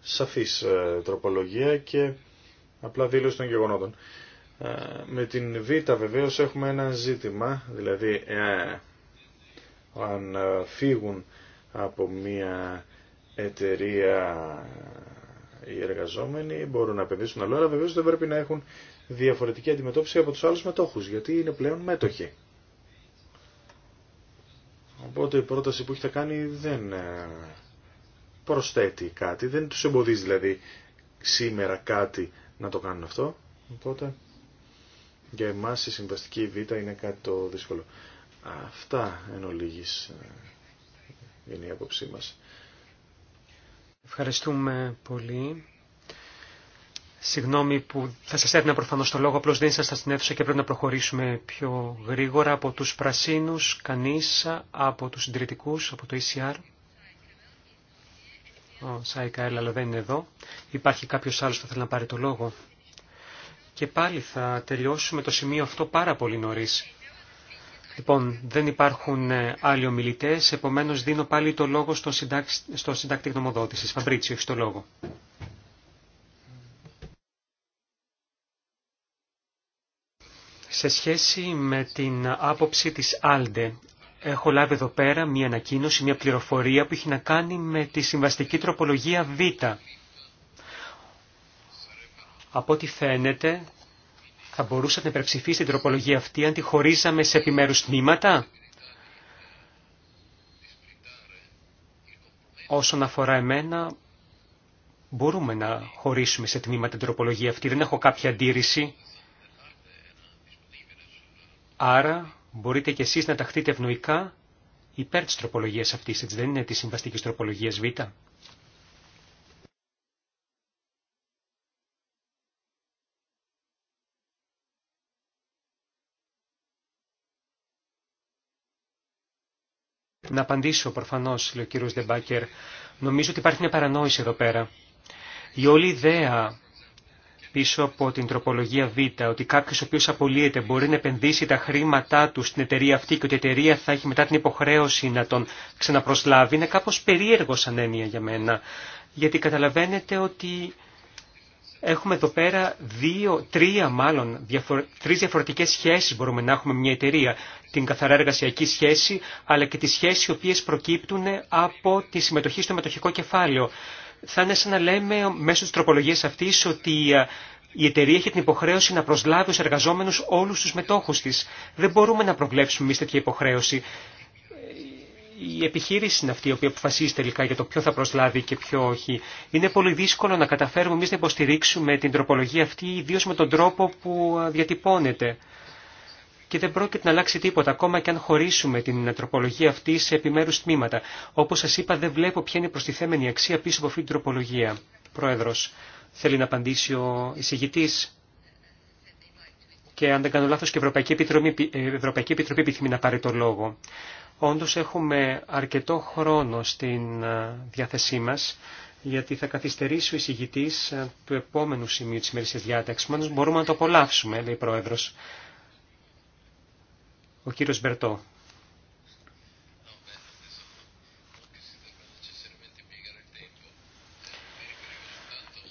Σαφής ε, τροπολογία και απλά δήλωση των γεγονότων. Ε, με την Β βεβαίως έχουμε ένα ζήτημα, δηλαδή ε, αν ε, φύγουν από μια εταιρεία οι εργαζόμενοι μπορούν να επενδύσουν αλλού, αλλά βεβαίως δεν πρέπει να έχουν διαφορετική αντιμετώπιση από τους άλλους μετόχους, γιατί είναι πλέον μέτοχοι. Οπότε η πρόταση που έχετε κάνει δεν προσθέτει κάτι, δεν τους εμποδίζει δηλαδή σήμερα κάτι να το κάνουν αυτό. Οπότε για εμάς η συμβαστική Β είναι κάτι το δύσκολο. Αυτά εν ολίγης ε, είναι η άποψή μας. Ευχαριστούμε πολύ. Συγγνώμη που θα σας να προφανώς το λόγο, απλώς δεν ήσασταν στην αίθουσα και πρέπει να προχωρήσουμε πιο γρήγορα από τους πρασίνους, κανείς, από τους συντηρητικού, από το ECR. Ο Σάικα αλλά δεν είναι εδώ. Υπάρχει κάποιος άλλος που θέλει να πάρει το λόγο και πάλι θα τελειώσουμε το σημείο αυτό πάρα πολύ νωρίς. Λοιπόν, δεν υπάρχουν ε, άλλοι ομιλητέ, επομένω δίνω πάλι το λόγο στον, συντάκτη γνωμοδότηση. Φαμπρίτσιο, έχει το λόγο. Σε σχέση με την άποψη της Άλντε, έχω λάβει εδώ πέρα μία ανακοίνωση, μία πληροφορία που έχει να κάνει με τη συμβαστική τροπολογία Β από ό,τι φαίνεται, θα μπορούσατε να υπερψηφίσετε την τροπολογία αυτή αν τη χωρίζαμε σε επιμέρους τμήματα. Όσον αφορά εμένα, μπορούμε να χωρίσουμε σε τμήματα την τροπολογία αυτή. Δεν έχω κάποια αντίρρηση. Άρα μπορείτε κι εσείς να ταχτείτε ευνοϊκά υπέρ της τροπολογίας αυτής, έτσι δεν είναι της συμβαστικής τροπολογίας Β. Να απαντήσω προφανώ, λέει ο κύριο Δεμπάκερ. Νομίζω ότι υπάρχει μια παρανόηση εδώ πέρα. Η όλη ιδέα πίσω από την τροπολογία Β, ότι κάποιο ο οποίο απολύεται μπορεί να επενδύσει τα χρήματά του στην εταιρεία αυτή και ότι η εταιρεία θα έχει μετά την υποχρέωση να τον ξαναπροσλάβει, είναι κάπω περίεργο σαν έννοια για μένα. Γιατί καταλαβαίνετε ότι Έχουμε εδώ πέρα δύο, τρία μάλλον, τρεις διαφορετικές σχέσεις μπορούμε να έχουμε μια εταιρεία. Την καθαρά εργασιακή σχέση, αλλά και τις σχέσεις οι οποίες προκύπτουν από τη συμμετοχή στο μετοχικό κεφάλαιο. Θα είναι σαν να λέμε μέσω της τροπολογίας αυτής ότι ε, η εταιρεία έχει την υποχρέωση να προσλάβει ως εργαζόμενους όλους τους μετόχους της. Δεν μπορούμε να προβλέψουμε εμείς τέτοια υποχρέωση η επιχείρηση είναι αυτή η οποία αποφασίζει τελικά για το ποιο θα προσλάβει και ποιο όχι. Είναι πολύ δύσκολο να καταφέρουμε εμεί να υποστηρίξουμε την τροπολογία αυτή, ιδίω με τον τρόπο που διατυπώνεται. Και δεν πρόκειται να αλλάξει τίποτα, ακόμα και αν χωρίσουμε την τροπολογία αυτή σε επιμέρου τμήματα. Όπω σα είπα, δεν βλέπω ποια είναι η προστιθέμενη αξία πίσω από αυτή την τροπολογία. Πρόεδρο, θέλει να απαντήσει ο εισηγητή. Και αν δεν κάνω λάθο, και η Ευρωπαϊκή Επιτροπή, ε, Ευρωπαϊκή Επιτροπή επιθυμεί να πάρει το λόγο. Όντως έχουμε αρκετό χρόνο στην ε, διάθεσή μας, γιατί θα καθυστερήσει ο εισηγητής ε, του επόμενου σημείου της ημερήσιας διάταξης. Μόνος μπορούμε να το απολαύσουμε, λέει η Πρόεδρος. Ο κύριος Μπερτό.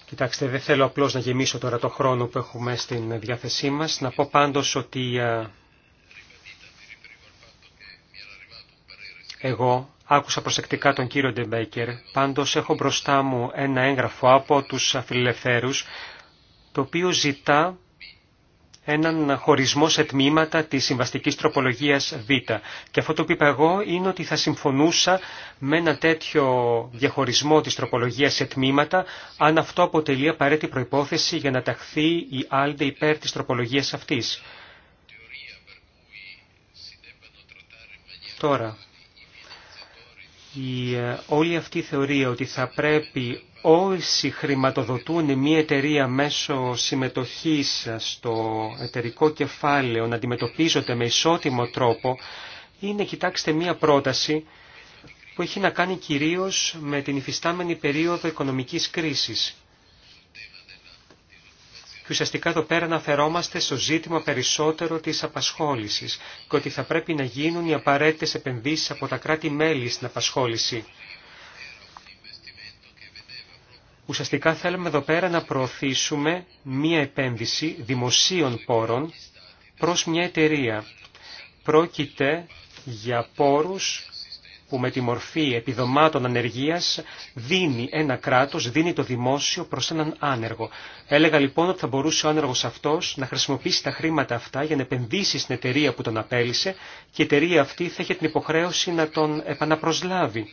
Κοιτάξτε, δεν θέλω απλώς να γεμίσω τώρα το χρόνο που έχουμε στην διάθεσή μας. Να πω πάντως ότι ε, Εγώ άκουσα προσεκτικά τον κύριο Ντεμπέκερ, πάντως έχω μπροστά μου ένα έγγραφο από τους αφιλελευθέρους, το οποίο ζητά έναν χωρισμό σε τμήματα της συμβαστικής τροπολογίας Β. Και αυτό το που είπα εγώ είναι ότι θα συμφωνούσα με ένα τέτοιο διαχωρισμό της τροπολογίας σε τμήματα, αν αυτό αποτελεί απαραίτητη προϋπόθεση για να ταχθεί η άλντε υπέρ της τροπολογίας αυτής. Τώρα, η, ε, όλη αυτή η θεωρία ότι θα πρέπει όσοι χρηματοδοτούν μια εταιρεία μέσω συμμετοχής στο εταιρικό κεφάλαιο να αντιμετωπίζονται με ισότιμο τρόπο είναι, κοιτάξτε, μια πρόταση που έχει να κάνει κυρίως με την υφιστάμενη περίοδο οικονομικής κρίσης ουσιαστικά εδώ πέρα αναφερόμαστε στο ζήτημα περισσότερο της απασχόλησης και ότι θα πρέπει να γίνουν οι απαραίτητες επενδύσεις από τα κράτη-μέλη στην απασχόληση. Ουσιαστικά θέλουμε εδώ πέρα να προωθήσουμε μία επένδυση δημοσίων πόρων προς μια εταιρεία. Πρόκειται για πόρους που με τη μορφή επιδομάτων ανεργίας δίνει ένα κράτος, δίνει το δημόσιο προς έναν άνεργο. Έλεγα λοιπόν ότι θα μπορούσε ο άνεργος αυτός να χρησιμοποιήσει τα χρήματα αυτά για να επενδύσει στην εταιρεία που τον απέλησε και η εταιρεία αυτή θα είχε την υποχρέωση να τον επαναπροσλάβει.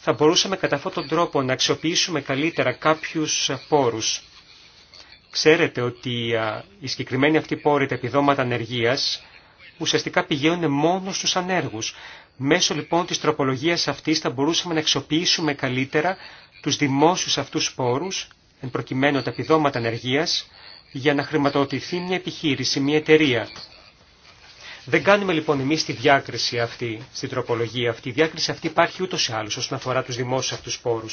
Θα μπορούσαμε κατά αυτόν τον τρόπο να αξιοποιήσουμε καλύτερα κάποιους πόρους. Ξέρετε ότι η συγκεκριμένοι αυτή πόροι, τα επιδόματα ανεργίας, ουσιαστικά πηγαίνουν μόνο στους ανέργους. Μέσω λοιπόν της τροπολογίας αυτής θα μπορούσαμε να εξοπλίσουμε καλύτερα τους δημόσιους αυτούς πόρους, εν προκειμένου τα επιδόματα ενεργείας, για να χρηματοδοτηθεί μια επιχείρηση, μια εταιρεία. Δεν κάνουμε λοιπόν εμεί τη διάκριση αυτή, στην τροπολογία αυτή. Η διάκριση αυτή υπάρχει ούτω ή άλλω όσον αφορά του δημόσιου αυτού πόρου.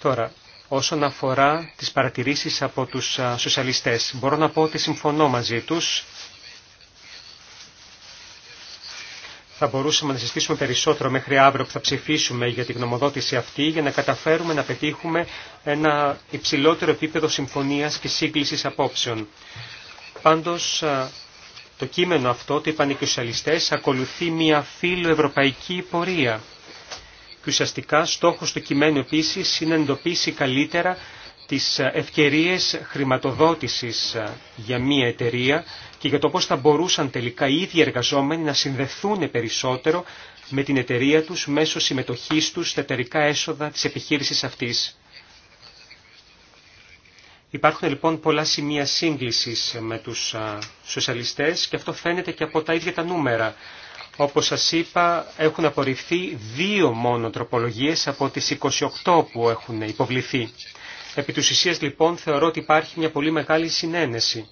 Τώρα, όσον αφορά τι παρατηρήσει από του σοσιαλιστέ, μπορώ να πω ότι συμφωνώ μαζί του. θα μπορούσαμε να συζητήσουμε περισσότερο μέχρι αύριο που θα ψηφίσουμε για την γνωμοδότηση αυτή για να καταφέρουμε να πετύχουμε ένα υψηλότερο επίπεδο συμφωνίας και σύγκλησης απόψεων. Πάντως, το κείμενο αυτό, το είπαν οι ακολουθεί μια φιλοευρωπαϊκή πορεία. Και ουσιαστικά στόχος του κειμένου επίσης είναι να εντοπίσει καλύτερα τις ε, ευκαιρίες χρηματοδότησης ε, για μία εταιρεία και για το πώς θα μπορούσαν τελικά οι ίδιοι εργαζόμενοι να συνδεθούν περισσότερο με την εταιρεία τους μέσω συμμετοχής τους στα εταιρικά έσοδα της επιχείρησης αυτής. Υπάρχουν λοιπόν πολλά σημεία σύγκλησης με τους ε, σοσιαλιστές και αυτό φαίνεται και από τα ίδια τα νούμερα. Όπως σας είπα, έχουν απορριφθεί δύο μόνο τροπολογίες από τις 28 που έχουν υποβληθεί. Επί τους ουσίας, λοιπόν θεωρώ ότι υπάρχει μια πολύ μεγάλη συνένεση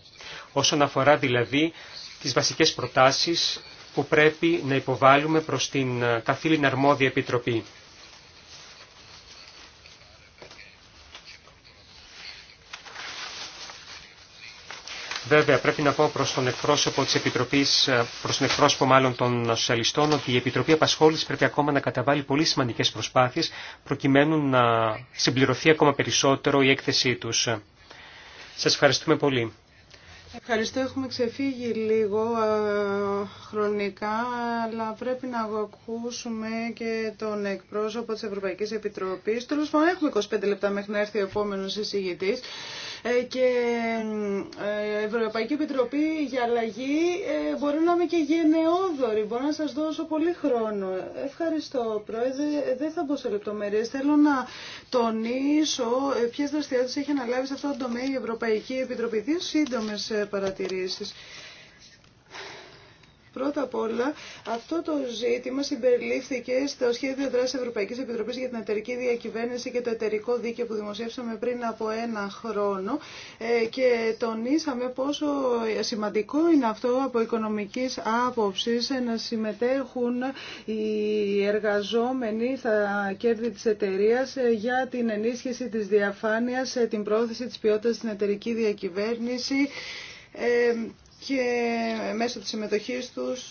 όσον αφορά δηλαδή τις βασικές προτάσεις που πρέπει να υποβάλουμε προς την καθήλυνα αρμόδια επιτροπή. Βέβαια, πρέπει να πω προς τον εκπρόσωπο της Επιτροπής, ε, προς τον εκπρόσωπο μάλλον των Σοσιαλιστών, ότι η Επιτροπή Απασχόλησης πρέπει ακόμα να καταβάλει πολύ σημαντικές προσπάθειες, προκειμένου να συμπληρωθεί ακόμα περισσότερο η έκθεσή τους. Σας ευχαριστούμε πολύ. Ευχαριστώ, έχουμε ξεφύγει λίγο ε, χρονικά, αλλά πρέπει να ακούσουμε και τον εκπρόσωπο της Ευρωπαϊκής Επιτροπής. Τέλος πάντων, έχουμε 25 λεπτά μέχρι να έρθει ο επόμενος εισηγητής. Ε, και ε, Ευρωπαϊκή Επιτροπή για Αλλαγή ε, μπορεί να είμαι και γενναιόδορη, μπορώ να σας δώσω πολύ χρόνο. Ευχαριστώ Πρόεδρε, δεν θα μπω σε λεπτομέρειες. Θέλω να τονίσω ποιες δραστηριότητες έχει αναλάβει σε αυτό το τομέα η Ευρωπαϊκή Επιτροπή. Δύο σύντομες παρατηρήσεις. Πρώτα απ' όλα, αυτό το ζήτημα συμπεριλήφθηκε στο σχέδιο δράση Ευρωπαϊκή Επιτροπή για την εταιρική διακυβέρνηση και το εταιρικό δίκαιο που δημοσιεύσαμε πριν από ένα χρόνο ε, και τονίσαμε πόσο σημαντικό είναι αυτό από οικονομική άποψη ε, να συμμετέχουν οι εργαζόμενοι στα κέρδη τη εταιρεία ε, για την ενίσχυση τη διαφάνεια, την πρόθεση τη ποιότητα στην εταιρική διακυβέρνηση και μέσω της συμμετοχής τους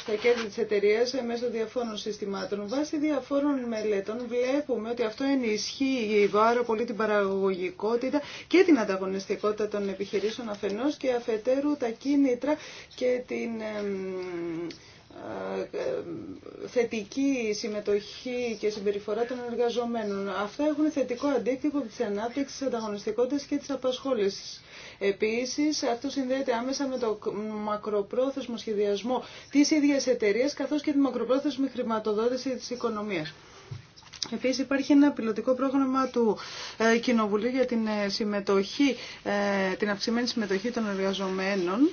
στα κέντρα της εταιρεία ε, μέσω διαφόρων συστημάτων. Βάσει διαφόρων μελέτων βλέπουμε ότι αυτό ενισχύει βάρο πολύ την παραγωγικότητα και την ανταγωνιστικότητα των επιχειρήσεων αφενός και αφετέρου τα κίνητρα και την ε, ε, θετική συμμετοχή και συμπεριφορά των εργαζομένων. Αυτά έχουν θετικό αντίκτυπο της ανάπτυξης, της ανταγωνιστικότητας και της απασχόλησης. Επίσης, αυτό συνδέεται άμεσα με το μακροπρόθεσμο σχεδιασμό της ίδιας εταιρείας, καθώς και τη μακροπρόθεσμη χρηματοδότηση της οικονομίας. Επίσης υπάρχει ένα πιλωτικό πρόγραμμα του ε, Κοινοβουλίου για την, ε, συμμετοχή, ε, την αυξημένη συμμετοχή των εργαζομένων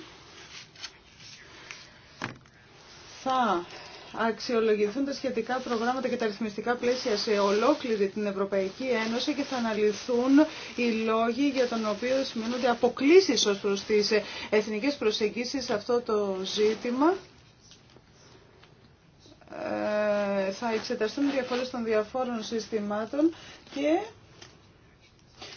αξιολογηθούν τα σχετικά προγράμματα και τα ρυθμιστικά πλαίσια σε ολόκληρη την Ευρωπαϊκή Ένωση και θα αναλυθούν οι λόγοι για τον οποίο σημαίνονται αποκλήσει ω προς τι εθνικέ προσεγγίσει σε αυτό το ζήτημα ε, θα εξεταστούν οι των διαφόρων συστημάτων και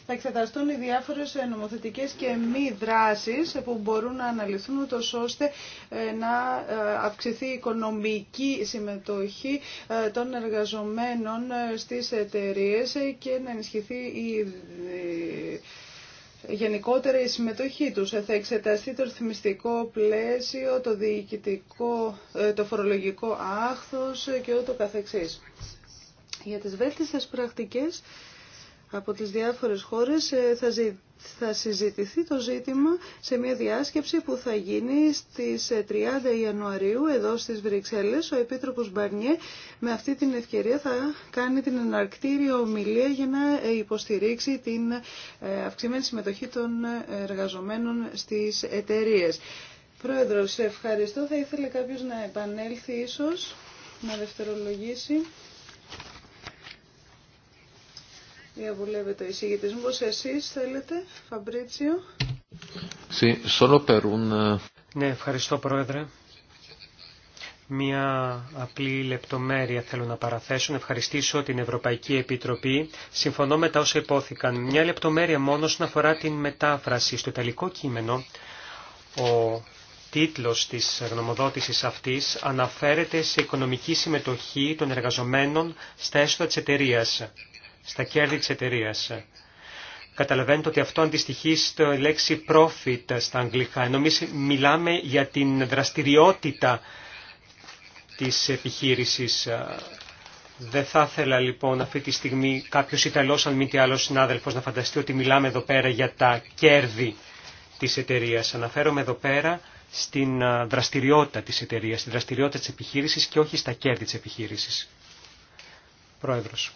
θα εξεταστούν οι διάφορε νομοθετικέ και μη δράσεις που μπορούν να αναλυθούν το ώστε ε, να ε, αυξηθεί η οικονομική συμμετοχή ε, των εργαζομένων στις εταιρείε και να ενισχυθεί η γενικότερα η συμμετοχή τους. Θα εξεταστεί το ρυθμιστικό πλαίσιο, το διοικητικό, το φορολογικό άχθος και ούτω καθεξής. Για τις βέλτιστες πρακτικές από τις διάφορες χώρες ε, θα, θα συζητηθεί το ζήτημα σε μια διάσκεψη που θα γίνει στις 30 ε, Ιανουαρίου εδώ στις Βρυξέλλες. Ο Επίτροπος Μπαρνιέ με αυτή την ευκαιρία θα κάνει την εναρκτήρια ομιλία για να ε, υποστηρίξει την αυξημένη συμμετοχή των εργαζομένων στις εταιρείε. Πρόεδρος, ευχαριστώ. Θα ήθελε κάποιος να επανέλθει ίσως, να δευτερολογήσει. Διαβουλεύεται ο εισηγητής μου. εσείς θέλετε, Φαμπρίτσιο. Ε, ναι, ευχαριστώ Πρόεδρε. Μία απλή λεπτομέρεια θέλω να παραθέσω, να ευχαριστήσω την Ευρωπαϊκή Επιτροπή. Συμφωνώ με τα όσα υπόθηκαν. Μια λεπτομέρεια μόνο όσον αφορά την μετάφραση. Στο ιταλικό κείμενο, ο τίτλος της γνωμοδότησης αυτής αναφέρεται σε οικονομική συμμετοχή των εργαζομένων στα έσοδα της εταιρείας στα κέρδη της εταιρείας. Καταλαβαίνετε ότι αυτό αντιστοιχεί στο λέξη profit στα αγγλικά, ενώ εμείς μιλάμε για την δραστηριότητα της επιχείρησης. Δεν θα ήθελα λοιπόν αυτή τη στιγμή κάποιος Ιταλός, αν μη τι άλλο συνάδελφος, να φανταστεί ότι μιλάμε εδώ πέρα για τα κέρδη της εταιρείας. Αναφέρομαι εδώ πέρα στην δραστηριότητα της εταιρείας, στη δραστηριότητα της επιχείρησης και όχι στα κέρδη της επιχείρησης. Πρόεδρος.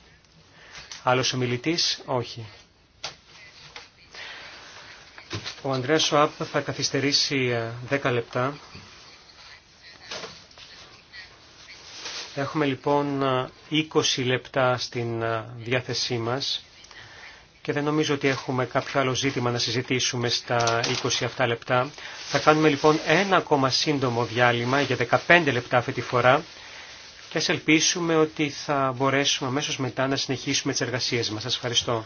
Άλλος ομιλητής, όχι. Ο Ανδρέας Σουάπ θα καθυστερήσει 10 ε, λεπτά. Έχουμε λοιπόν 20 ε, λεπτά στην ε, διάθεσή μας και δεν νομίζω ότι έχουμε κάποιο άλλο ζήτημα να συζητήσουμε στα 27 λεπτά. Θα κάνουμε λοιπόν ένα ακόμα σύντομο διάλειμμα για 15 λεπτά αυτή τη φορά και ας ελπίσουμε ότι θα μπορέσουμε αμέσως μετά να συνεχίσουμε τις εργασίες μας. Σας ευχαριστώ.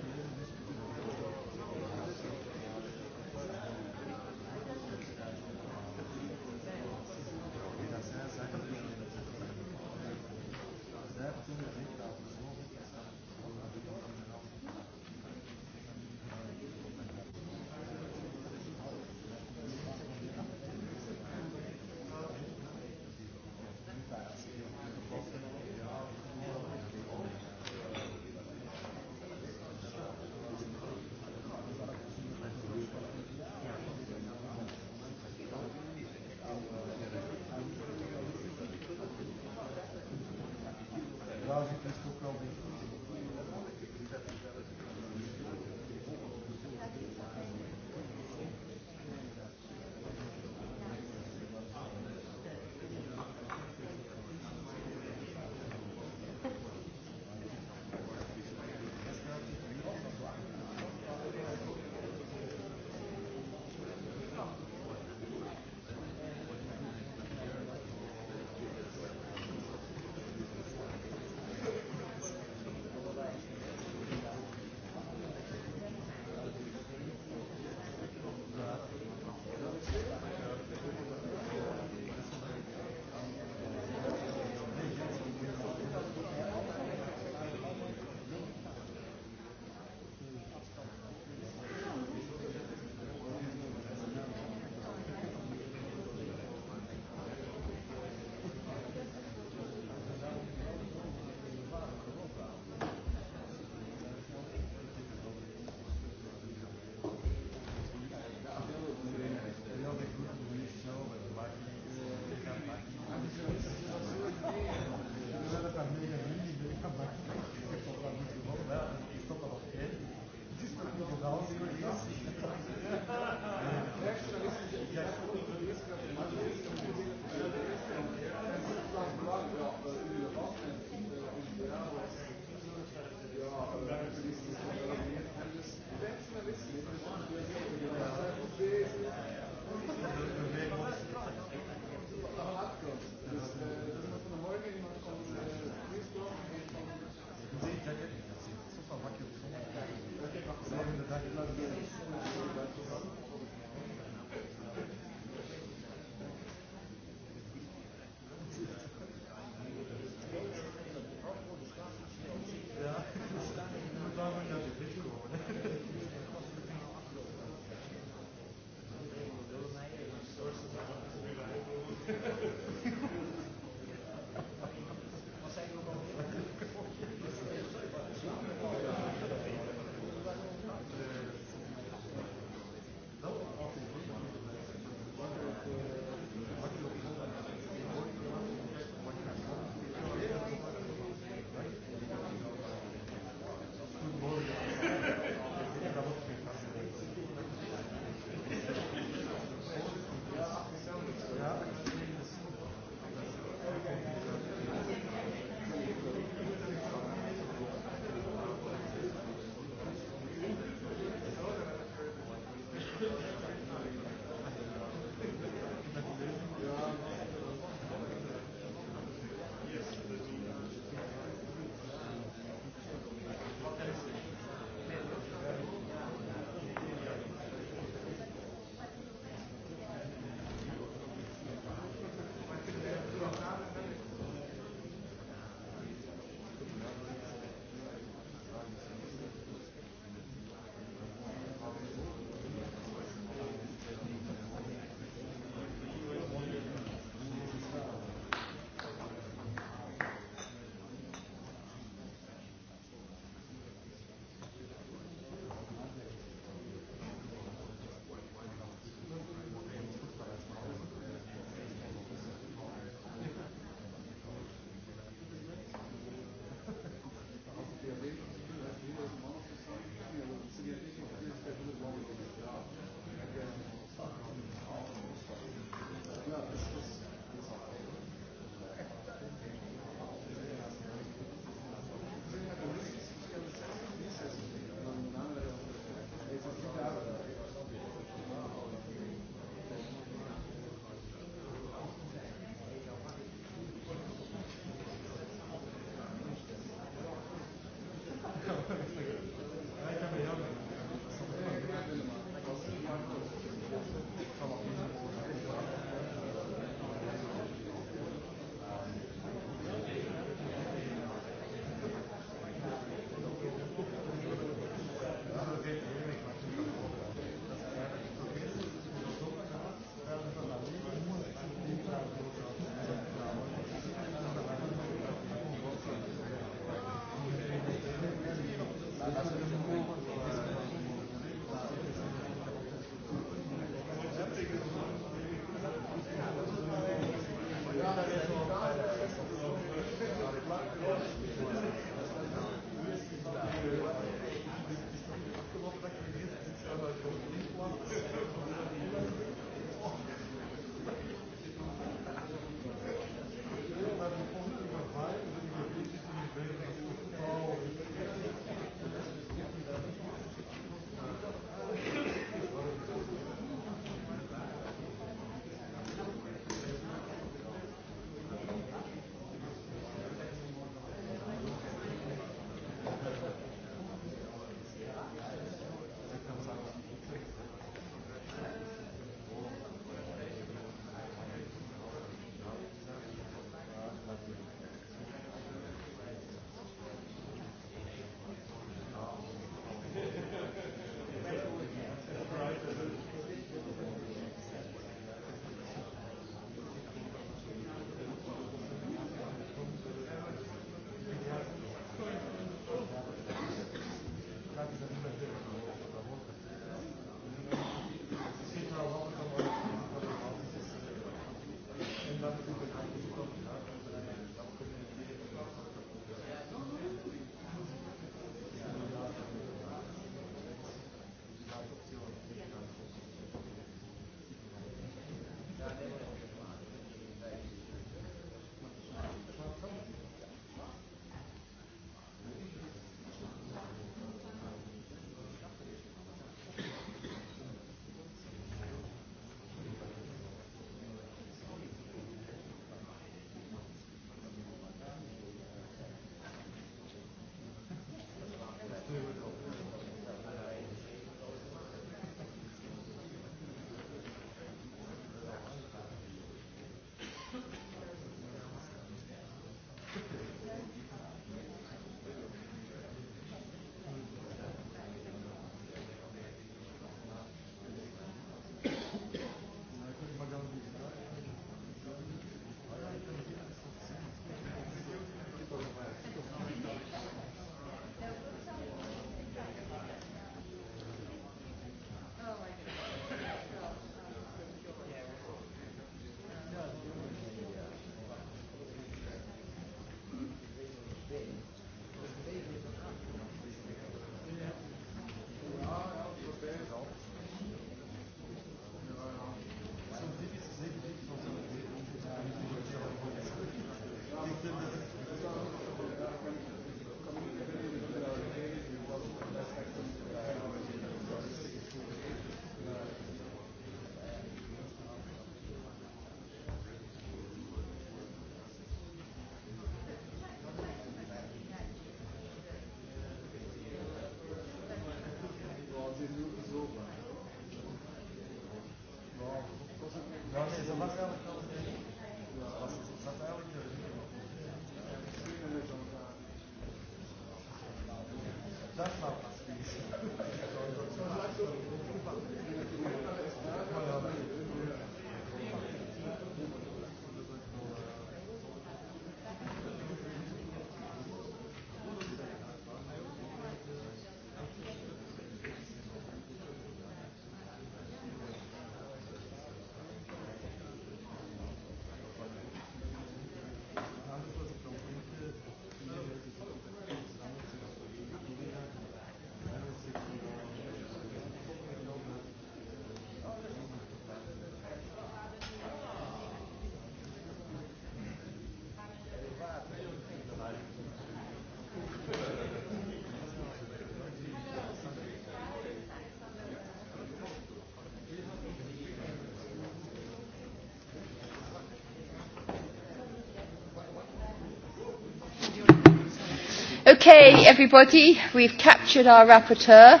Okay, everybody, we've captured our rapporteur.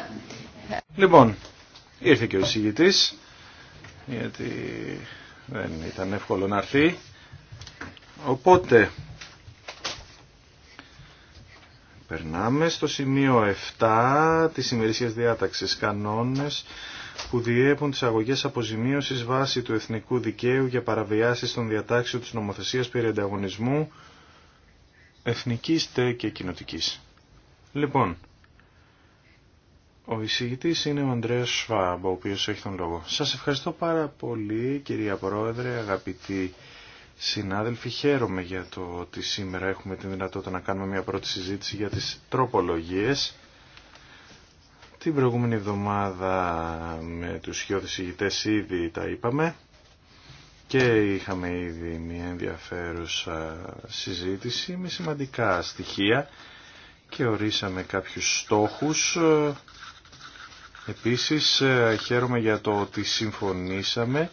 Λοιπόν, ήρθε και ο συγγητής, γιατί δεν ήταν εύκολο να έρθει. Οπότε, περνάμε στο σημείο 7 της ημερήσιας διάταξης κανόνες που διέπουν τις αγωγές αποζημίωσης βάση του εθνικού δικαίου για παραβιάσεις των διατάξεων της νομοθεσίας περί ανταγωνισμού εθνικής τε και κοινοτικής. Λοιπόν, ο εισηγητής είναι ο Ανδρέας Σφάμπ, ο οποίος έχει τον λόγο. Σας ευχαριστώ πάρα πολύ κυρία Πρόεδρε, αγαπητοί συνάδελφοι. Χαίρομαι για το ότι σήμερα έχουμε τη δυνατότητα να κάνουμε μια πρώτη συζήτηση για τις τροπολογίες. Την προηγούμενη εβδομάδα με τους χιώδης ήδη τα είπαμε και είχαμε ήδη μια ενδιαφέρουσα συζήτηση με σημαντικά στοιχεία και ορίσαμε κάποιους στόχους. Επίσης χαίρομαι για το ότι συμφωνήσαμε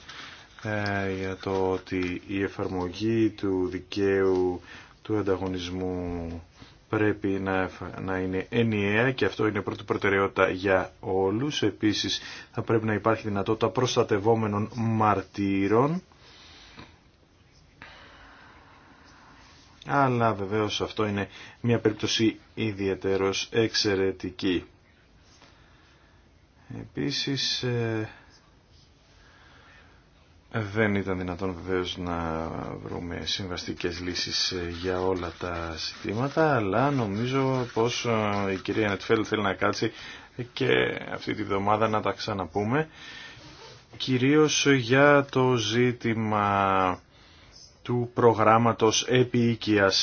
ε, για το ότι η εφαρμογή του δικαίου του ανταγωνισμού πρέπει να, να είναι ενιαία και αυτό είναι πρώτη προτεραιότητα για όλους. Επίσης θα πρέπει να υπάρχει δυνατότητα προστατευόμενων μαρτύρων αλλά βεβαίως αυτό είναι μια περίπτωση ιδιαίτερος εξαιρετική. Επίσης ε, δεν ήταν δυνατόν βεβαίως να βρούμε συμβαστικές λύσεις ε, για όλα τα ζητήματα, αλλά νομίζω πως ε, η κυρία Νετφέλ θέλει να κάτσει και αυτή τη βδομάδα να τα ξαναπούμε, κυρίως για το ζήτημα του προγράμματος επί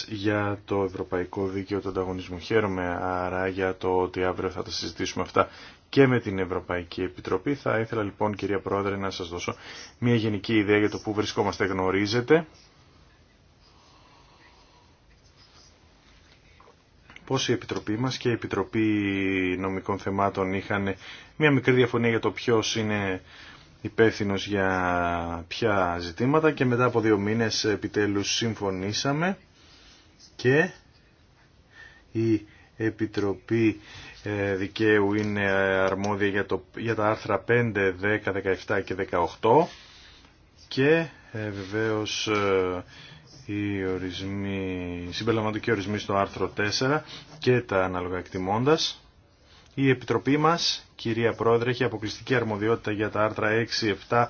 για το Ευρωπαϊκό Δίκαιο του Ανταγωνισμού. Χαίρομαι άρα για το ότι αύριο θα τα συζητήσουμε αυτά και με την Ευρωπαϊκή Επιτροπή. Θα ήθελα λοιπόν κυρία Πρόεδρε να σας δώσω μια γενική ιδέα για το που βρισκόμαστε γνωρίζετε. Πώς η Επιτροπή μας και η Επιτροπή Νομικών Θεμάτων είχαν μια μικρή διαφωνία για το ποιος είναι υπεύθυνο για ποια ζητήματα και μετά από δύο μήνες επιτέλους συμφωνήσαμε και η Επιτροπή ε, Δικαίου είναι αρμόδια για, το, για τα άρθρα 5, 10, 17 και 18 και ε, βεβαίως ε, οι ορισμοί, συμπεριλαμβανωτικοί ορισμοί στο άρθρο 4 και τα αναλογα εκτιμώντας η Επιτροπή μας, κυρία Πρόεδρε, έχει αποκλειστική αρμοδιότητα για τα άρθρα 6, 7,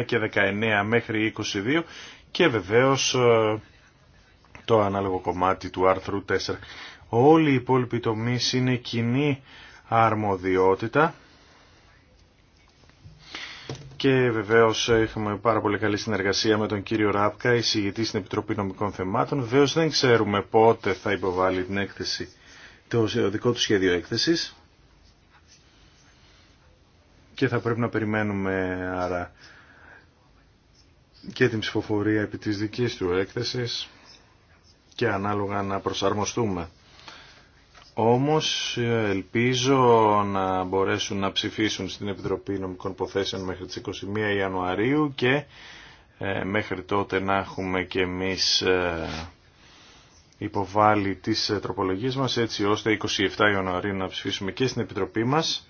9 και 19 μέχρι 22 και βεβαίως ε, το ανάλογο κομμάτι του άρθρου 4. Όλοι οι υπόλοιποι τομείς είναι κοινή αρμοδιότητα και βεβαίως έχουμε πάρα πολύ καλή συνεργασία με τον κύριο Ράπκα, εισηγητή στην Επιτροπή Νομικών Θεμάτων. Βεβαίως δεν ξέρουμε πότε θα υποβάλει την έκθεση το δικό του σχέδιο έκθεσης και θα πρέπει να περιμένουμε άρα και την ψηφοφορία επί της δικής του έκθεσης και ανάλογα να προσαρμοστούμε. Όμως ελπίζω να μπορέσουν να ψηφίσουν στην Επιτροπή Νομικών Υποθέσεων μέχρι τις 21 Ιανουαρίου και ε, μέχρι τότε να έχουμε και εμείς ε, υποβάλει τις ε, τροπολογίες μας έτσι ώστε 27 Ιανουαρίου να ψηφίσουμε και στην Επιτροπή μας.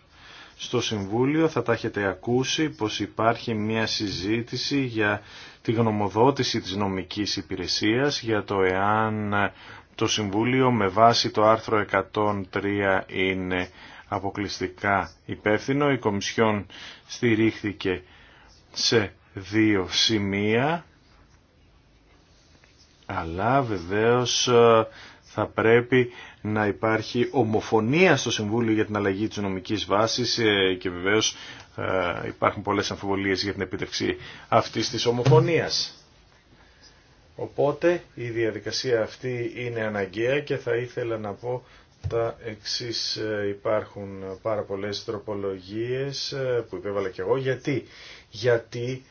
Στο Συμβούλιο θα τα έχετε ακούσει πως υπάρχει μια συζήτηση για τη γνωμοδότηση της νομικής υπηρεσίας για το εάν ε, το Συμβούλιο με βάση το άρθρο 103 είναι αποκλειστικά υπεύθυνο. Η Κομισιόν στηρίχθηκε σε δύο σημεία αλλά βεβαίως ε, θα πρέπει να υπάρχει ομοφωνία στο Συμβούλιο για την αλλαγή της νομικής βάσης ε, και βεβαίως ε, υπάρχουν πολλές αμφιβολίες για την επίτευξη αυτής της ομοφωνίας. Οπότε η διαδικασία αυτή είναι αναγκαία και θα ήθελα να πω τα εξής υπάρχουν πάρα πολλές τροπολογίες που υπέβαλα και εγώ. Γιατί, Γιατί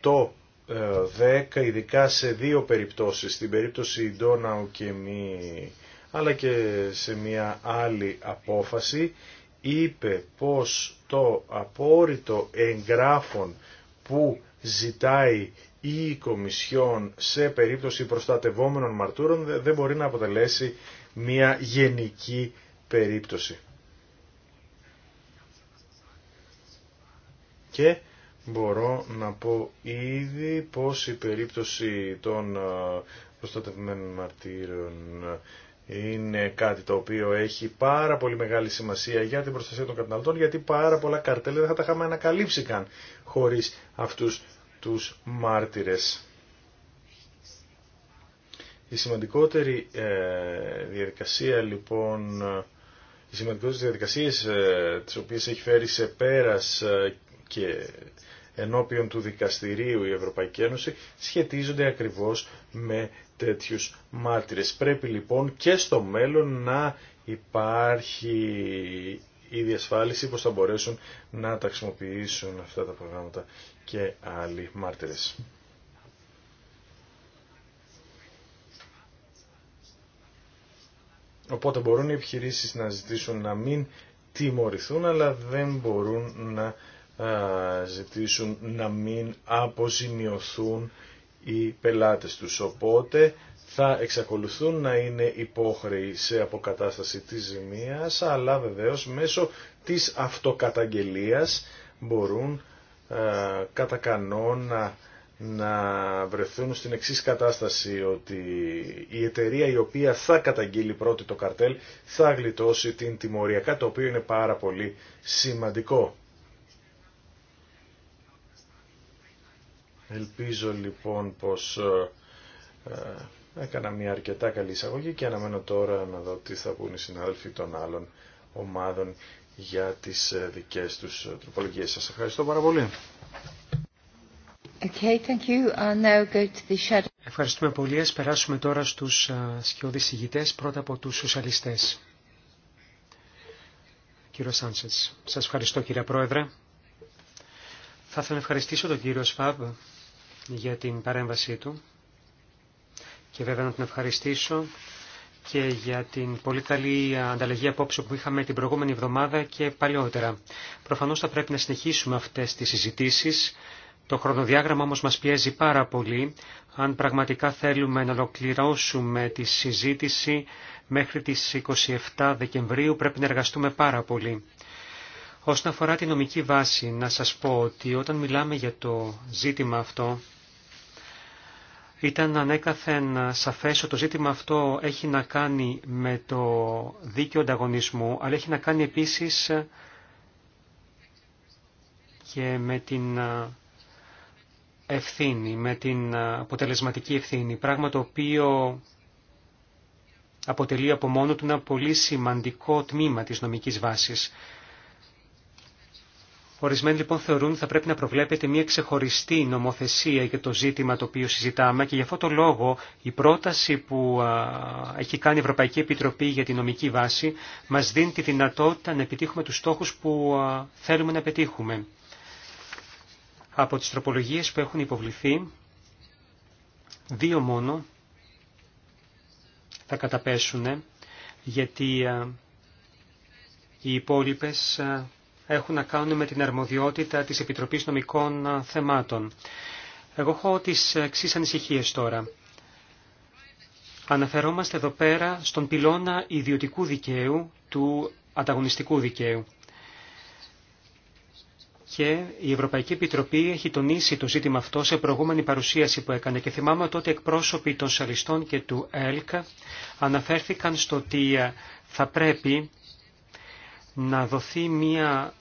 το 10, ειδικά σε δύο περιπτώσεις, στην περίπτωση Ντόναου και μη, αλλά και σε μια άλλη απόφαση, είπε πως το απόρριτο εγγράφων που ζητάει η Κομισιόν σε περίπτωση προστατευόμενων μαρτύρων δεν μπορεί να αποτελέσει μια γενική περίπτωση. Και Μπορώ να πω ήδη πως η περίπτωση των ε, προστατευμένων μαρτύρων είναι κάτι το οποίο έχει πάρα πολύ μεγάλη σημασία για την προστασία των καταναλωτών γιατί πάρα πολλά καρτέλα δεν θα τα είχαμε ανακαλύψει καν χωρίς αυτούς τους μάρτυρες. Η σημαντικότερη ε, διαδικασία λοιπόν, οι σημαντικότερες διαδικασίες ε, τις οποίες έχει φέρει σε πέρας και ενώπιον του δικαστηρίου η Ευρωπαϊκή Ένωση σχετίζονται ακριβώς με τέτοιους μάρτυρες. Πρέπει λοιπόν και στο μέλλον να υπάρχει η διασφάλιση πως θα μπορέσουν να τα χρησιμοποιήσουν αυτά τα προγράμματα και άλλοι μάρτυρες. Οπότε μπορούν οι επιχειρήσεις να ζητήσουν να μην τιμωρηθούν, αλλά δεν μπορούν να ζητήσουν να μην αποζημιωθούν οι πελάτες τους. Οπότε θα εξακολουθούν να είναι υπόχρεοι σε αποκατάσταση της ζημίας, αλλά βεβαίως μέσω της αυτοκαταγγελίας μπορούν α, κατά κανόνα να βρεθούν στην εξής κατάσταση ότι η εταιρεία η οποία θα καταγγείλει πρώτη το καρτέλ θα γλιτώσει την τιμωριακά το οποίο είναι πάρα πολύ σημαντικό. Ελπίζω λοιπόν πως ε, ε, έκανα μια αρκετά καλή εισαγωγή και αναμένω τώρα να δω τι θα πούν οι συνάδελφοι των άλλων ομάδων για τις ε, δικές τους τροπολογίες. Σας ευχαριστώ πάρα πολύ. Okay, thank you. Uh, now go to the shadow. Ευχαριστούμε πολύ. Ας περάσουμε τώρα στους σκιώδεις ηγητές, πρώτα από τους σοσιαλιστές. Κύριο Σάντσετς, σας ευχαριστώ κύριε Πρόεδρε. Θα ήθελα να ευχαριστήσω τον κύριο Σφάβ για την παρέμβασή του και βέβαια να τον ευχαριστήσω και για την πολύ καλή ανταλλαγή απόψε που είχαμε την προηγούμενη εβδομάδα και παλιότερα. Προφανώς θα πρέπει να συνεχίσουμε αυτές τις συζητήσεις. Το χρονοδιάγραμμα όμως μας πιέζει πάρα πολύ αν πραγματικά θέλουμε να ολοκληρώσουμε τη συζήτηση μέχρι τις 27 Δεκεμβρίου πρέπει να εργαστούμε πάρα πολύ. Όσον αφορά τη νομική βάση, να σας πω ότι όταν μιλάμε για το ζήτημα αυτό, ήταν ανέκαθεν σαφές ότι το ζήτημα αυτό έχει να κάνει με το δίκαιο ανταγωνισμού, αλλά έχει να κάνει επίσης και με την ευθύνη, με την αποτελεσματική ευθύνη, πράγμα το οποίο αποτελεί από μόνο του ένα πολύ σημαντικό τμήμα της νομικής βάσης. Ορισμένοι λοιπόν θεωρούν ότι θα πρέπει να προβλέπεται μια ξεχωριστή νομοθεσία για το ζήτημα το οποίο συζητάμε και γι' αυτό το λόγο η πρόταση που έχει κάνει η Ευρωπαϊκή Επιτροπή για τη νομική βάση μας δίνει τη δυνατότητα να επιτύχουμε τους στόχους που θέλουμε να πετύχουμε. Από τις τροπολογίες που έχουν υποβληθεί, δύο μόνο θα καταπέσουν γιατί οι υπόλοιπες έχουν να κάνουν με την αρμοδιότητα της Επιτροπής Νομικών Θεμάτων. Εγώ έχω τις εξή ανησυχίε τώρα. Αναφερόμαστε εδώ πέρα στον πυλώνα ιδιωτικού δικαίου του ανταγωνιστικού δικαίου. Και η Ευρωπαϊκή Επιτροπή έχει τονίσει το ζήτημα αυτό σε προηγούμενη παρουσίαση που έκανε και θυμάμαι τότε εκπρόσωποι των Σαριστών και του ΕΛΚ αναφέρθηκαν στο ότι θα πρέπει να δοθεί μια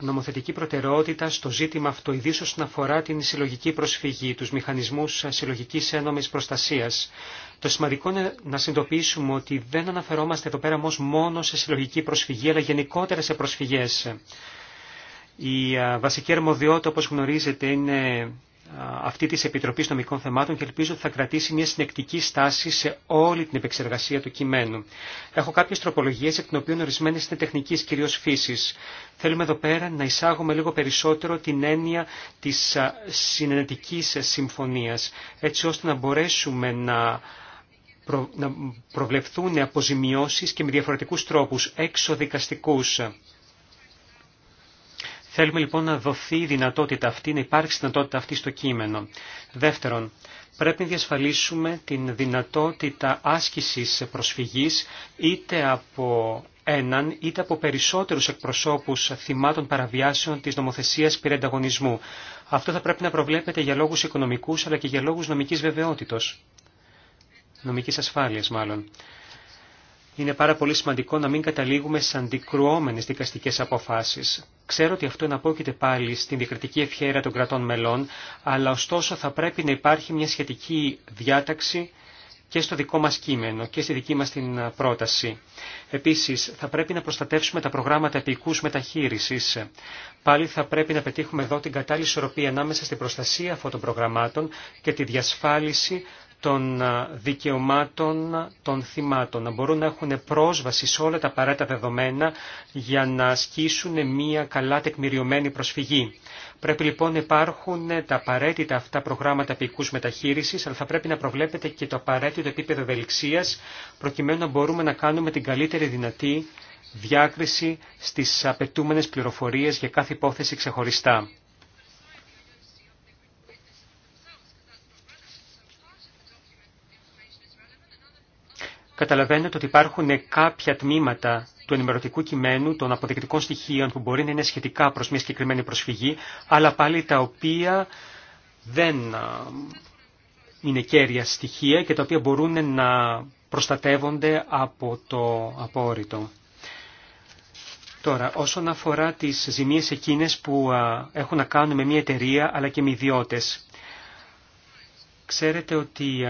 νομοθετική προτεραιότητα στο ζήτημα αυτό, ιδίω όσον αφορά την συλλογική προσφυγή, τους μηχανισμούς συλλογικής ένομης προστασίας. Το σημαντικό είναι να συνειδητοποιήσουμε ότι δεν αναφερόμαστε εδώ πέρα μόνο σε συλλογική προσφυγή, αλλά γενικότερα σε προσφυγές. Η βασική αρμοδιότητα, όπως γνωρίζετε, είναι αυτή της Επιτροπής Νομικών Θεμάτων και ελπίζω ότι θα κρατήσει μια συνεκτική στάση σε όλη την επεξεργασία του κειμένου. Έχω κάποιες τροπολογίες εκ των οποίων ορισμένε είναι τεχνικής κυρίως φύσης. Θέλουμε εδώ πέρα να εισάγουμε λίγο περισσότερο την έννοια της συνενετικής συμφωνίας, έτσι ώστε να μπορέσουμε να προβλεφθούν αποζημιώσεις και με διαφορετικούς τρόπους, εξοδικαστικούς. Θέλουμε λοιπόν να δοθεί η δυνατότητα αυτή, να υπάρξει η δυνατότητα αυτή στο κείμενο. Δεύτερον, πρέπει να διασφαλίσουμε την δυνατότητα άσκησης προσφυγής είτε από έναν είτε από περισσότερους εκπροσώπους θυμάτων παραβιάσεων της νομοθεσίας πυρενταγωνισμού. Αυτό θα πρέπει να προβλέπεται για λόγους οικονομικούς αλλά και για λόγους νομικής βεβαιότητος. Νομικής ασφάλειας μάλλον είναι πάρα πολύ σημαντικό να μην καταλήγουμε σε αντικρουόμενες δικαστικές αποφάσεις. Ξέρω ότι αυτό εναπόκειται πάλι στην διακριτική ευχαίρεια των κρατών μελών, αλλά ωστόσο θα πρέπει να υπάρχει μια σχετική διάταξη και στο δικό μας κείμενο και στη δική μας την πρόταση. Επίσης, θα πρέπει να προστατεύσουμε τα προγράμματα επικούς μεταχείρισης. Πάλι θα πρέπει να πετύχουμε εδώ την κατάλληλη ισορροπία ανάμεσα στην προστασία αυτών των προγραμμάτων και τη διασφάλιση των ε, δικαιωμάτων ε, των θυμάτων, να μπορούν να έχουν πρόσβαση σε όλα τα απαραίτητα δεδομένα για να ασκήσουν μια καλά τεκμηριωμένη προσφυγή. Πρέπει λοιπόν να υπάρχουν ε, τα απαραίτητα αυτά προγράμματα ποικούς μεταχείρισης, αλλά θα πρέπει να προβλέπετε και το απαραίτητο επίπεδο ευελιξίας, προκειμένου να μπορούμε να κάνουμε την καλύτερη δυνατή διάκριση στις απαιτούμενες πληροφορίες για κάθε υπόθεση ξεχωριστά. καταλαβαίνετε ότι υπάρχουν κάποια τμήματα του ενημερωτικού κειμένου, των αποδεικτικών στοιχείων που μπορεί να είναι σχετικά προς μια συγκεκριμένη προσφυγή, αλλά πάλι τα οποία δεν είναι κέρια στοιχεία και τα οποία μπορούν να προστατεύονται από το απόρριτο. Τώρα, όσον αφορά τις ζημίες εκείνες που έχουν να κάνουν με μια εταιρεία αλλά και με ιδιώτες. Ξέρετε ότι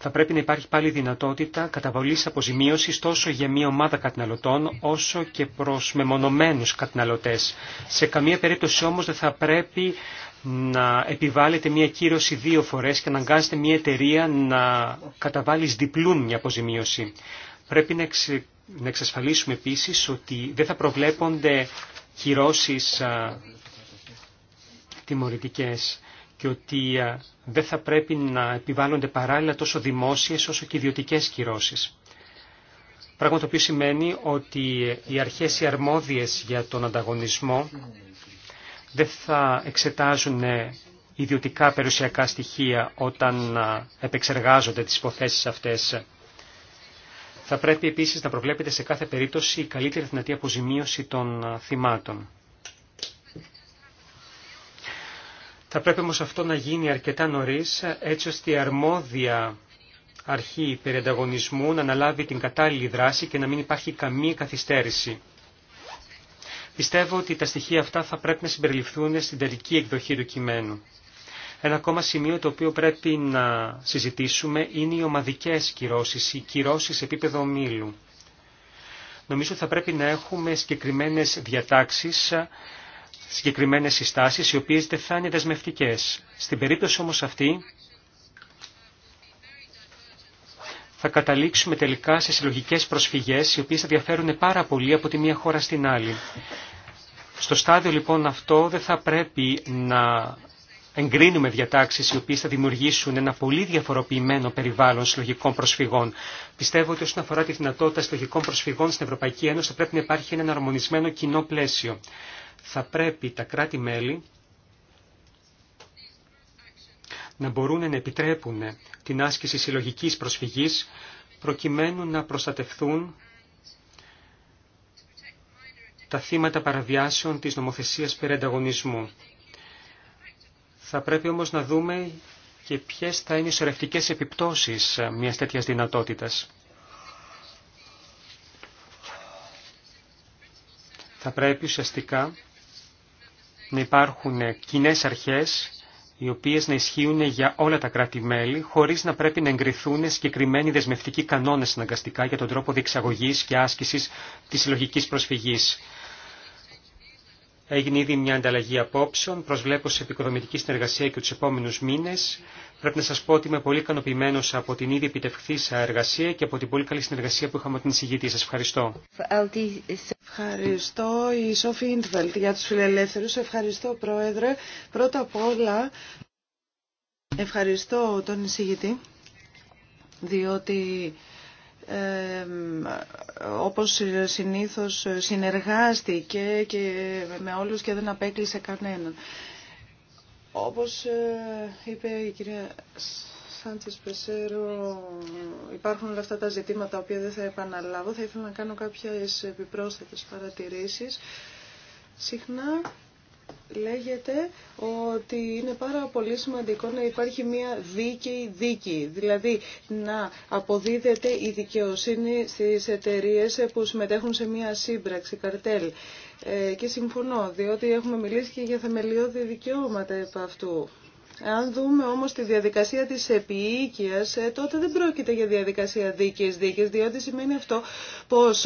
θα πρέπει να υπάρχει πάλι δυνατότητα καταβολής αποζημιώση τόσο για μία ομάδα καταναλωτών όσο και προς μεμονωμένους καταναλωτές. Σε καμία περίπτωση όμως δεν θα πρέπει να επιβάλλεται μία κύρωση δύο φορές και να αγκάζεται μία εταιρεία να καταβάλει διπλούν μία αποζημίωση. Πρέπει να, να εξασφαλίσουμε επίσης ότι δεν θα προβλέπονται κυρώσεις τιμωρητικές και ότι ε, δεν θα πρέπει να επιβάλλονται παράλληλα τόσο δημόσιες όσο και ιδιωτικές κυρώσεις. Πράγμα το οποίο σημαίνει ότι οι αρχές οι αρμόδιες για τον ανταγωνισμό δεν θα εξετάζουν ιδιωτικά περιουσιακά στοιχεία όταν ε, επεξεργάζονται τις υποθέσεις αυτές. Θα πρέπει επίσης να προβλέπεται σε κάθε περίπτωση η καλύτερη δυνατή αποζημίωση των ε, θυμάτων. Θα πρέπει όμως αυτό να γίνει αρκετά νωρίς, έτσι ώστε η αρμόδια αρχή περιανταγωνισμού να αναλάβει την κατάλληλη δράση και να μην υπάρχει καμία καθυστέρηση. Πιστεύω ότι τα στοιχεία αυτά θα πρέπει να συμπεριληφθούν στην τελική εκδοχή του κειμένου. Ένα ακόμα σημείο το οποίο πρέπει να συζητήσουμε είναι οι ομαδικές κυρώσεις, οι κυρώσεις σε επίπεδο ομίλου. Νομίζω θα πρέπει να έχουμε συγκεκριμένες διατάξεις συγκεκριμένες συστάσεις οι οποίες δεν θα είναι δεσμευτικές. Στην περίπτωση όμως αυτή θα καταλήξουμε τελικά σε συλλογικές προσφυγές οι οποίες θα διαφέρουν πάρα πολύ από τη μία χώρα στην άλλη. Στο στάδιο λοιπόν αυτό δεν θα πρέπει να εγκρίνουμε διατάξεις οι οποίες θα δημιουργήσουν ένα πολύ διαφοροποιημένο περιβάλλον συλλογικών προσφυγών. Πιστεύω ότι όσον αφορά τη δυνατότητα συλλογικών προσφυγών στην Ευρωπαϊκή Ένωση θα πρέπει να υπάρχει ένα αρμονισμένο κοινό πλαίσιο θα πρέπει τα κράτη-μέλη να μπορούν να επιτρέπουν την άσκηση συλλογικής προσφυγής προκειμένου να προστατευθούν τα θύματα παραβιάσεων της νομοθεσίας περί ανταγωνισμού. Θα πρέπει όμως να δούμε και ποιες θα είναι οι σωρευτικές επιπτώσεις μιας τέτοιας δυνατότητας. Θα πρέπει ουσιαστικά να υπάρχουν κοινέ αρχές οι οποίες να ισχύουν για όλα τα κράτη-μέλη, χωρίς να πρέπει να εγκριθούν συγκεκριμένοι δεσμευτικοί κανόνες αναγκαστικά για τον τρόπο διεξαγωγής και άσκησης της συλλογικής προσφυγής. Έγινε ήδη μια ανταλλαγή απόψεων, προσβλέπω σε επικοδομητική συνεργασία και του επόμενου μήνε. Πρέπει να σα πω ότι είμαι πολύ ικανοποιημένο από την ήδη επιτευχθήσα εργασία και από την πολύ καλή συνεργασία που είχαμε με την εισηγητή. Σα ευχαριστώ. Ευχαριστώ η Σόφη Ιντβελτ για του φιλελεύθερου. Ευχαριστώ, Πρόεδρε. Πρώτα απ' όλα, ευχαριστώ τον εισηγητή, διότι όπως συνήθως συνεργάστηκε και με όλους και δεν απέκλεισε κανέναν. Όπως ε, είπε η κυρία Σάντσες Πεσέρο, υπάρχουν όλα αυτά τα ζητήματα τα οποία δεν θα επαναλάβω. Θα ήθελα να κάνω κάποιες επιπρόσθετες παρατηρήσεις. Συχνά λέγεται ότι είναι πάρα πολύ σημαντικό να υπάρχει μια δίκαιη δίκη, δηλαδή να αποδίδεται η δικαιοσύνη στις εταιρείες που συμμετέχουν σε μια σύμπραξη, καρτέλ. Ε, και συμφωνώ, διότι έχουμε μιλήσει και για θεμελιώδη δικαιώματα επ' αυτού. Αν δούμε όμως τη διαδικασία της επίοικια, ε, τότε δεν πρόκειται για διαδικασία δίκαιη δίκαιη, διότι σημαίνει αυτό πως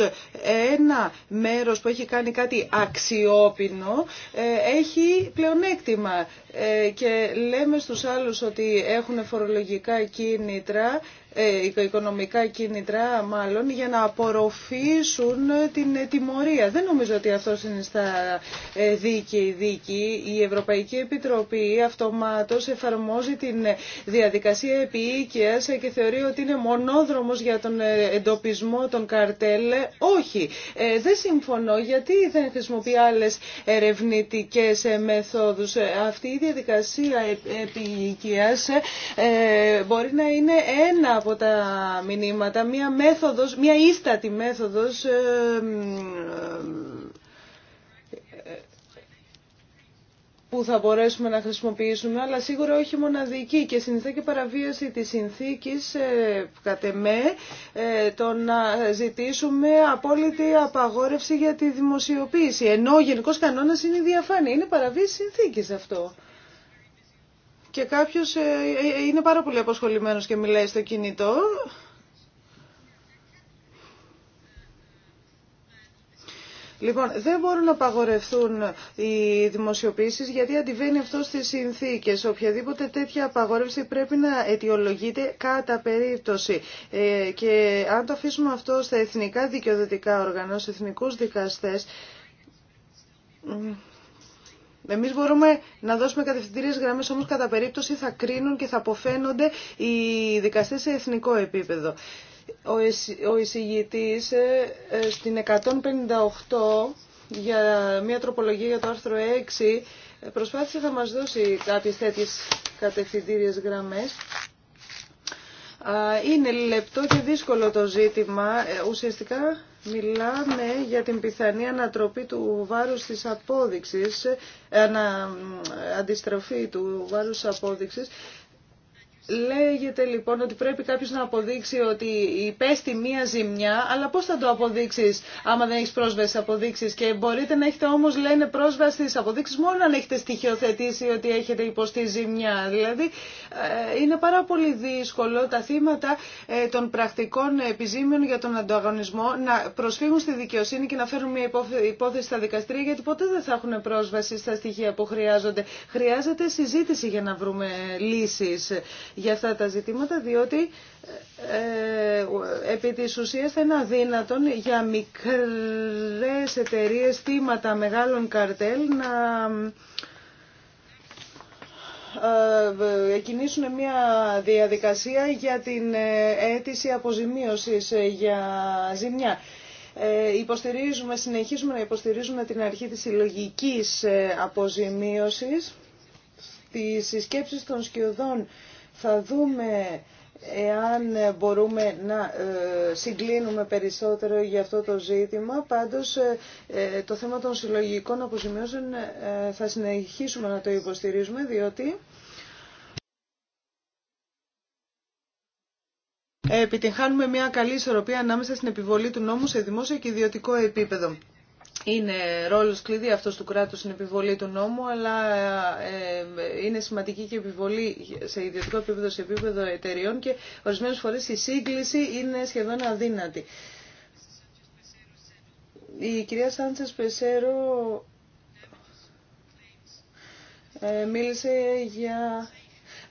ένα μέρος που έχει κάνει κάτι αξιόπινο ε, έχει πλεονέκτημα ε, και λέμε στους άλλους ότι έχουν φορολογικά κίνητρα ε, οικονομικά κίνητρα μάλλον για να απορροφήσουν την τιμωρία. Δεν νομίζω ότι αυτό είναι στα ε, δίκαιη δίκη. Η Ευρωπαϊκή Επιτροπή αυτομάτως εφαρμόζει την διαδικασία επιοίκειας και θεωρεί ότι είναι μονόδρομος για τον ε, εντοπισμό των καρτέλ. Όχι, δεν συμφωνώ γιατί δεν χρησιμοποιεί άλλες ερευνητικές μεθόδους. Αυτή η διαδικασία ε, μπορεί να είναι ένα από τα μηνύματα μία μέθοδος, μία ίστατη μέθοδος ε, ε, που θα μπορέσουμε να χρησιμοποιήσουμε, αλλά σίγουρα όχι μοναδική και συνιστά και παραβίαση της συνθήκης ε, κατ' εμέ το να ζητήσουμε απόλυτη απαγόρευση για τη δημοσιοποίηση. Ενώ ο γενικός κανόνας είναι η διαφάνεια. Είναι παραβίαση συνθήκης αυτό και κάποιος ε, ε, ε, είναι πάρα πολύ αποσχολημένος και μιλάει στο κινητό, Λοιπόν, δεν μπορούν να απαγορευτούν οι δημοσιοποίησεις γιατί αντιβαίνει αυτό στις συνθήκες. Οποιαδήποτε τέτοια απαγόρευση πρέπει να αιτιολογείται κατά περίπτωση. και αν το αφήσουμε αυτό στα εθνικά δικαιοδοτικά όργανα, στους εθνικούς δικαστές, Εμεί μπορούμε να δώσουμε κατευθυντήριε γραμμές, όμως κατά περίπτωση θα κρίνουν και θα αποφαίνονται οι δικαστέ σε εθνικό επίπεδο. Ο εισηγητής ε, ε, στην 158 για μια τροπολογία για το άρθρο 6 προσπάθησε να μας δώσει κάποιες τέτοιες κατευθυντήριες γραμμές. Είναι λεπτό και δύσκολο το ζήτημα. Ε, ουσιαστικά Μιλάμε για την πιθανή ανατροπή του βάρους της απόδειξης, ε, ανα, αντιστροφή του βάρους της απόδειξης Λέγεται λοιπόν ότι πρέπει κάποιο να αποδείξει ότι υπέστη μία ζημιά, αλλά πώ θα το αποδείξει άμα δεν έχει πρόσβαση στις αποδείξεις και μπορείτε να έχετε όμω λένε πρόσβαση στι αποδείξει, μόνο αν έχετε στοιχειοθετήσει ότι έχετε υποστεί ζημιά. Δηλαδή ε, είναι πάρα πολύ δύσκολο τα θύματα ε, των πρακτικών επιζήμιων για τον ανταγωνισμό να προσφύγουν στη δικαιοσύνη και να φέρουν μια υπόθεση στα δικαστήρια γιατί ποτέ δεν θα έχουν πρόσβαση στα στοιχεία που χρειάζονται. Χρειάζεται συζήτηση για να βρούμε λύσει για αυτά τα ζητήματα, διότι ε, ε, επί της ουσίας θα είναι αδύνατον για μικρές εταιρείε θύματα μεγάλων καρτέλ να εκινήσουν μια διαδικασία για την ε, αίτηση αποζημίωσης για ζημιά. υποστηρίζουμε, συνεχίζουμε να υποστηρίζουμε την αρχή της συλλογική αποζημίωσης. τις συσκέψεις των σκιωδών θα δούμε εάν μπορούμε να ε, συγκλίνουμε περισσότερο για αυτό το ζήτημα. Πάντως ε, ε, το θέμα των συλλογικών αποζημιώσεων θα συνεχίσουμε να το υποστηρίζουμε διότι επιτυγχάνουμε μια καλή ισορροπία ανάμεσα στην επιβολή του νόμου σε δημόσιο και ιδιωτικό επίπεδο είναι ρόλος κλειδί αυτός του κράτους στην επιβολή του νόμου, αλλά ε, ε, είναι σημαντική και επιβολή σε ιδιωτικό επίπεδο, σε επίπεδο εταιριών και ορισμένες φορές η σύγκληση είναι σχεδόν αδύνατη. Η κυρία Σάντσες Πεσέρο ε, μίλησε για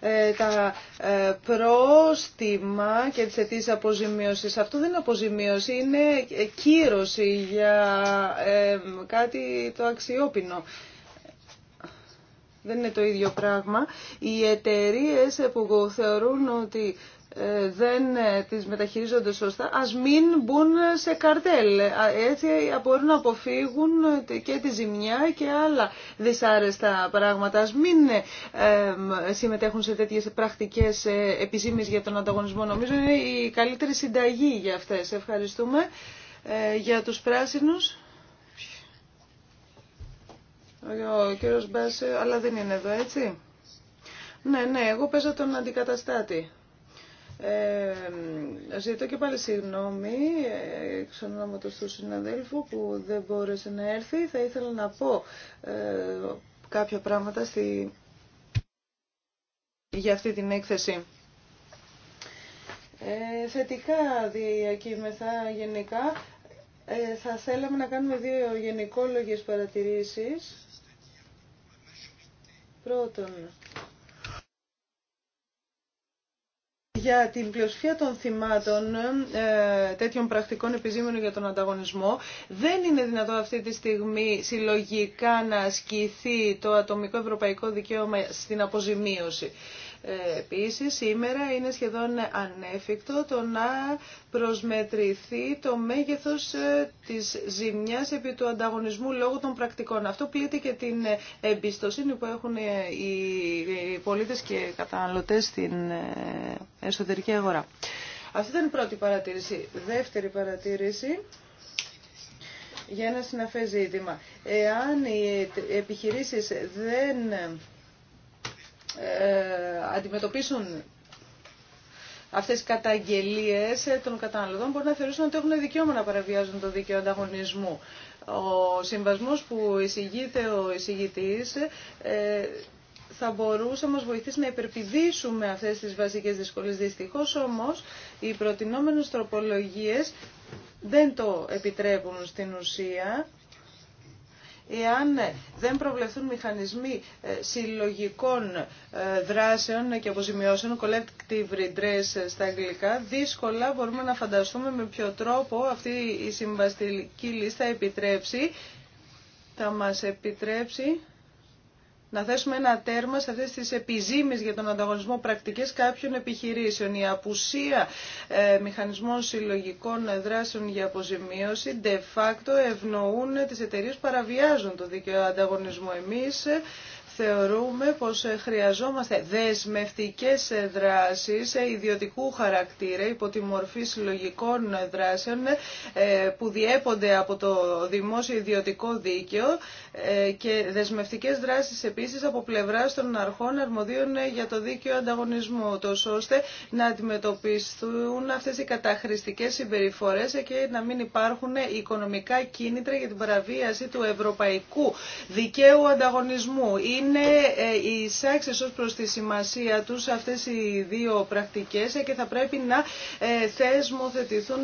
ε, τα ε, πρόστιμα και τις αιτήσει αποζημίωσης. Αυτό δεν είναι αποζημίωση, είναι ε, κύρωση για κάτι το αξιόπινο. Δεν είναι το ίδιο πράγμα. Οι εταιρείε που θεωρούν ότι ε, δεν ε, τις μεταχειρίζονται σωστά, ας μην μπουν σε καρτέλ. Ε, έτσι μπορούν να αποφύγουν και τη ζημιά και άλλα δυσάρεστα πράγματα. Ας μην συμμετέχουν σε τέτοιες πρακτικές επιζήμεις για τον ανταγωνισμό. Νομίζω είναι η καλύτερη συνταγή για αυτές. Ευχαριστούμε. Για τους πράσινους. Ο κύριος Μπάσε, αλλά δεν είναι εδώ, έτσι. Ναι, ναι, εγώ παίζω τον αντικαταστάτη. Ε, ζητώ και πάλι συγγνώμη ε, εξ ονόματος του συναδέλφου που δεν μπόρεσε να έρθει. Θα ήθελα να πω ε, κάποια πράγματα στη... για αυτή την έκθεση. Ε, θετικά διακύμεθα γενικά. Ε, θα θέλαμε να κάνουμε δύο γενικόλογες παρατηρήσεις. Πρώτον, για την πλειοσφία των θυμάτων ε, τέτοιων πρακτικών επιζήμων για τον ανταγωνισμό δεν είναι δυνατό αυτή τη στιγμή συλλογικά να ασκηθεί το ατομικό ευρωπαϊκό δικαίωμα στην αποζημίωση. Ε, Επίση, σήμερα είναι σχεδόν ανέφικτο το να προσμετρηθεί το μέγεθος ε, της ζημιά επί του ανταγωνισμού λόγω των πρακτικών. Αυτό πλήττει και την εμπιστοσύνη που έχουν ε, οι πολίτες και οι καταναλωτέ στην εσωτερική αγορά. Αυτή ήταν η πρώτη παρατήρηση. Δεύτερη παρατήρηση για ένα συναφέ ζήτημα. Εάν οι επιχειρήσεις δεν ε, αντιμετωπίσουν αυτές τις καταγγελίες των καταναλωτών μπορεί να θεωρήσουν ότι έχουν δικαίωμα να παραβιάζουν το δίκαιο ανταγωνισμού. Ο συμβασμός που εισηγείται ο εισηγητής ε, θα μπορούσε να μας βοηθήσει να υπερπηδήσουμε αυτές τις βασικές δυσκολίες. Δυστυχώς όμως οι προτινόμενες τροπολογίες δεν το επιτρέπουν στην ουσία εάν δεν προβλεφθούν μηχανισμοί ε, συλλογικών ε, δράσεων και αποζημιώσεων, collective redress ε, στα αγγλικά, δύσκολα μπορούμε να φανταστούμε με ποιο τρόπο αυτή η συμβαστική λίστα επιτρέψει, θα μας επιτρέψει να θέσουμε ένα τέρμα σε αυτές τις επιζήμες για τον ανταγωνισμό πρακτικές κάποιων επιχειρήσεων. Η απουσία ε, μηχανισμών συλλογικών δράσεων για αποζημίωση de facto ευνοούν τις εταιρείες που παραβιάζουν το δίκαιο ανταγωνισμού. Εμείς ε, θεωρούμε πως ε, χρειαζόμαστε δεσμευτικές ε, δράσεις ιδιωτικού χαρακτήρα υπό τη μορφή συλλογικών δράσεων που διέπονται από το δημόσιο ιδιωτικό δίκαιο ε, και δεσμευτικές δράσεις επίσης από πλευράς των αρχών αρμοδίων ε, για το δίκαιο ανταγωνισμό, τόσο ώστε να αντιμετωπιστούν αυτές οι καταχρηστικές συμπεριφορές ε, και να μην υπάρχουν οικονομικά κίνητρα για την παραβίαση του ευρωπαϊκού δικαίου ανταγωνισμού. Είναι οι εισάξεις ως προς τη σημασία τους αυτές οι δύο πρακτικές και θα πρέπει να θεσμοθετηθούν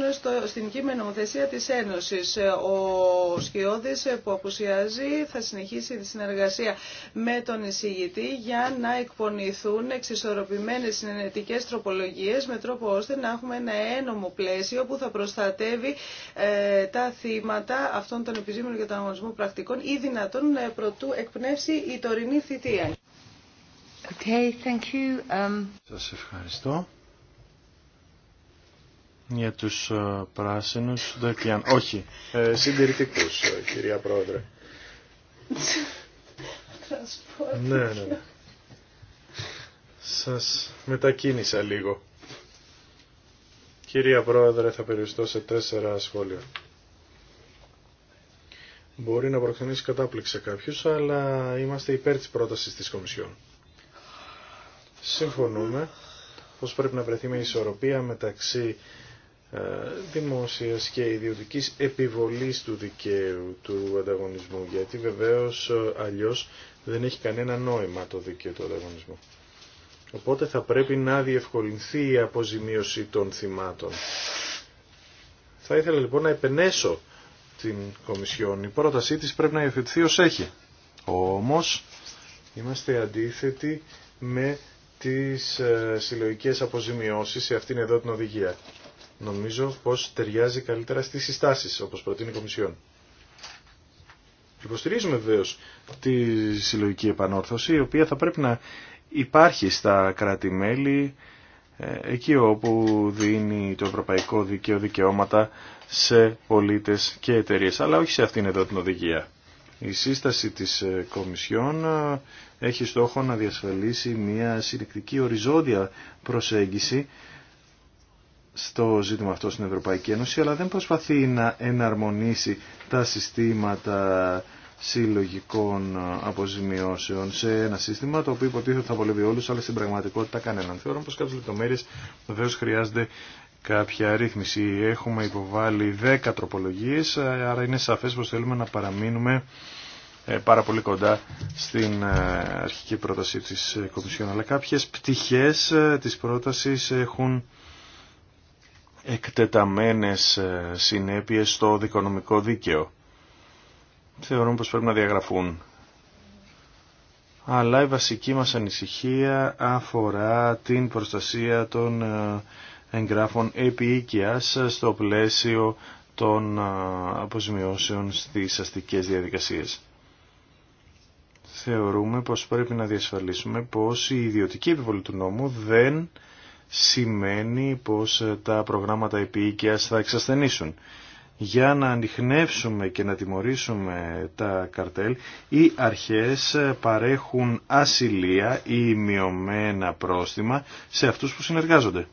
στην κείμενο νομοθεσία της Ένωσης. Ο Σκιώδης που απουσιάζει θα συνεχίσει τη συνεργασία με τον εισηγητή για να εκπονηθούν εξισορροπημένες συνενετικές τροπολογίες με τρόπο ώστε να έχουμε ένα ένομο πλαίσιο που θα προστατεύει ε, τα θύματα αυτών των επιζήμιων για τον αγωνισμό πρακτικών ή δυνατόν ε, προτού εκπνεύσει η τωρινή θητεία. Okay, thank you. Um... Σας ευχαριστώ. Για τους ε, πράσινους, όχι, ε, συντηρητικούς, κυρία Πρόεδρε ναι, ναι. Σας μετακίνησα λίγο. Κυρία Πρόεδρε, θα περιοριστώ σε τέσσερα σχόλια. Μπορεί να προχωρήσει κατάπληξη σε κάποιους, αλλά είμαστε υπέρ της πρότασης της Κομισιόν. Συμφωνούμε πως πρέπει να βρεθεί μια ισορροπία μεταξύ ε, δημόσιας και ιδιωτικής επιβολής του δικαίου του ανταγωνισμού γιατί βεβαίως ε, αλλιώς δεν έχει κανένα νόημα το δίκαιο του ανταγωνισμού. Οπότε θα πρέπει να διευκολυνθεί η αποζημίωση των θυμάτων. Θα ήθελα λοιπόν να επενέσω την Κομισιόν. Η πρότασή της πρέπει να υιοθετηθεί ως έχει. Όμως είμαστε αντίθετοι με τις ε, συλλογικές αποζημιώσεις σε αυτήν εδώ την οδηγία νομίζω πως ταιριάζει καλύτερα στις συστάσεις όπως προτείνει η Κομισιόν. Υποστηρίζουμε βεβαίω τη συλλογική επανόρθωση η οποία θα πρέπει να υπάρχει στα κράτη-μέλη ε, εκεί όπου δίνει το ευρωπαϊκό δικαιο δικαιώματα σε πολίτες και εταιρείε, αλλά όχι σε αυτήν εδώ την οδηγία. Η σύσταση της ε, Κομισιόν ε, έχει στόχο να διασφαλίσει μια συνεκτική οριζόντια προσέγγιση στο ζήτημα αυτό στην Ευρωπαϊκή Ένωση, αλλά δεν προσπαθεί να εναρμονίσει τα συστήματα συλλογικών αποζημιώσεων σε ένα σύστημα το οποίο υποτίθεται θα βολεύει όλου, αλλά στην πραγματικότητα κανέναν. Θεωρώ πω κάποιε λεπτομέρειε βεβαίω χρειάζεται κάποια ρύθμιση. Έχουμε υποβάλει 10 τροπολογίε, άρα είναι σαφέ πω θέλουμε να παραμείνουμε ε, πάρα πολύ κοντά στην ε, αρχική πρόταση της Κομισιόν. Αλλά κάποιες πτυχές ε, της πρότασης έχουν εκτεταμένες ε, συνέπειες στο δικονομικό δίκαιο. Θεωρούμε πως πρέπει να διαγραφούν. Αλλά η βασική μας ανησυχία αφορά την προστασία των ε, εγγράφων επίοικιας στο πλαίσιο των ε, αποζημιώσεων στις αστικές διαδικασίες. Θεωρούμε πως πρέπει να διασφαλίσουμε πως η ιδιωτική επιβολή του νόμου δεν σημαίνει πως ε, τα προγράμματα επίοικιας θα εξασθενήσουν. Για να ανοιχνεύσουμε και να τιμωρήσουμε τα καρτέλ, οι αρχές ε, παρέχουν ασυλία ή μειωμένα πρόστιμα σε αυτούς που συνεργάζονται.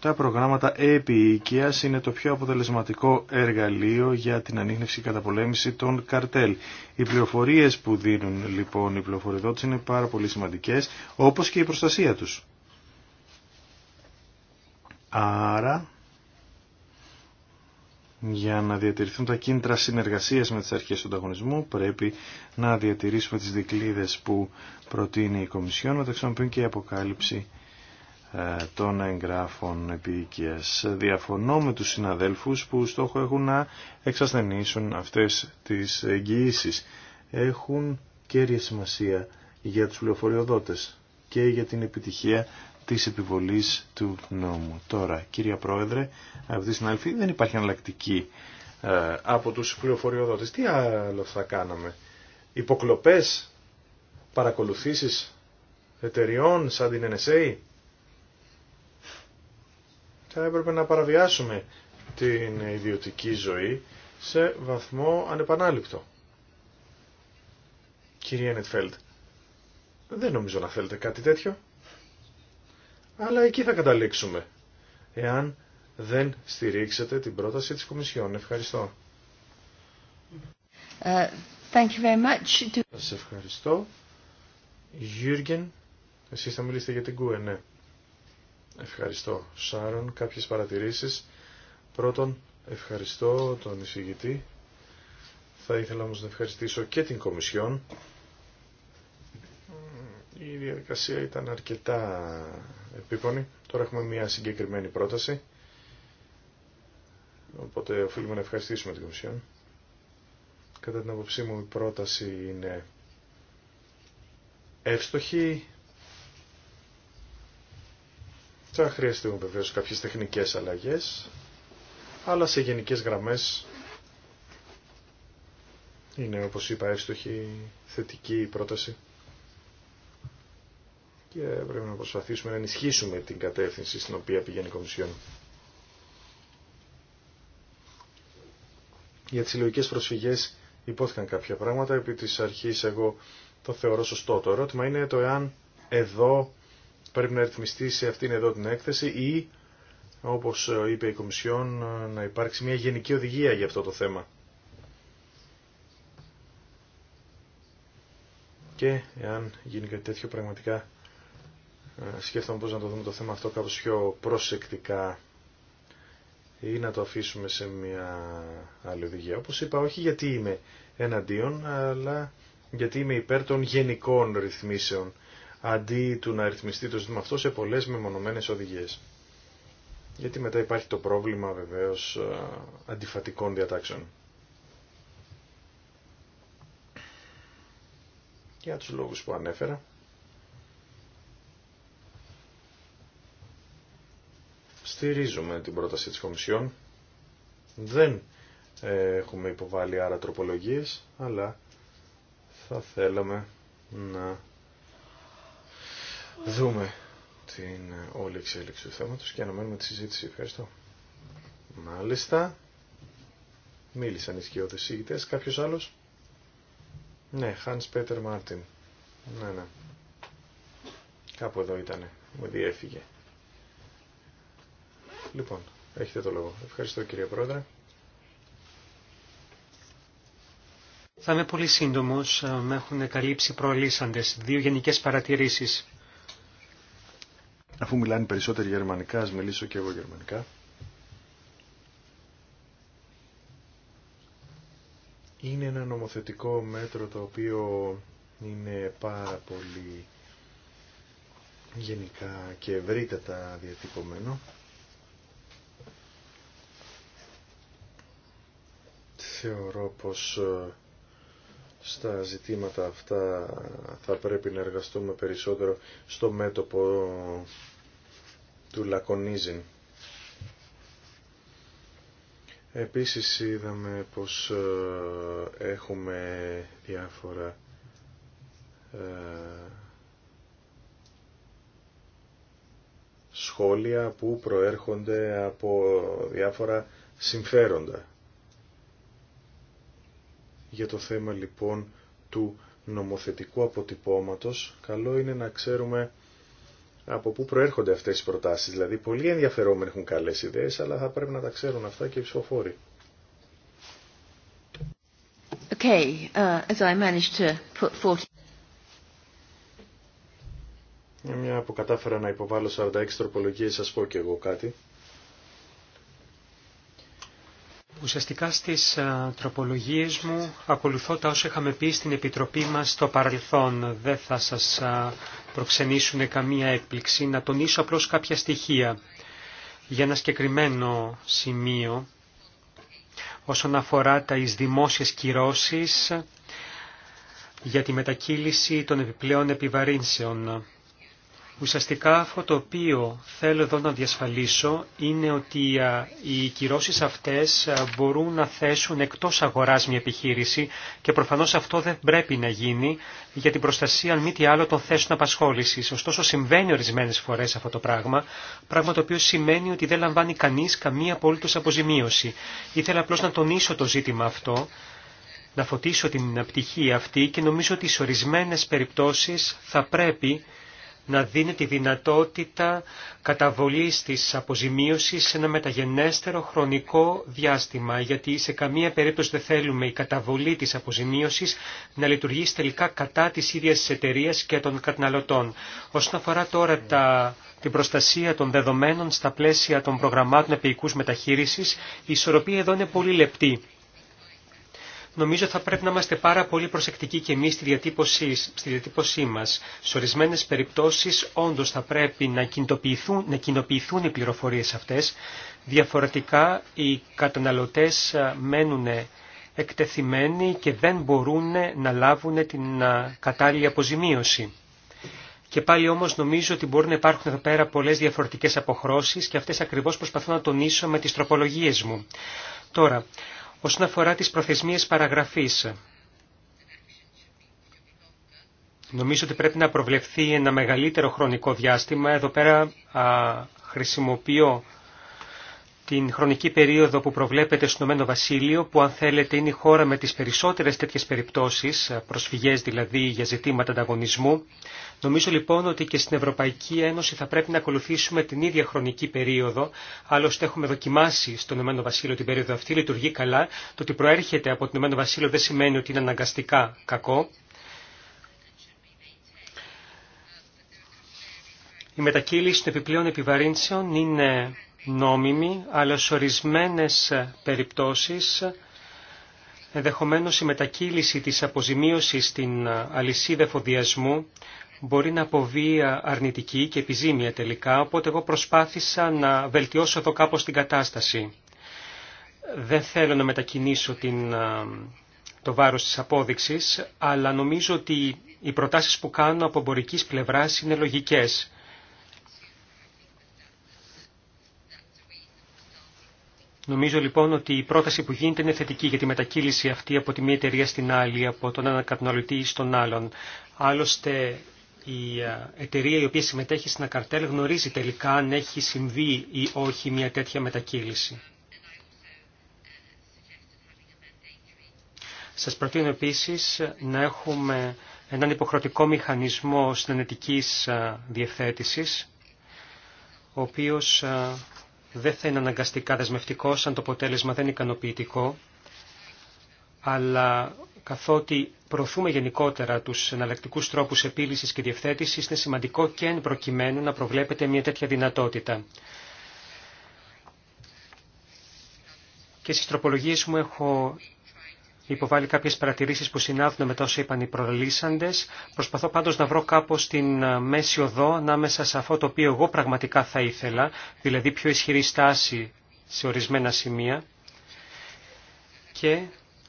Τα προγράμματα επί είναι το πιο αποτελεσματικό εργαλείο για την ανείχνευση και καταπολέμηση των καρτέλ. Οι πληροφορίες που δίνουν λοιπόν οι πληροφοριδότες είναι πάρα πολύ σημαντικές, όπως και η προστασία τους. Άρα, για να διατηρηθούν τα κίνητρα συνεργασίας με τις αρχές του ανταγωνισμού πρέπει να διατηρήσουμε τις δικλείδες που προτείνει η Κομισιόν, μεταξύ των οποίων και η αποκάλυψη ε, των εγγράφων επιδικίας. Διαφωνώ με τους συναδέλφους που στόχο έχουν να εξασθενήσουν αυτές τις εγγυήσει. Έχουν κέρια σημασία για τους πληροφοριοδότες και για την επιτυχία της επιβολής του νόμου. Τώρα, κύριε Πρόεδρε, αυτή στην δεν υπάρχει αναλλακτική ε, από τους πληροφοριοδότες. Τι άλλο θα κάναμε. Υποκλοπές, παρακολουθήσεις εταιριών σαν την NSA θα έπρεπε να παραβιάσουμε την ιδιωτική ζωή σε βαθμό ανεπανάληπτο. Κυρία Νετφέλτ, δεν νομίζω να θέλετε κάτι τέτοιο. Αλλά εκεί θα καταλήξουμε, εάν δεν στηρίξετε την πρόταση της Κομισιόν. Ευχαριστώ. Uh, thank you very much. Σας ευχαριστώ. Γιούργεν, εσείς θα μιλήσετε για την ΚΟΕ, Ευχαριστώ, Σάρων. Κάποιες παρατηρήσεις. Πρώτον, ευχαριστώ τον εισηγητή. Θα ήθελα όμως να ευχαριστήσω και την Κομισιόν. Η διαδικασία ήταν αρκετά επίπονη. Τώρα έχουμε μια συγκεκριμένη πρόταση. Οπότε οφείλουμε να ευχαριστήσουμε την Κομισιόν. Κατά την άποψή μου η πρόταση είναι εύστοχη, θα χρειαστεί, βεβαίω κάποιε τεχνικές αλλαγές, αλλά σε γενικές γραμμές είναι, όπως είπα, εύστοχη, θετική η πρόταση και πρέπει να προσπαθήσουμε να ενισχύσουμε την κατεύθυνση στην οποία πηγαίνει η Κομισιόν. Για τι συλλογικέ προσφυγέ υπόθηκαν κάποια πράγματα, επί της αρχής εγώ το θεωρώ σωστό. Το ερώτημα είναι το εάν εδώ πρέπει να ρυθμιστεί σε αυτήν εδώ την έκθεση ή, όπως είπε η Κομισιόν, να υπάρξει μια γενική οδηγία για αυτό το θέμα. Και εάν γίνει κάτι τέτοιο πραγματικά ε, σκέφτομαι πώς να το δούμε το θέμα αυτό κάπως πιο προσεκτικά ή να το αφήσουμε σε μια άλλη οδηγία. Όπως είπα, όχι γιατί είμαι εναντίον, αλλά γιατί είμαι υπέρ των γενικών ρυθμίσεων αντί του να ρυθμιστεί το ζήτημα αυτό σε πολλές μεμονωμένες οδηγίες. Γιατί μετά υπάρχει το πρόβλημα βεβαίως ε, αντιφατικών διατάξεων. Για τους λόγους που ανέφερα. Στηρίζουμε την πρόταση της Κομισιόν. Δεν ε, έχουμε υποβάλει άρα τροπολογίες, αλλά θα θέλαμε να δούμε την ε, όλη εξέλιξη του θέματος και αναμένουμε τη συζήτηση. Ευχαριστώ. Μάλιστα. Μίλησαν οι σκιώδες συγητές. Κάποιος άλλος. Ναι, Hans Peter Martin. Ναι, ναι. Κάπου εδώ ήτανε. Μου διέφυγε. Λοιπόν, έχετε το λόγο. Ευχαριστώ κύριε Πρόεδρε. Θα είμαι πολύ σύντομος. Ε, με έχουν καλύψει προαλήσαντες. Δύο γενικές παρατηρήσεις. Αφού μιλάνε περισσότεροι γερμανικά, ας μιλήσω και εγώ γερμανικά. Είναι ένα νομοθετικό μέτρο το οποίο είναι πάρα πολύ γενικά και ευρύτατα διατυπωμένο. Θεωρώ πως ε, στα ζητήματα αυτά θα πρέπει να εργαστούμε περισσότερο στο μέτωπο του Λακωνίζιν. Επίσης είδαμε πως ε, έχουμε διάφορα ε, σχόλια που προέρχονται από διάφορα συμφέροντα. Για το θέμα λοιπόν του νομοθετικού αποτυπώματος, καλό είναι να ξέρουμε από πού προέρχονται αυτές οι προτάσεις. Δηλαδή, πολλοί ενδιαφερόμενοι έχουν καλές ιδέες, αλλά θα πρέπει να τα ξέρουν αυτά και οι ψηφοφόροι. Okay, uh, as I managed to put Μια που κατάφερα να υποβάλω 46 τροπολογίες, σας πω και εγώ κάτι. Ουσιαστικά στις ε, τροπολογίες μου ακολουθώ τα όσα είχαμε πει στην Επιτροπή μας στο παρελθόν. Δεν θα σας ε, προξενήσουν καμία έκπληξη. Να τονίσω απλώς κάποια στοιχεία για ένα συγκεκριμένο σημείο όσον αφορά τα εις δημόσιες κυρώσεις για τη μετακύληση των επιπλέον επιβαρύνσεων. Ουσιαστικά αυτό το οποίο θέλω εδώ να διασφαλίσω είναι ότι οι κυρώσεις αυτές μπορούν να θέσουν εκτός αγοράς μια επιχείρηση και προφανώς αυτό δεν πρέπει να γίνει για την προστασία αν μη τι άλλο των θέσεων απασχόληση. Ωστόσο συμβαίνει ορισμένες φορές αυτό το πράγμα, πράγμα το οποίο σημαίνει ότι δεν λαμβάνει κανείς καμία απόλυτο αποζημίωση. Ήθελα απλώς να τονίσω το ζήτημα αυτό να φωτίσω την πτυχή αυτή και νομίζω ότι σε ορισμένες περιπτώσεις θα πρέπει να δίνει τη δυνατότητα καταβολής της αποζημίωσης σε ένα μεταγενέστερο χρονικό διάστημα, γιατί σε καμία περίπτωση δεν θέλουμε η καταβολή της αποζημίωσης να λειτουργήσει τελικά κατά της ίδιας της εταιρείας και των καταναλωτών. Όσον αφορά τώρα την προστασία των δεδομένων στα πλαίσια των προγραμμάτων επικούς μεταχείρισης, η ισορροπία εδώ είναι πολύ λεπτή νομίζω θα πρέπει να είμαστε πάρα πολύ προσεκτικοί και εμείς στη διατύπωσή, στη μας. Σε ορισμένε περιπτώσεις όντως θα πρέπει να κοινοποιηθούν, να οι πληροφορίες αυτές. Διαφορετικά οι καταναλωτές ε, μένουν εκτεθειμένοι και δεν μπορούν να λάβουν την ε, κατάλληλη αποζημίωση. Και πάλι όμως νομίζω ότι μπορούν να υπάρχουν εδώ πέρα πολλές διαφορετικές αποχρώσεις και αυτές ακριβώς προσπαθώ να τονίσω με τις τροπολογίες μου. Τώρα, όσον αφορά τις προθεσμίες παραγραφής. Νομίζω ότι πρέπει να προβλεφθεί ένα μεγαλύτερο χρονικό διάστημα. Εδώ πέρα α, χρησιμοποιώ την χρονική περίοδο που προβλέπεται στο Ηνωμένο Βασίλειο, που αν θέλετε είναι η χώρα με τις περισσότερες τέτοιες περιπτώσεις, προσφυγές δηλαδή για ζητήματα ανταγωνισμού. Νομίζω λοιπόν ότι και στην Ευρωπαϊκή Ένωση θα πρέπει να ακολουθήσουμε την ίδια χρονική περίοδο, άλλωστε έχουμε δοκιμάσει στο Ηνωμένο Βασίλειο την περίοδο αυτή, λειτουργεί καλά, το ότι προέρχεται από το Ηνωμένο Βασίλειο δεν σημαίνει ότι είναι αναγκαστικά κακό. Η μετακύληση των επιπλέον επιβαρύνσεων είναι νόμιμη, αλλά σε ορισμένες περιπτώσεις ενδεχομένω η μετακύληση της αποζημίωσης στην αλυσίδα εφοδιασμού μπορεί να αποβεί αρνητική και επιζήμια τελικά, οπότε εγώ προσπάθησα να βελτιώσω εδώ κάπως την κατάσταση. Δεν θέλω να μετακινήσω την, το βάρος της απόδειξης, αλλά νομίζω ότι οι προτάσεις που κάνω από εμπορική πλευρά είναι λογικές. Νομίζω λοιπόν ότι η πρόταση που γίνεται είναι θετική για τη μετακύληση αυτή από τη μία εταιρεία στην άλλη, από τον έναν καταναλωτή στον άλλον. Άλλωστε η ε, εταιρεία η οποία συμμετέχει στην ακαρτέλ γνωρίζει τελικά αν έχει συμβεί ή όχι μια εταιρεια στην αλλη απο τον εναν στον αλλον αλλωστε η εταιρεια η οποια μετακύληση. Σας προτείνω επίσης να έχουμε έναν υποχρεωτικό μηχανισμό συνενετικής ε, διευθέτησης, ο οποίος ε, δεν θα είναι αναγκαστικά δεσμευτικό αν το αποτέλεσμα δεν είναι ικανοποιητικό, αλλά καθότι προωθούμε γενικότερα τους εναλλακτικούς τρόπους επίλυσης και διευθέτησης, είναι σημαντικό και εν προκειμένου να προβλέπετε μια τέτοια δυνατότητα. Και στις τροπολογίες μου έχω υποβάλει κάποιες παρατηρήσεις που συνάδουν με τόσο είπαν οι προλύσαντες. Προσπαθώ πάντως να βρω κάπως την ε, μέση οδό ανάμεσα σε αυτό το οποίο εγώ πραγματικά θα ήθελα, δηλαδή πιο ισχυρή στάση σε ορισμένα σημεία και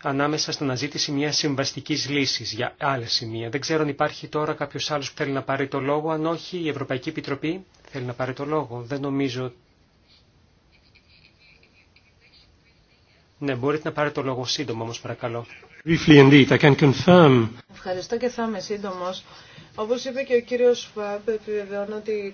ανάμεσα στην αναζήτηση μιας συμβαστικής λύσης για άλλα σημεία. Δεν ξέρω αν υπάρχει τώρα κάποιος άλλος που θέλει να πάρει το λόγο, αν όχι η Ευρωπαϊκή Επιτροπή θέλει να πάρει το λόγο. Δεν νομίζω Ναι, μπορείτε να πάρετε το λόγο σύντομα όμως παρακαλώ. Ευχαριστώ και θα είμαι σύντομο. Όπω είπε και ο κύριο Φαμπ, επιβεβαιώνω ότι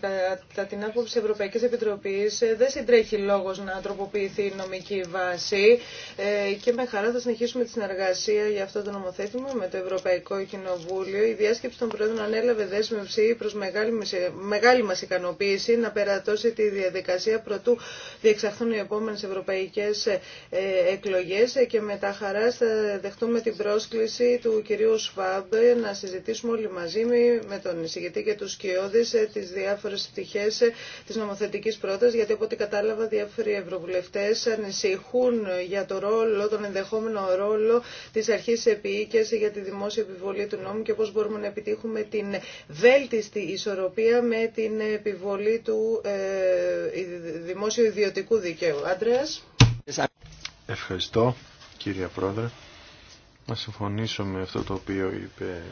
κατά την άποψη τη Ευρωπαϊκή Επιτροπή ε, δεν συντρέχει λόγο να τροποποιηθεί η νομική βάση ε, και με χαρά θα συνεχίσουμε τη συνεργασία για αυτό το νομοθέτημα με το Ευρωπαϊκό Κοινοβούλιο. Η διάσκεψη των Πρόεδρων ανέλαβε δέσμευση προ μεγάλη μα ε, ικανοποίηση να περατώσει τη διαδικασία προτού διεξαχθούν οι επόμενε ευρωπαϊκέ εκλογέ και με τα χαρά θα δεχτούμε με την πρόσκληση του κυρίου Σφάμπ να συζητήσουμε όλοι μαζί με τον εισηγητή και του κοιόδης ε, τι διάφορε πτυχέ ε, τη νομοθετική πρόταση, γιατί από ό,τι κατάλαβα διάφοροι ευρωβουλευτέ ανησυχούν για το ρόλο, τον ενδεχόμενο ρόλο της αρχής επίοικιας για τη δημόσια επιβολή του νόμου και πώ μπορούμε να επιτύχουμε την βέλτιστη ισορροπία με την επιβολή του ε, δημόσιου ιδιωτικού δικαίου. Αντρέα. Ευχαριστώ κύριε Πρόεδρε να συμφωνήσω με αυτό το οποίο είπε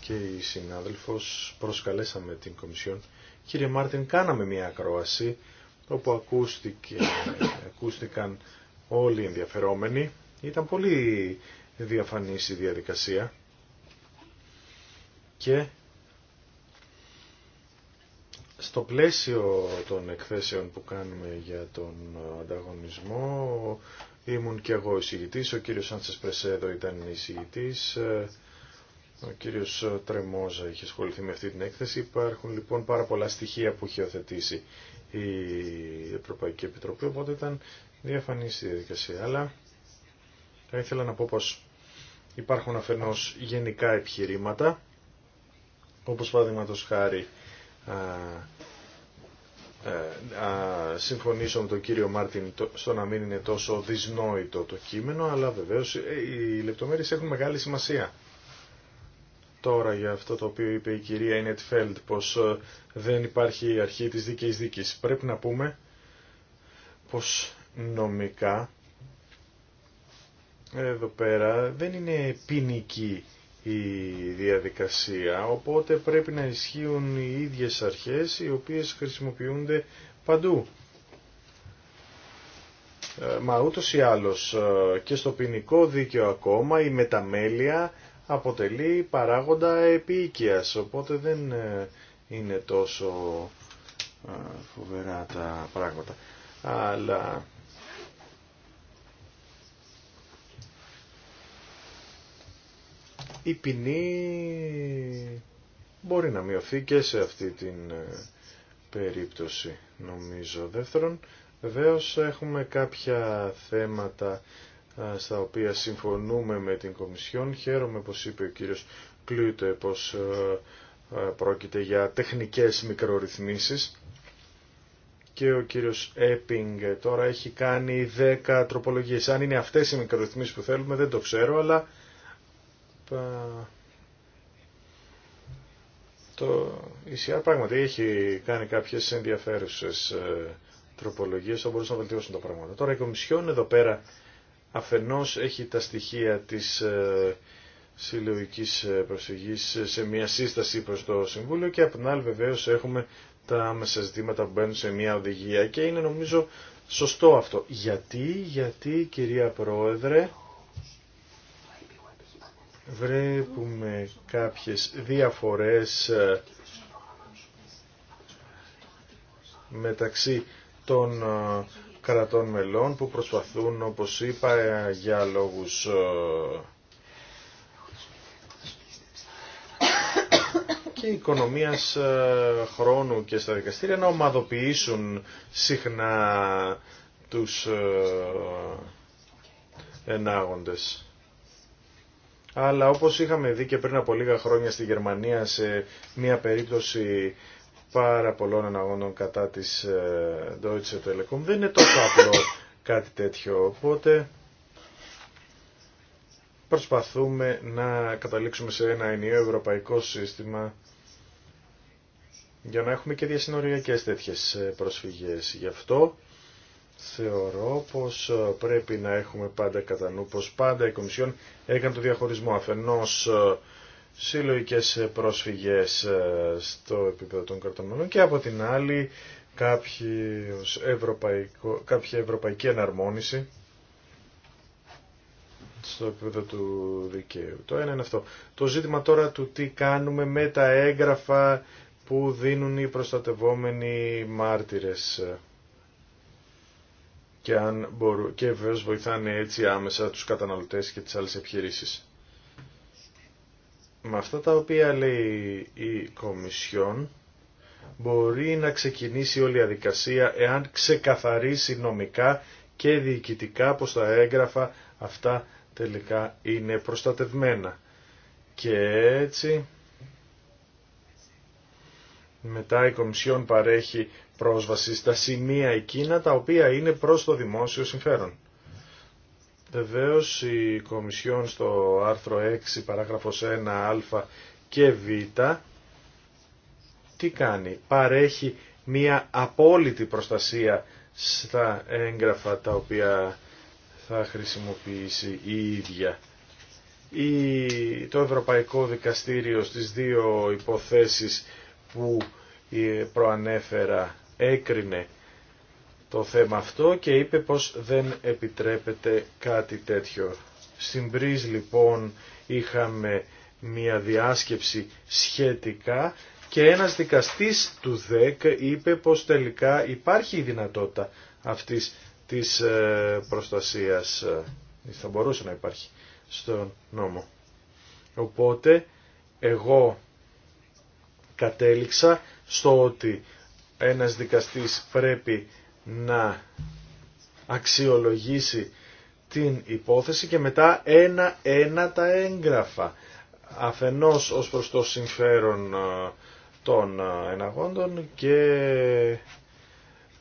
και η συνάδελφος. Προσκαλέσαμε την Κομισιόν. Κύριε Μάρτιν, κάναμε μια ακρόαση όπου ακούστηκε, ακούστηκαν όλοι οι ενδιαφερόμενοι. Ήταν πολύ διαφανής η διαδικασία και στο πλαίσιο των εκθέσεων που κάνουμε για τον ανταγωνισμό Ήμουν και εγώ εισηγητής, ο κύριος Σάντσες Πρεσέδο ήταν εισηγητής, ο κύριος Τρεμόζα είχε ασχοληθεί με αυτή την έκθεση. Υπάρχουν λοιπόν πάρα πολλά στοιχεία που είχε οθετήσει η Ευρωπαϊκή Επιτροπή, οπότε ήταν διαφανής η διαδικασία. Αλλά θα ήθελα να πω πως υπάρχουν αφενός γενικά επιχειρήματα, όπως παραδείγματος χάρη να ε, συμφωνήσω με τον κύριο Μάρτιν στο να μην είναι τόσο δυσνόητο το κείμενο, αλλά βεβαίως ε, οι λεπτομέρειες έχουν μεγάλη σημασία. Τώρα για αυτό το οποίο είπε η κυρία Ινετφέλντ, πως ε, δεν υπάρχει η αρχή της δικής δίκης. Πρέπει να πούμε πως νομικά εδώ πέρα δεν είναι ποινική η διαδικασία, οπότε πρέπει να ισχύουν οι ίδιες αρχές οι οποίες χρησιμοποιούνται παντού. Ε, μα ούτως ή άλλως ε, και στο ποινικό δίκαιο ακόμα η μεταμέλεια αποτελεί παράγοντα επίοικιας, οπότε δεν ε, είναι τόσο φοβερά τα πράγματα. Αλλά η ποινή μπορεί να μειωθεί και σε αυτή την ε, περίπτωση νομίζω. Δεύτερον, βεβαίω έχουμε κάποια θέματα στα οποία συμφωνούμε με την Κομισιόν. Χαίρομαι πως είπε ο κύριος Κλούτε πως ε, ε, πρόκειται για τεχνικές μικρορυθμίσεις και ο κύριος Έπινγκ τώρα έχει κάνει 10 τροπολογίες. Αν είναι αυτές οι μικρορυθμίσεις που θέλουμε δεν το ξέρω, αλλά το ECR πράγματι έχει κάνει κάποιες ενδιαφέρουσες ε, τροπολογίες που μπορούσαν να βελτιώσουν τα πράγματα. Τώρα η Κομισιόν εδώ πέρα αφενός έχει τα στοιχεία της ε, συλλογική ε, προσφυγής σε μια σύσταση προς το Συμβούλιο και από την άλλη βεβαίως έχουμε τα άμεσα ζητήματα που μπαίνουν σε μια οδηγία και είναι νομίζω σωστό αυτό. Γιατί, γιατί κυρία Πρόεδρε βρέπουμε κάποιες διαφορές ε, μεταξύ των ε, κρατών μελών που προσπαθούν, όπως είπα, ε, για λόγους και οικονομίας χρόνου και στα δικαστήρια να ομαδοποιήσουν συχνά τους ενάγοντες αλλά όπως είχαμε δει και πριν από λίγα χρόνια στη Γερμανία σε μια περίπτωση πάρα πολλών αναγώνων κατά της ε, Deutsche Telekom δεν είναι τόσο απλό κάτι τέτοιο οπότε προσπαθούμε να καταλήξουμε σε ένα ενιαίο ευρωπαϊκό σύστημα για να έχουμε και διασυνοριακές τέτοιες ε, προσφυγές γι' αυτό θεωρώ πως ε, πρέπει να έχουμε πάντα κατά νου πως πάντα η Κομισιόν έκανε το διαχωρισμό αφενός ε, συλλογικές πρόσφυγες ε, στο επίπεδο των κρατών και από την άλλη ευρωπαϊκό, κάποια ευρωπαϊκή εναρμόνιση στο επίπεδο του δικαίου. Το ένα είναι αυτό. Το ζήτημα τώρα του τι κάνουμε με τα έγγραφα που δίνουν οι προστατευόμενοι μάρτυρες και, αν και βεβαίως βοηθάνε έτσι άμεσα τους καταναλωτές και τις άλλες επιχειρήσεις. Με αυτά τα οποία λέει η Κομισιόν, μπορεί να ξεκινήσει όλη η διαδικασία εάν ξεκαθαρίσει νομικά και διοικητικά πως τα έγγραφα αυτά τελικά είναι προστατευμένα. Και έτσι μετά η Κομισιόν παρέχει πρόσβαση στα σημεία εκείνα τα οποία είναι προς το δημόσιο συμφέρον. Βεβαίω η Κομισιόν στο άρθρο 6 παράγραφος 1α και β τι κάνει. Παρέχει μία απόλυτη προστασία στα έγγραφα τα οποία θα χρησιμοποιήσει η ίδια. Η, το Ευρωπαϊκό Δικαστήριο στις δύο υποθέσεις που ε, προανέφερα έκρινε το θέμα αυτό και είπε πως δεν επιτρέπεται κάτι τέτοιο. Στην Πρίζ λοιπόν είχαμε μια διάσκεψη σχετικά και ένας δικαστής του ΔΕΚ είπε πως τελικά υπάρχει η δυνατότητα αυτής της ε, προστασίας, ε, θα μπορούσε να υπάρχει στον νόμο. Οπότε εγώ κατέληξα στο ότι ένας δικαστής πρέπει να αξιολογήσει την υπόθεση και μετά ένα-ένα τα έγγραφα. Αφενός ως προς το συμφέρον ε, των ε, εναγόντων και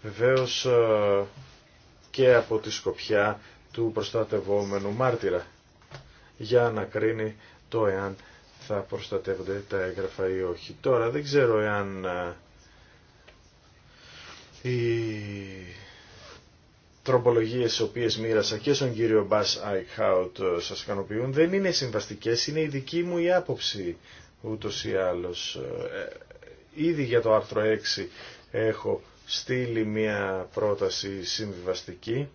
βεβαίω ε, και από τη σκοπιά του προστατευόμενου μάρτυρα για να κρίνει το εάν θα προστατεύονται τα έγγραφα ή όχι. Τώρα δεν ξέρω εάν οι τροπολογίες οι οποίες μοίρασα και στον κύριο Μπάς Αϊκχάουτ ε, σας ικανοποιούν δεν είναι συμβαστικές, είναι η δική μου η άποψη ούτως ή άλλως. Ε, ήδη για το άρθρο 6 έχω στείλει μια πρόταση συμβιβαστική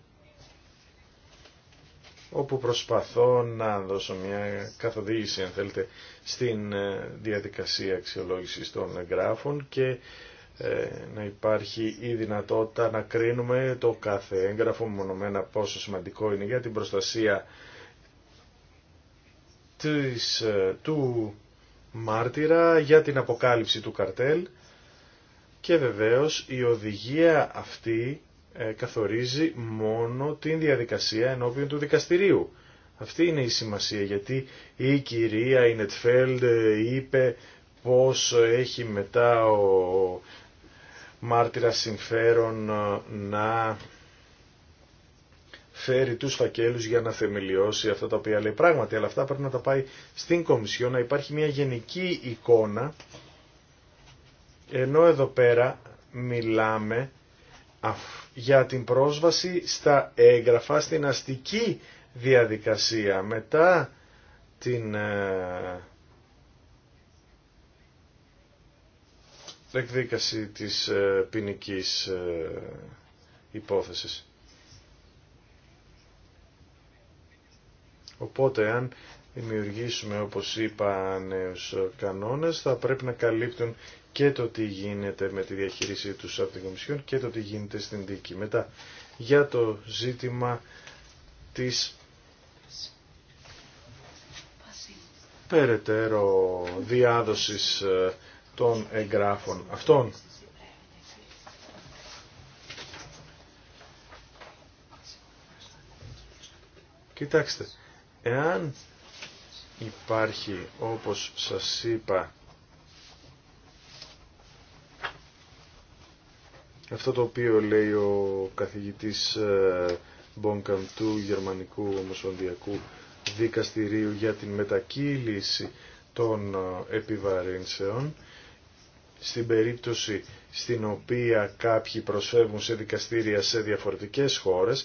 όπου προσπαθώ να δώσω μια καθοδήγηση, αν θέλετε, στην ε, διαδικασία αξιολόγησης των εγγράφων και ε, να υπάρχει η δυνατότητα να κρίνουμε το κάθε έγγραφο μονομένα πόσο σημαντικό είναι για την προστασία της, ε, του μάρτυρα, για την αποκάλυψη του καρτέλ και βεβαίως η οδηγία αυτή ε, καθορίζει μόνο την διαδικασία ενώπιον του δικαστηρίου. Αυτή είναι η σημασία γιατί η κυρία Ινετφέλντ είπε πως έχει μετά ο μάρτυρα συμφέρον ε, να φέρει τους φακέλους για να θεμελιώσει αυτά τα οποία λέει πράγματι, αλλά αυτά πρέπει να τα πάει στην Κομισιό, να υπάρχει μια γενική εικόνα, ενώ εδώ πέρα μιλάμε για την πρόσβαση στα έγγραφα, στην αστική διαδικασία, μετά την ε, εκδίκαση της ε, ποινική ε, υπόθεσης. Οπότε αν δημιουργήσουμε όπως είπα νέους κανόνες θα πρέπει να καλύπτουν και το τι γίνεται με τη διαχείρισή τους από την και το τι γίνεται στην δίκη. Μετά για το ζήτημα της περαιτέρω διάδοσης ε, των εγγράφων αυτών. Κοιτάξτε, εάν υπάρχει όπως σας είπα αυτό το οποίο λέει ο καθηγητής ε, Μπονκαμ του Γερμανικού Ομοσπονδιακού Δικαστηρίου για την μετακύληση των ε, επιβαρύνσεων στην περίπτωση στην οποία κάποιοι προσφεύγουν σε δικαστήρια σε διαφορετικές χώρες,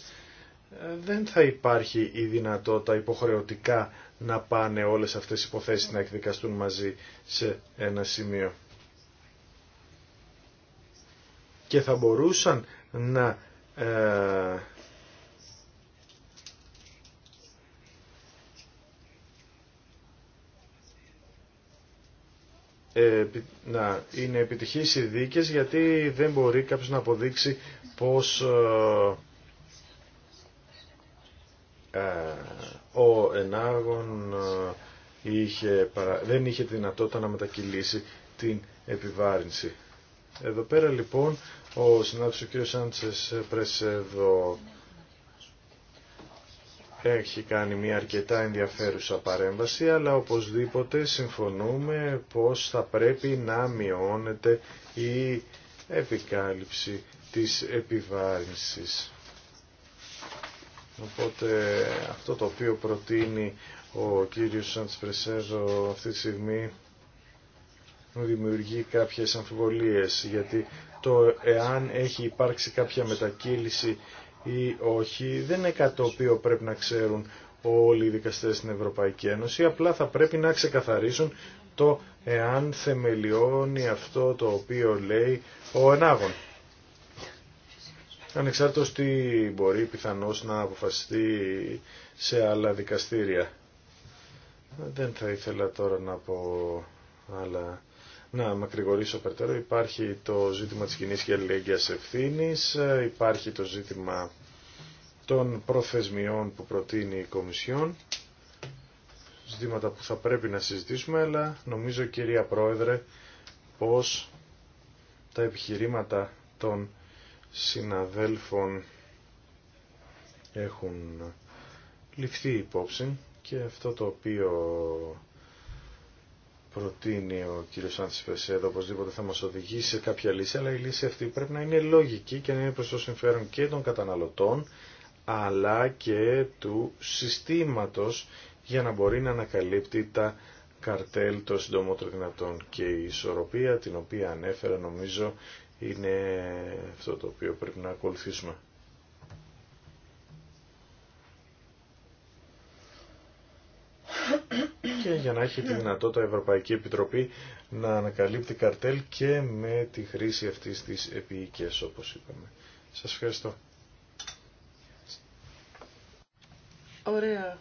ε, δεν θα υπάρχει η δυνατότητα υποχρεωτικά να πάνε όλες αυτές οι υποθέσεις να εκδικαστούν μαζί σε ένα σημείο. Και θα μπορούσαν να ε, να είναι επιτυχής οι δίκες γιατί δεν μπορεί κάποιος να αποδείξει πως ε, ε, ο ενάγων ε, είχε, δεν είχε δυνατότητα να μετακυλήσει την επιβάρυνση. Εδώ πέρα λοιπόν ο συνάδελφος ο κ. Σάντσες Πρέσεδο έχει κάνει μια αρκετά ενδιαφέρουσα παρέμβαση, αλλά οπωσδήποτε συμφωνούμε πως θα πρέπει να μειώνεται η επικάλυψη της επιβάρυνσης. Οπότε αυτό το οποίο προτείνει ο κύριος Σαντσπρεσέζο αυτή τη στιγμή δημιουργεί κάποιες αμφιβολίες γιατί το εάν έχει υπάρξει κάποια μετακύληση ή όχι δεν είναι κάτι το οποίο πρέπει να ξέρουν όλοι οι δικαστές στην Ευρωπαϊκή Ένωση, απλά θα πρέπει να ξεκαθαρίσουν το εάν θεμελιώνει αυτό το οποίο λέει ο Ενάγων. Ανεξάρτητος τι μπορεί πιθανώς να αποφασιστεί σε άλλα δικαστήρια. Δεν θα ήθελα τώρα να πω άλλα να μακρηγορήσω περτέρω. Υπάρχει το ζήτημα της κοινή και αλληλεγγύας ευθύνης, υπάρχει το ζήτημα των προθεσμιών που προτείνει η Κομισιόν, ζητήματα που θα πρέπει να συζητήσουμε, αλλά νομίζω κυρία Πρόεδρε πως τα επιχειρήματα των συναδέλφων έχουν ληφθεί υπόψη και αυτό το οποίο προτείνει ο κύριο Σάντσης εδώ οπωσδήποτε θα μα οδηγήσει σε κάποια λύση, αλλά η λύση αυτή πρέπει να είναι λογική και να είναι προ το συμφέρον και των καταναλωτών, αλλά και του συστήματο για να μπορεί να ανακαλύπτει τα καρτέλ των συντομότερο δυνατόν και η ισορροπία την οποία ανέφερα νομίζω είναι αυτό το οποίο πρέπει να ακολουθήσουμε. και για να έχει τη ναι. δυνατότητα η Ευρωπαϊκή Επιτροπή να ανακαλύπτει καρτέλ και με τη χρήση αυτής της επίοικες όπως είπαμε. Σας ευχαριστώ. Ωραία.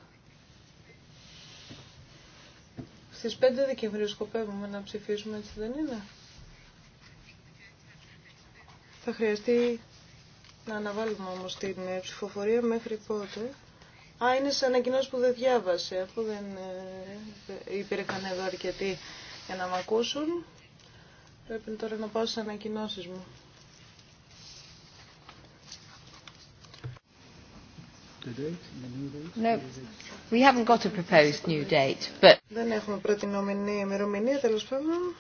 Στις 5 Δεκεμβρίου σκοπεύουμε να ψηφίσουμε, έτσι δεν είναι. Θα χρειαστεί να αναβάλουμε όμως την ψηφοφορία μέχρι πότε. Α, είναι σαν ανακοινώσει που δεν διάβασε, αφού δεν ε, υπήρχαν εδώ αρκετοί για να με ακούσουν. Πρέπει τώρα να πάω στι ανακοινώσει μου. No, we haven't got a proposed new date, but... Δεν έχουμε προτινόμενη ημερομηνία, τέλος πάντων.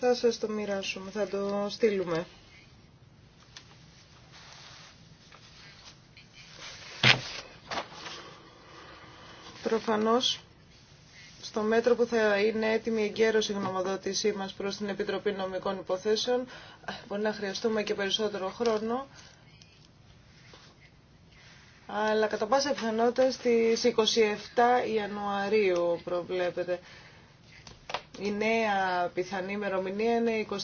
Θα σας το μοιράσουμε, θα το στείλουμε. Προφανώς, στο μέτρο που θα είναι έτοιμη η η γνωμοδότησή μας προς την Επιτροπή Νομικών Υποθέσεων, μπορεί να χρειαστούμε και περισσότερο χρόνο, αλλά κατά πάσα πιθανότητα στις 27 Ιανουαρίου προβλέπεται. Η νέα πιθανή ημερομηνία είναι 27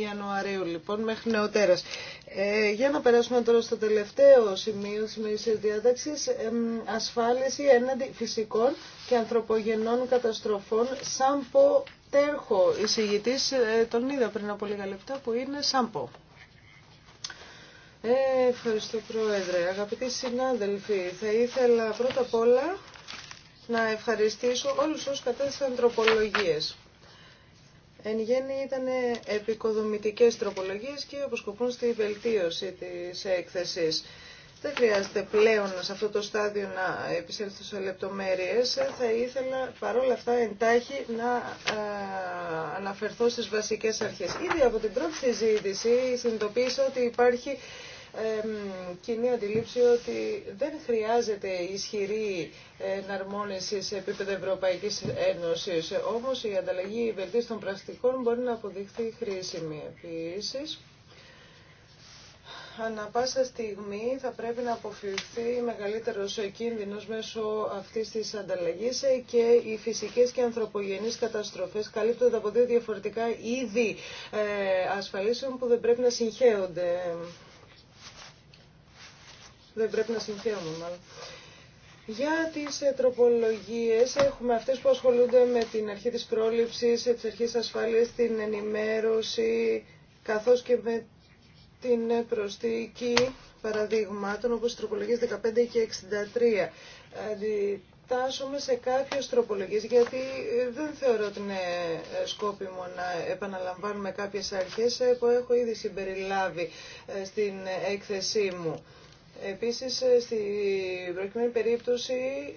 Ιανουαρίου, λοιπόν, μέχρι νεοτέρας. Ε, για να περάσουμε τώρα στο τελευταίο σημείο της ημερησίας διάταξης, ε, ασφάλιση έναντι φυσικών και ανθρωπογενών καταστροφών, Σάμπο Τέρχο, εισηγητής, ε, τον είδα πριν από λίγα λεπτά, που είναι Σάμπο. Ε, ευχαριστώ Πρόεδρε. Αγαπητοί συνάδελφοι, θα ήθελα πρώτα απ' όλα να ευχαριστήσω όλους όσους κατέθεσαν τροπολογίες. Εν γέννη ήταν επικοδομητικές τροπολογίες και αποσκοπούν στη βελτίωση της έκθεσης. Δεν χρειάζεται πλέον σε αυτό το στάδιο να επισέλθω σε λεπτομέρειες. Θα ήθελα παρόλα αυτά εντάχει να αναφερθώ στις βασικές αρχές. Ήδη από την πρώτη συζήτηση συνειδητοποίησα ότι υπάρχει κοινή αντιλήψη ότι δεν χρειάζεται ισχυρή εναρμόνιση σε επίπεδο Ευρωπαϊκής Ένωσης. Όμως η ανταλλαγή βελτίωση των πρακτικών μπορεί να αποδειχθεί χρήσιμη. επίση. Ανά πάσα στιγμή θα πρέπει να αποφευθεί μεγαλύτερος κίνδυνος μέσω αυτής της ανταλλαγής και οι φυσικές και ανθρωπογενείς καταστροφές καλύπτονται από δύο διαφορετικά είδη ε, ασφαλίσεων που δεν πρέπει να συγχέονται δεν πρέπει να συγχαίουμε μάλλον. Για τις ε, τροπολογίες έχουμε αυτές που ασχολούνται με την αρχή της πρόληψης, τη αρχή ασφάλειας, την ενημέρωση, καθώς και με την προσθήκη παραδείγματων, όπως οι 15 και 63. Αντιτάσσομαι σε κάποιες τροπολογίες, γιατί ε, δεν θεωρώ ότι είναι ε, σκόπιμο να επαναλαμβάνουμε κάποιες αρχές που έχω ήδη συμπεριλάβει στην έκθεσή μου. Επίσης, ε, στη προκειμένη περίπτωση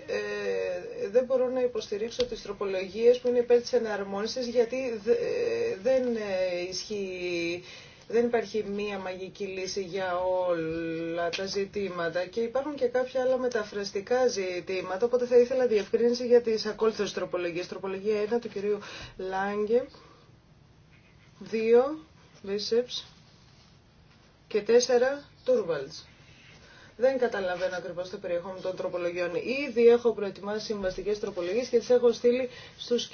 ε, δεν μπορώ να υποστηρίξω τις τροπολογίες που είναι υπέρ της εναρμόνισης γιατί ε, δεν ε, ισχύει δεν υπάρχει μία μαγική λύση για όλα τα ζητήματα και υπάρχουν και κάποια άλλα μεταφραστικά ζητήματα, οπότε θα ήθελα διευκρίνηση για τις ακόλουθες τροπολογίες. Τροπολογία 1 του κυρίου Λάγκε, 2 Βίσεψ και 4 Τούρβαλτς. Δεν καταλαβαίνω ακριβώς το περιεχόμενο των τροπολογιών. Ήδη έχω προετοιμάσει συμβαστικέ τροπολογίες και τι έχω στείλει στους Ε,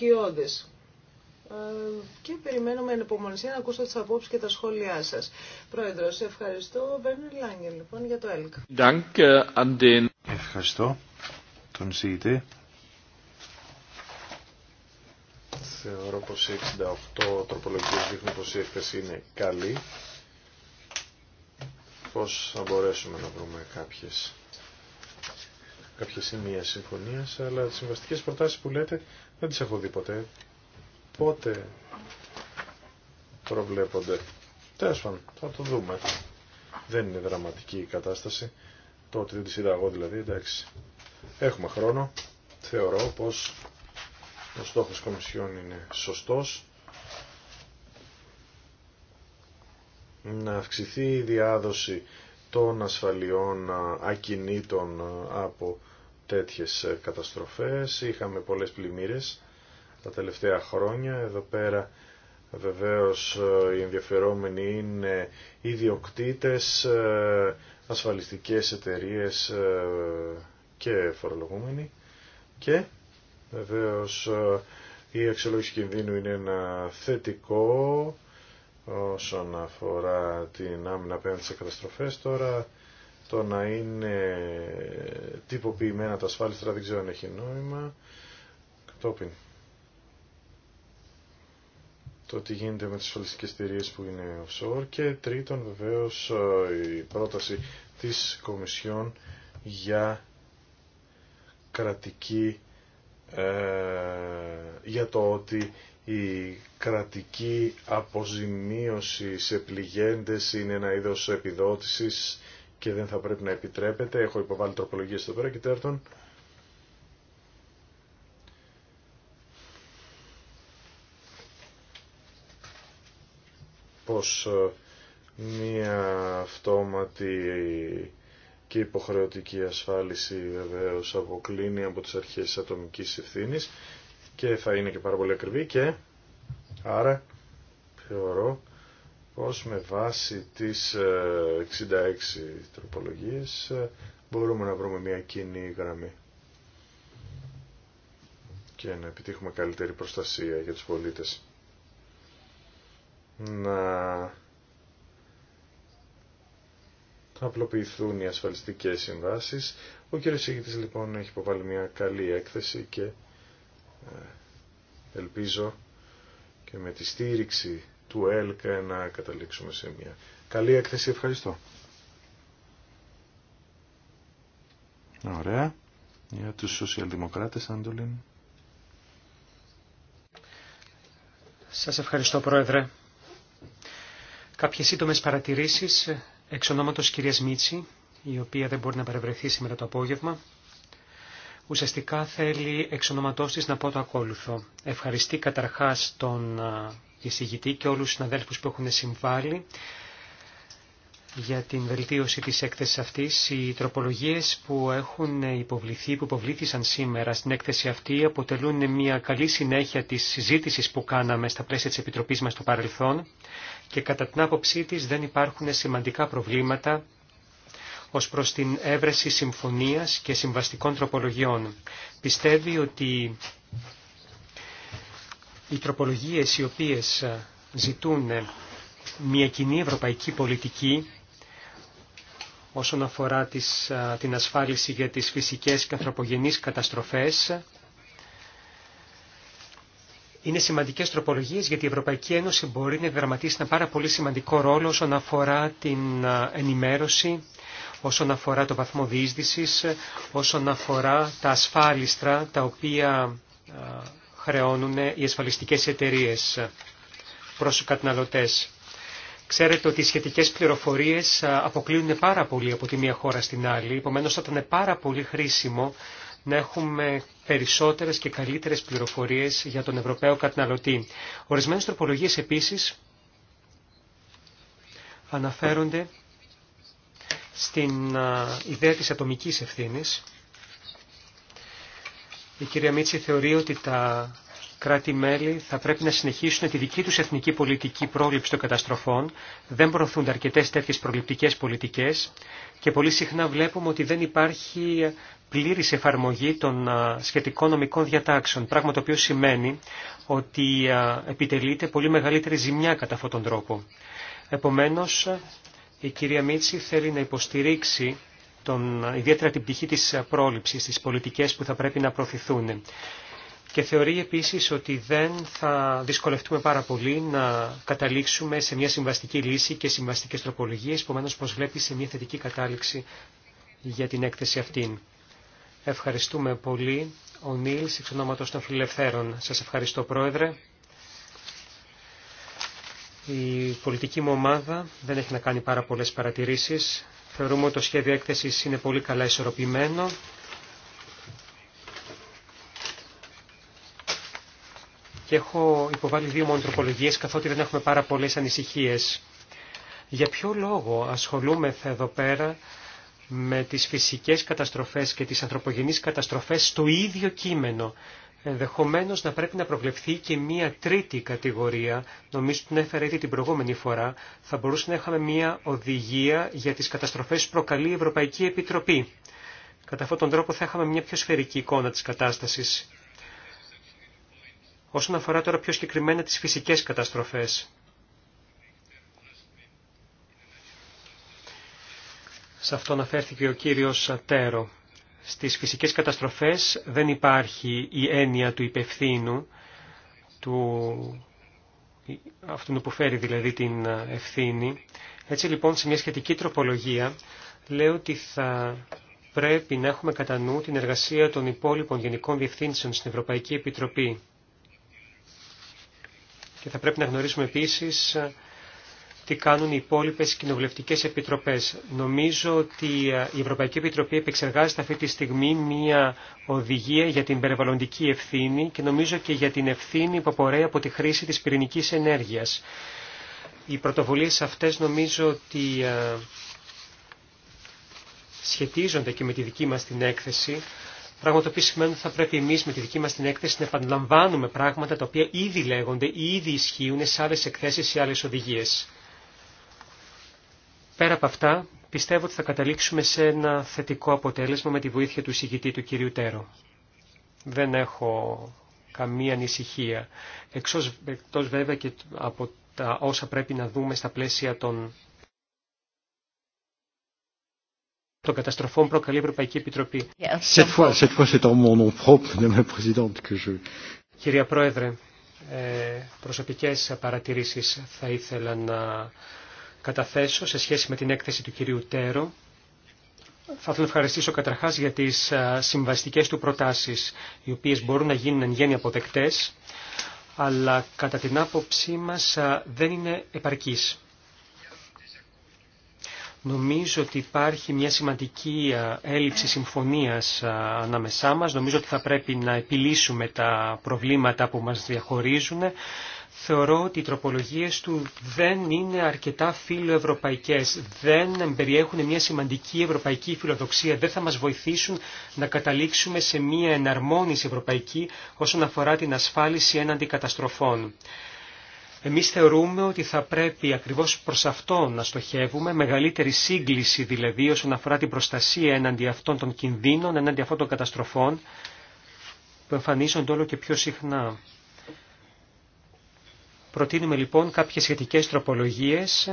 Και περιμένω με ανεπομονησία να ακούσω τις απόψει και τα σχόλιά σας. Πρόεδρος, ευχαριστώ. Βέρνερ Λάγκερ, λοιπόν, για το ΕΛΚ. Ε, ευχαριστώ τον Σίτη. Θεωρώ πως 68 τροπολογίες δείχνουν πως η έκθεση είναι καλή πως θα μπορέσουμε να βρούμε κάποιες, κάποιες σημεία συμφωνίας, αλλά τις συμβαστικές προτάσεις που λέτε δεν τις έχω δει ποτέ. Πότε προβλέπονται. Τέλος πάντων, θα το δούμε. Δεν είναι δραματική η κατάσταση. Το ότι δεν τη είδα εγώ δηλαδή, εντάξει. Έχουμε χρόνο. Θεωρώ πως ο στόχος Κομισιόν είναι σωστός. να αυξηθεί η διάδοση των ασφαλιών ακινήτων από τέτοιες ε, καταστροφές. Είχαμε πολλές πλημμύρες τα τελευταία χρόνια. Εδώ πέρα βεβαίως ε, οι ενδιαφερόμενοι είναι ιδιοκτήτες, ε, ασφαλιστικές εταιρείες και φορολογούμενοι και βεβαίως η αξιολόγηση κινδύνου είναι ένα θετικό όσον αφορά την άμυνα απέναντι σε καταστροφές. Τώρα το να είναι τυποποιημένα τα ασφάλιστρα δεν ξέρω αν έχει νόημα. Κατόπιν. Το τι γίνεται με τις ασφαλιστικές εταιρείε που είναι offshore και τρίτον βεβαίως ε, η πρόταση της Κομισιόν για κρατική ε, για το ότι η κρατική αποζημίωση σε πληγέντες είναι ένα είδος επιδότησης και δεν θα πρέπει να επιτρέπεται. Έχω υποβάλει τροπολογίες εδώ πέρα και τέρτον. Πως ε, μία αυτόματη και υποχρεωτική ασφάλιση βεβαίως αποκλίνει από τις αρχές ατομικής ευθύνης και θα είναι και πάρα πολύ ακριβή και άρα θεωρώ πως με βάση τις 66 ε, τροπολογίες ε, μπορούμε να βρούμε μια κοινή γραμμή και να επιτύχουμε καλύτερη προστασία για τους πολίτες. Να θα απλοποιηθούν οι ασφαλιστικές συμβάσεις. Ο κ. Σίγητης λοιπόν έχει υποβάλει μια καλή έκθεση και ε, ελπίζω και με τη στήριξη του ΕΛΚΑ να καταλήξουμε σε μια καλή έκθεση. Ευχαριστώ. Ωραία. Για τους σοσιαλδημοκράτες, Άντολιν. Σας ευχαριστώ, Πρόεδρε. Κάποιες σύντομες παρατηρήσεις Εξ ονόματος κυρίας Μίτση, η οποία δεν μπορεί να παρευρεθεί σήμερα το απόγευμα, ουσιαστικά θέλει εξ ονόματός της να πω το ακόλουθο. Ευχαριστεί καταρχάς τον εισηγητή και όλους τους συναδέλφους που έχουν συμβάλει για την βελτίωση της έκθεσης αυτής. Οι τροπολογίες που έχουν υποβληθεί, που υποβλήθησαν σήμερα στην έκθεση αυτή αποτελούν μια καλή συνέχεια της συζήτησης που κάναμε στα πλαίσια της Επιτροπής μας στο παρελθόν και κατά την άποψή της δεν υπάρχουν σημαντικά προβλήματα ως προς την έβρεση συμφωνίας και συμβαστικών τροπολογιών. Πιστεύει ότι οι τροπολογίες οι οποίες ε, ζητούν ε, μια κοινή ευρωπαϊκή πολιτική όσον αφορά ε, την ασφάλιση για τις φυσικές και ανθρωπογενείς καταστροφές είναι σημαντικέ τροπολογίε γιατί η Ευρωπαϊκή Ένωση μπορεί να δραματίσει ένα πάρα πολύ σημαντικό ρόλο όσον αφορά την ενημέρωση, όσον αφορά το βαθμό διείσδυση, όσον αφορά τα ασφάλιστρα τα οποία χρεώνουν οι ασφαλιστικές εταιρείε προς τους καταναλωτές. Ξέρετε ότι οι σχετικές πληροφορίε αποκλείουν πάρα πολύ από τη μία χώρα στην άλλη, επομένω θα ήταν πάρα πολύ χρήσιμο να έχουμε περισσότερες και καλύτερες πληροφορίες για τον Ευρωπαίο καταναλωτή. Ορισμένες τροπολογίες επίσης αναφέρονται στην ιδέα της ατομικής ευθύνης. Η κυρία Μίτση θεωρεί ότι τα κράτη-μέλη θα πρέπει να συνεχίσουν τη δική τους εθνική πολιτική πρόληψη των καταστροφών, δεν προωθούνται αρκετές τέτοιες προληπτικές πολιτικές και πολύ συχνά βλέπουμε ότι δεν υπάρχει πλήρης εφαρμογή των σχετικών νομικών διατάξεων, πράγμα το οποίο σημαίνει ότι επιτελείται πολύ μεγαλύτερη ζημιά κατά αυτόν τον τρόπο. Επομένως, η κυρία Μίτση θέλει να υποστηρίξει τον, ιδιαίτερα την πτυχή της πρόληψης, τις πολιτικές που θα πρέπει να προωθηθούν και θεωρεί επίσης ότι δεν θα δυσκολευτούμε πάρα πολύ να καταλήξουμε σε μια συμβαστική λύση και συμβαστικές τροπολογίες, επομένως βλέπει σε μια θετική κατάληξη για την έκθεση αυτήν. Ευχαριστούμε πολύ. Ο Νίλς, εξ ονόματος των Φιλελευθέρων. Σας ευχαριστώ Πρόεδρε. Η πολιτική μου ομάδα δεν έχει να κάνει πάρα πολλές παρατηρήσεις. Θεωρούμε ότι το σχέδιο έκθεσης είναι πολύ καλά ισορροπημένο και έχω υποβάλει δύο μοντροπολογίε καθότι δεν έχουμε πάρα πολλές ανησυχίες. Για ποιο λόγο ασχολούμεθα εδώ πέρα με τις φυσικές καταστροφές και τις ανθρωπογενείς καταστροφές στο ίδιο κείμενο. Ενδεχομένως να πρέπει να προβλεφθεί και μία τρίτη κατηγορία, νομίζω την έφερε ήδη την προηγούμενη φορά, θα μπορούσε να είχαμε μία οδηγία για τις καταστροφές που προκαλεί η Ευρωπαϊκή Επιτροπή. Κατά αυτόν τον τρόπο θα είχαμε μια πιο σφαιρική εικόνα της κατάστασης. Όσον αφορά τώρα πιο συγκεκριμένα τις φυσικές καταστροφές. Σε αυτό αναφέρθηκε ο κύριος Τέρο. Στις φυσικές καταστροφές δεν υπάρχει η έννοια του υπευθύνου, του αυτού που φέρει δηλαδή την ευθύνη. Έτσι λοιπόν σε μια σχετική τροπολογία λέω ότι θα πρέπει να έχουμε κατά νου την εργασία των υπόλοιπων γενικών διευθύνσεων στην Ευρωπαϊκή Επιτροπή και θα πρέπει να γνωρίσουμε επίσης ε, τι κάνουν οι υπόλοιπε κοινοβουλευτικέ επιτροπέ. Νομίζω ότι ε, η Ευρωπαϊκή Επιτροπή επεξεργάζεται αυτή τη στιγμή μια οδηγία για την περιβαλλοντική ευθύνη και νομίζω και για την ευθύνη που απορρέει από τη χρήση τη πυρηνική ενέργεια. Οι πρωτοβουλίε αυτέ νομίζω ότι ε, σχετίζονται και με τη δική μας την έκθεση Πράγμα το οποίο σημαίνει ότι θα πρέπει εμεί με τη δική μα την έκθεση να επαναλαμβάνουμε πράγματα τα οποία ήδη λέγονται ή ήδη ισχύουν σε άλλε εκθέσει ή άλλε οδηγίε. Πέρα από αυτά, πιστεύω ότι θα καταλήξουμε σε ένα θετικό αποτέλεσμα με τη βοήθεια του εισηγητή του κυρίου Τέρο. Δεν έχω καμία ανησυχία. Εκτό βέβαια και από τα όσα πρέπει να δούμε στα πλαίσια των των καταστροφών προκαλεί η Ευρωπαϊκή Επιτροπή. Κυρία Πρόεδρε, ε, προσωπικές παρατηρήσεις θα ήθελα να καταθέσω σε σχέση με την έκθεση του κυρίου Τέρο. Θα ήθελα να ευχαριστήσω καταρχάς για τις ε, συμβαστικές του προτάσεις, οι οποίες μπορούν να γίνουν εν γέννη αποδεκτές, αλλά κατά την άποψή μας ε, δεν είναι επαρκής. Νομίζω ότι υπάρχει μια σημαντική έλλειψη συμφωνίας ανάμεσά μας. Νομίζω ότι θα πρέπει να επιλύσουμε τα προβλήματα που μας διαχωρίζουν. Θεωρώ ότι οι τροπολογίες του δεν είναι αρκετά φιλοευρωπαϊκές, δεν περιέχουν μια σημαντική ευρωπαϊκή φιλοδοξία, δεν θα μας βοηθήσουν να καταλήξουμε σε μια εναρμόνιση ευρωπαϊκή όσον αφορά την ασφάλιση έναντι καταστροφών. Εμείς θεωρούμε ότι θα πρέπει ακριβώς προς αυτό να στοχεύουμε, μεγαλύτερη σύγκληση δηλαδή όσον αφορά την προστασία εναντί αυτών των κινδύνων, εναντί αυτών των καταστροφών που εμφανίζονται όλο και πιο συχνά. Προτείνουμε λοιπόν κάποιες σχετικές τροπολογίες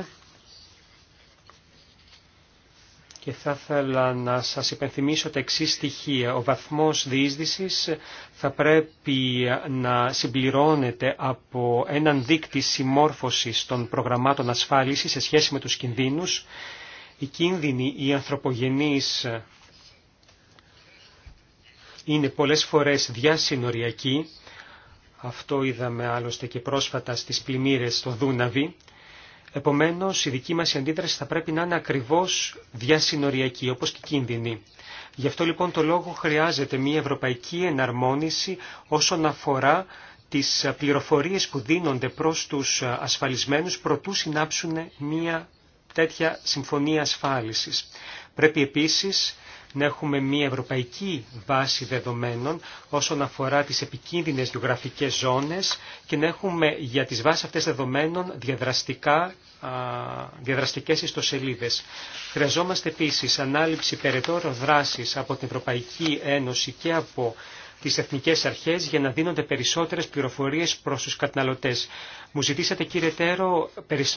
και θα ήθελα να σας υπενθυμίσω τα εξής στοιχεία. Ο βαθμός διείσδυσης θα πρέπει να συμπληρώνεται από έναν δείκτη συμμόρφωσης των προγραμμάτων ασφάλισης σε σχέση με τους κινδύνους. Οι κίνδυνοι, οι ανθρωπογενείς είναι πολλές φορές διασυνοριακοί. Αυτό είδαμε άλλωστε και πρόσφατα στις πλημμύρες στο Δούναβι. Επομένως, η δική μας αντίδραση θα πρέπει να είναι ακριβώς διασυνοριακή, όπως και κίνδυνη. Γι' αυτό λοιπόν το λόγο χρειάζεται μια ευρωπαϊκή εναρμόνιση όσον αφορά τις πληροφορίες που δίνονται προς τους ασφαλισμένους προτού συνάψουν μια τέτοια συμφωνία ασφάλισης. Πρέπει επίσης να έχουμε μια ευρωπαϊκή βάση δεδομένων όσον αφορά τις επικίνδυνες γεωγραφικές ζώνες και να έχουμε για τις βάσεις αυτές δεδομένων διαδραστικά διαδραστικές ιστοσελίδες. Χρειαζόμαστε επίσης ανάληψη περαιτέρω δράσης από την Ευρωπαϊκή Ένωση και από τις εθνικές αρχές για να δίνονται περισσότερες πληροφορίε προς τους καταναλωτές. Μου ζητήσατε κύριε Τέρο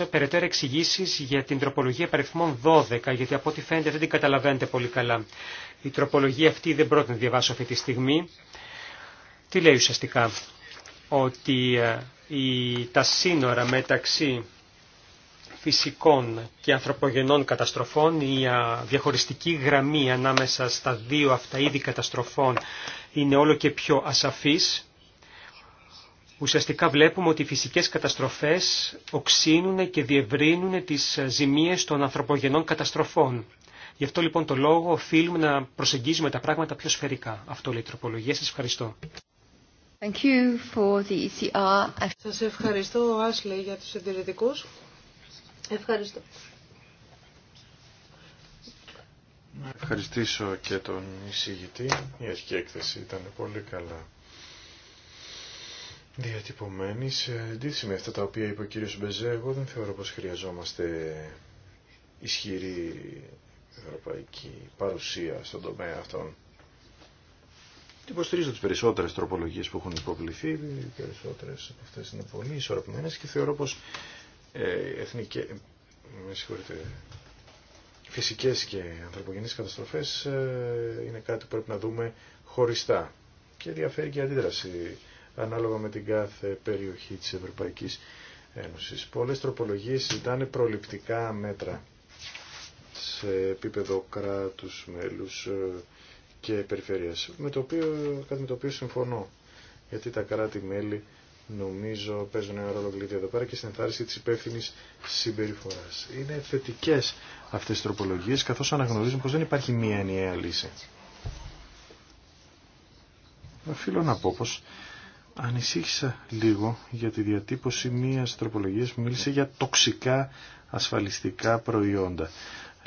περαιτέρω εξηγήσει για την τροπολογία παριθμών 12, γιατί από ό,τι φαίνεται δεν την καταλαβαίνετε πολύ καλά. Η τροπολογία αυτή δεν πρόκειται να διαβάσω αυτή τη στιγμή. Τι λέει ουσιαστικά, ότι ε, η, τα σύνορα μεταξύ φυσικών και ανθρωπογενών καταστροφών. Η διαχωριστική γραμμή ανάμεσα στα δύο αυτά είδη καταστροφών είναι όλο και πιο ασαφής. Ουσιαστικά βλέπουμε ότι οι φυσικές καταστροφές οξύνουν και διευρύνουν τις ζημίες των ανθρωπογενών καταστροφών. Γι' αυτό λοιπόν το λόγο οφείλουμε να προσεγγίζουμε τα πράγματα πιο σφαιρικά. Αυτό λέει η τροπολογία. Σας ευχαριστώ. Thank e Σας ευχαριστώ, Άσλε, για τους συντηρητικούς. Ευχαριστώ. Να ευχαριστήσω και τον εισηγητή. Η αρχική έκθεση ήταν πολύ καλά διατυπωμένη. Σε αντίθεση με αυτά τα οποία είπε ο κύριος Μπεζέ, εγώ δεν θεωρώ πως χρειαζόμαστε ισχυρή ευρωπαϊκή παρουσία στον τομέα αυτών. Υποστηρίζω τις περισσότερες τροπολογίες που έχουν υποβληθεί, οι περισσότερες από αυτές είναι πολύ ισορροπημένες και θεωρώ πως ε, εθνικές, με φυσικές και ανθρωπογενείς καταστροφές ε, είναι κάτι που πρέπει να δούμε χωριστά και διαφέρει και η αντίδραση ανάλογα με την κάθε περιοχή της Ευρωπαϊκής Ένωσης. Πολλές τροπολογίες ζητάνε προληπτικά μέτρα σε επίπεδο κράτους, μέλους ε, και περιφέρειας, με το οποίο, κάτι με το οποίο συμφωνώ, γιατί τα κράτη-μέλη νομίζω παίζουν ένα ρόλο κλειδί εδώ πέρα και στην ενθάρρυνση της υπεύθυνη συμπεριφοράς. Είναι θετικές αυτές οι τροπολογίες καθώς αναγνωρίζουν πως δεν υπάρχει μία ενιαία λύση. Οφείλω να πω πω ανησύχησα λίγο για τη διατύπωση μια τροπολογία που μίλησε για τοξικά ασφαλιστικά προϊόντα.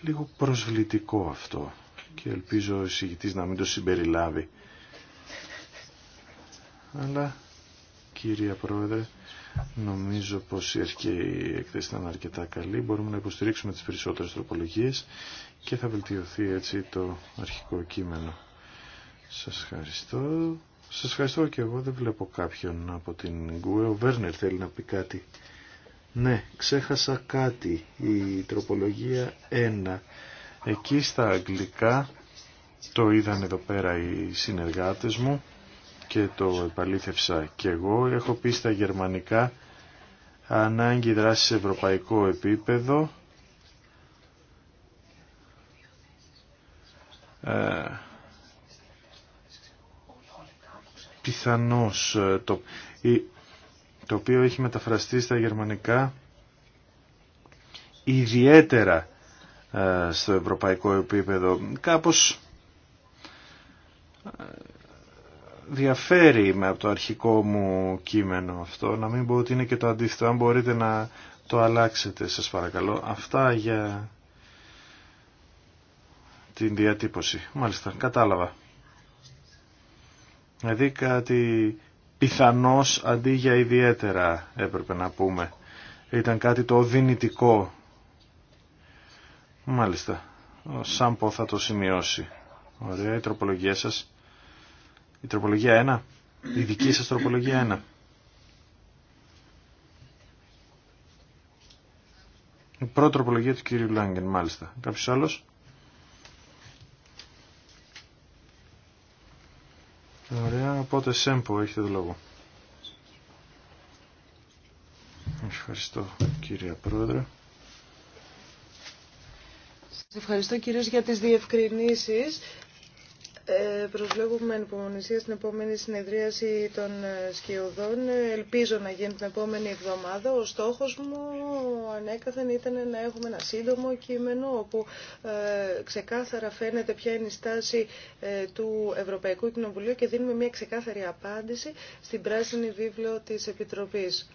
Λίγο προσβλητικό αυτό και ελπίζω ο εισηγητής να μην το συμπεριλάβει. Αλλά κύριε Πρόεδρε. Νομίζω πως η αρχαίοι ήταν αρκετά καλή. Μπορούμε να υποστηρίξουμε τις περισσότερες τροπολογίες και θα βελτιωθεί έτσι το αρχικό κείμενο. Σας ευχαριστώ. Σας ευχαριστώ και εγώ δεν βλέπω κάποιον από την Γκουέ. Ο Βέρνερ θέλει να πει κάτι. Ναι, ξέχασα κάτι. Η τροπολογία 1. Εκεί στα αγγλικά το είδαν εδώ πέρα οι συνεργάτες μου και το επαλήθευσα και εγώ, έχω πει στα γερμανικά ανάγκη δράση σε ευρωπαϊκό επίπεδο ε, πιθανώς ε, το, το οποίο έχει μεταφραστεί στα γερμανικά ιδιαίτερα ε, στο ευρωπαϊκό επίπεδο κάπως ε, διαφέρει με από το αρχικό μου κείμενο αυτό. Να μην πω ότι είναι και το αντίθετο. Αν μπορείτε να το αλλάξετε σας παρακαλώ. Αυτά για την διατύπωση. Μάλιστα, κατάλαβα. Δηλαδή κάτι πιθανώς αντί για ιδιαίτερα έπρεπε να πούμε. Ήταν κάτι το δυνητικό. Μάλιστα. Ο Σάμπο θα το σημειώσει. Ωραία, η τροπολογία σας. Η τροπολογία 1. Η δική σας τροπολογία 1. Η πρώτη τροπολογία του κύριου Λάγκεν, μάλιστα. Κάποιος άλλος. Ωραία, οπότε Σέμπο έχετε το λόγο. Ευχαριστώ κύριε Πρόεδρε. Σας ευχαριστώ κυρίως για τις διευκρινήσεις. Ε, προσβλέπουμε ανυπομονησία στην επόμενη συνεδρίαση των ε, σκιωδών. Ελπίζω να γίνει την επόμενη εβδομάδα. Ο στόχος μου ανέκαθεν ήταν να έχουμε ένα σύντομο κείμενο όπου ε, ξεκάθαρα φαίνεται ποια είναι η στάση του Ευρωπαϊκού Κοινοβουλίου και δίνουμε μια ξεκάθαρη απάντηση στην πράσινη βίβλο της Επιτροπής.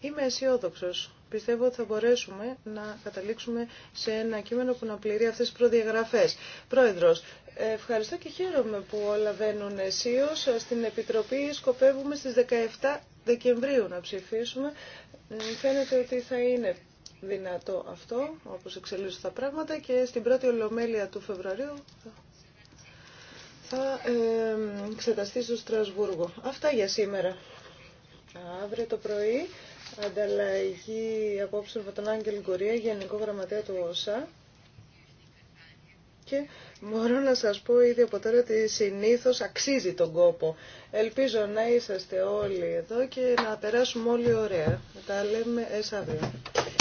Είμαι αισιόδοξο πιστεύω ότι θα μπορέσουμε να καταλήξουμε σε ένα κείμενο που να πληρεί αυτές τις προδιαγραφές. Πρόεδρος, ευχαριστώ και χαίρομαι που όλα βαίνουν αισίως. Στην Επιτροπή σκοπεύουμε στις 17 Δεκεμβρίου να ψηφίσουμε. Ε, φαίνεται ότι θα είναι δυνατό αυτό, όπως εξελίσσουν τα πράγματα και στην πρώτη ολομέλεια του Φεβρουαρίου θα ε, εξεταστεί στο Στρασβούργο. Αυτά για σήμερα. Αύριο το πρωί ανταλλαγή απόψε με τον Άγγελ Γκορία, Γενικό Γραμματέα του ΩΣΑ. Και μπορώ να σας πω ήδη από τώρα ότι συνήθως αξίζει τον κόπο. Ελπίζω να είσαστε όλοι εδώ και να περάσουμε όλοι ωραία. Τα λέμε εσάδια.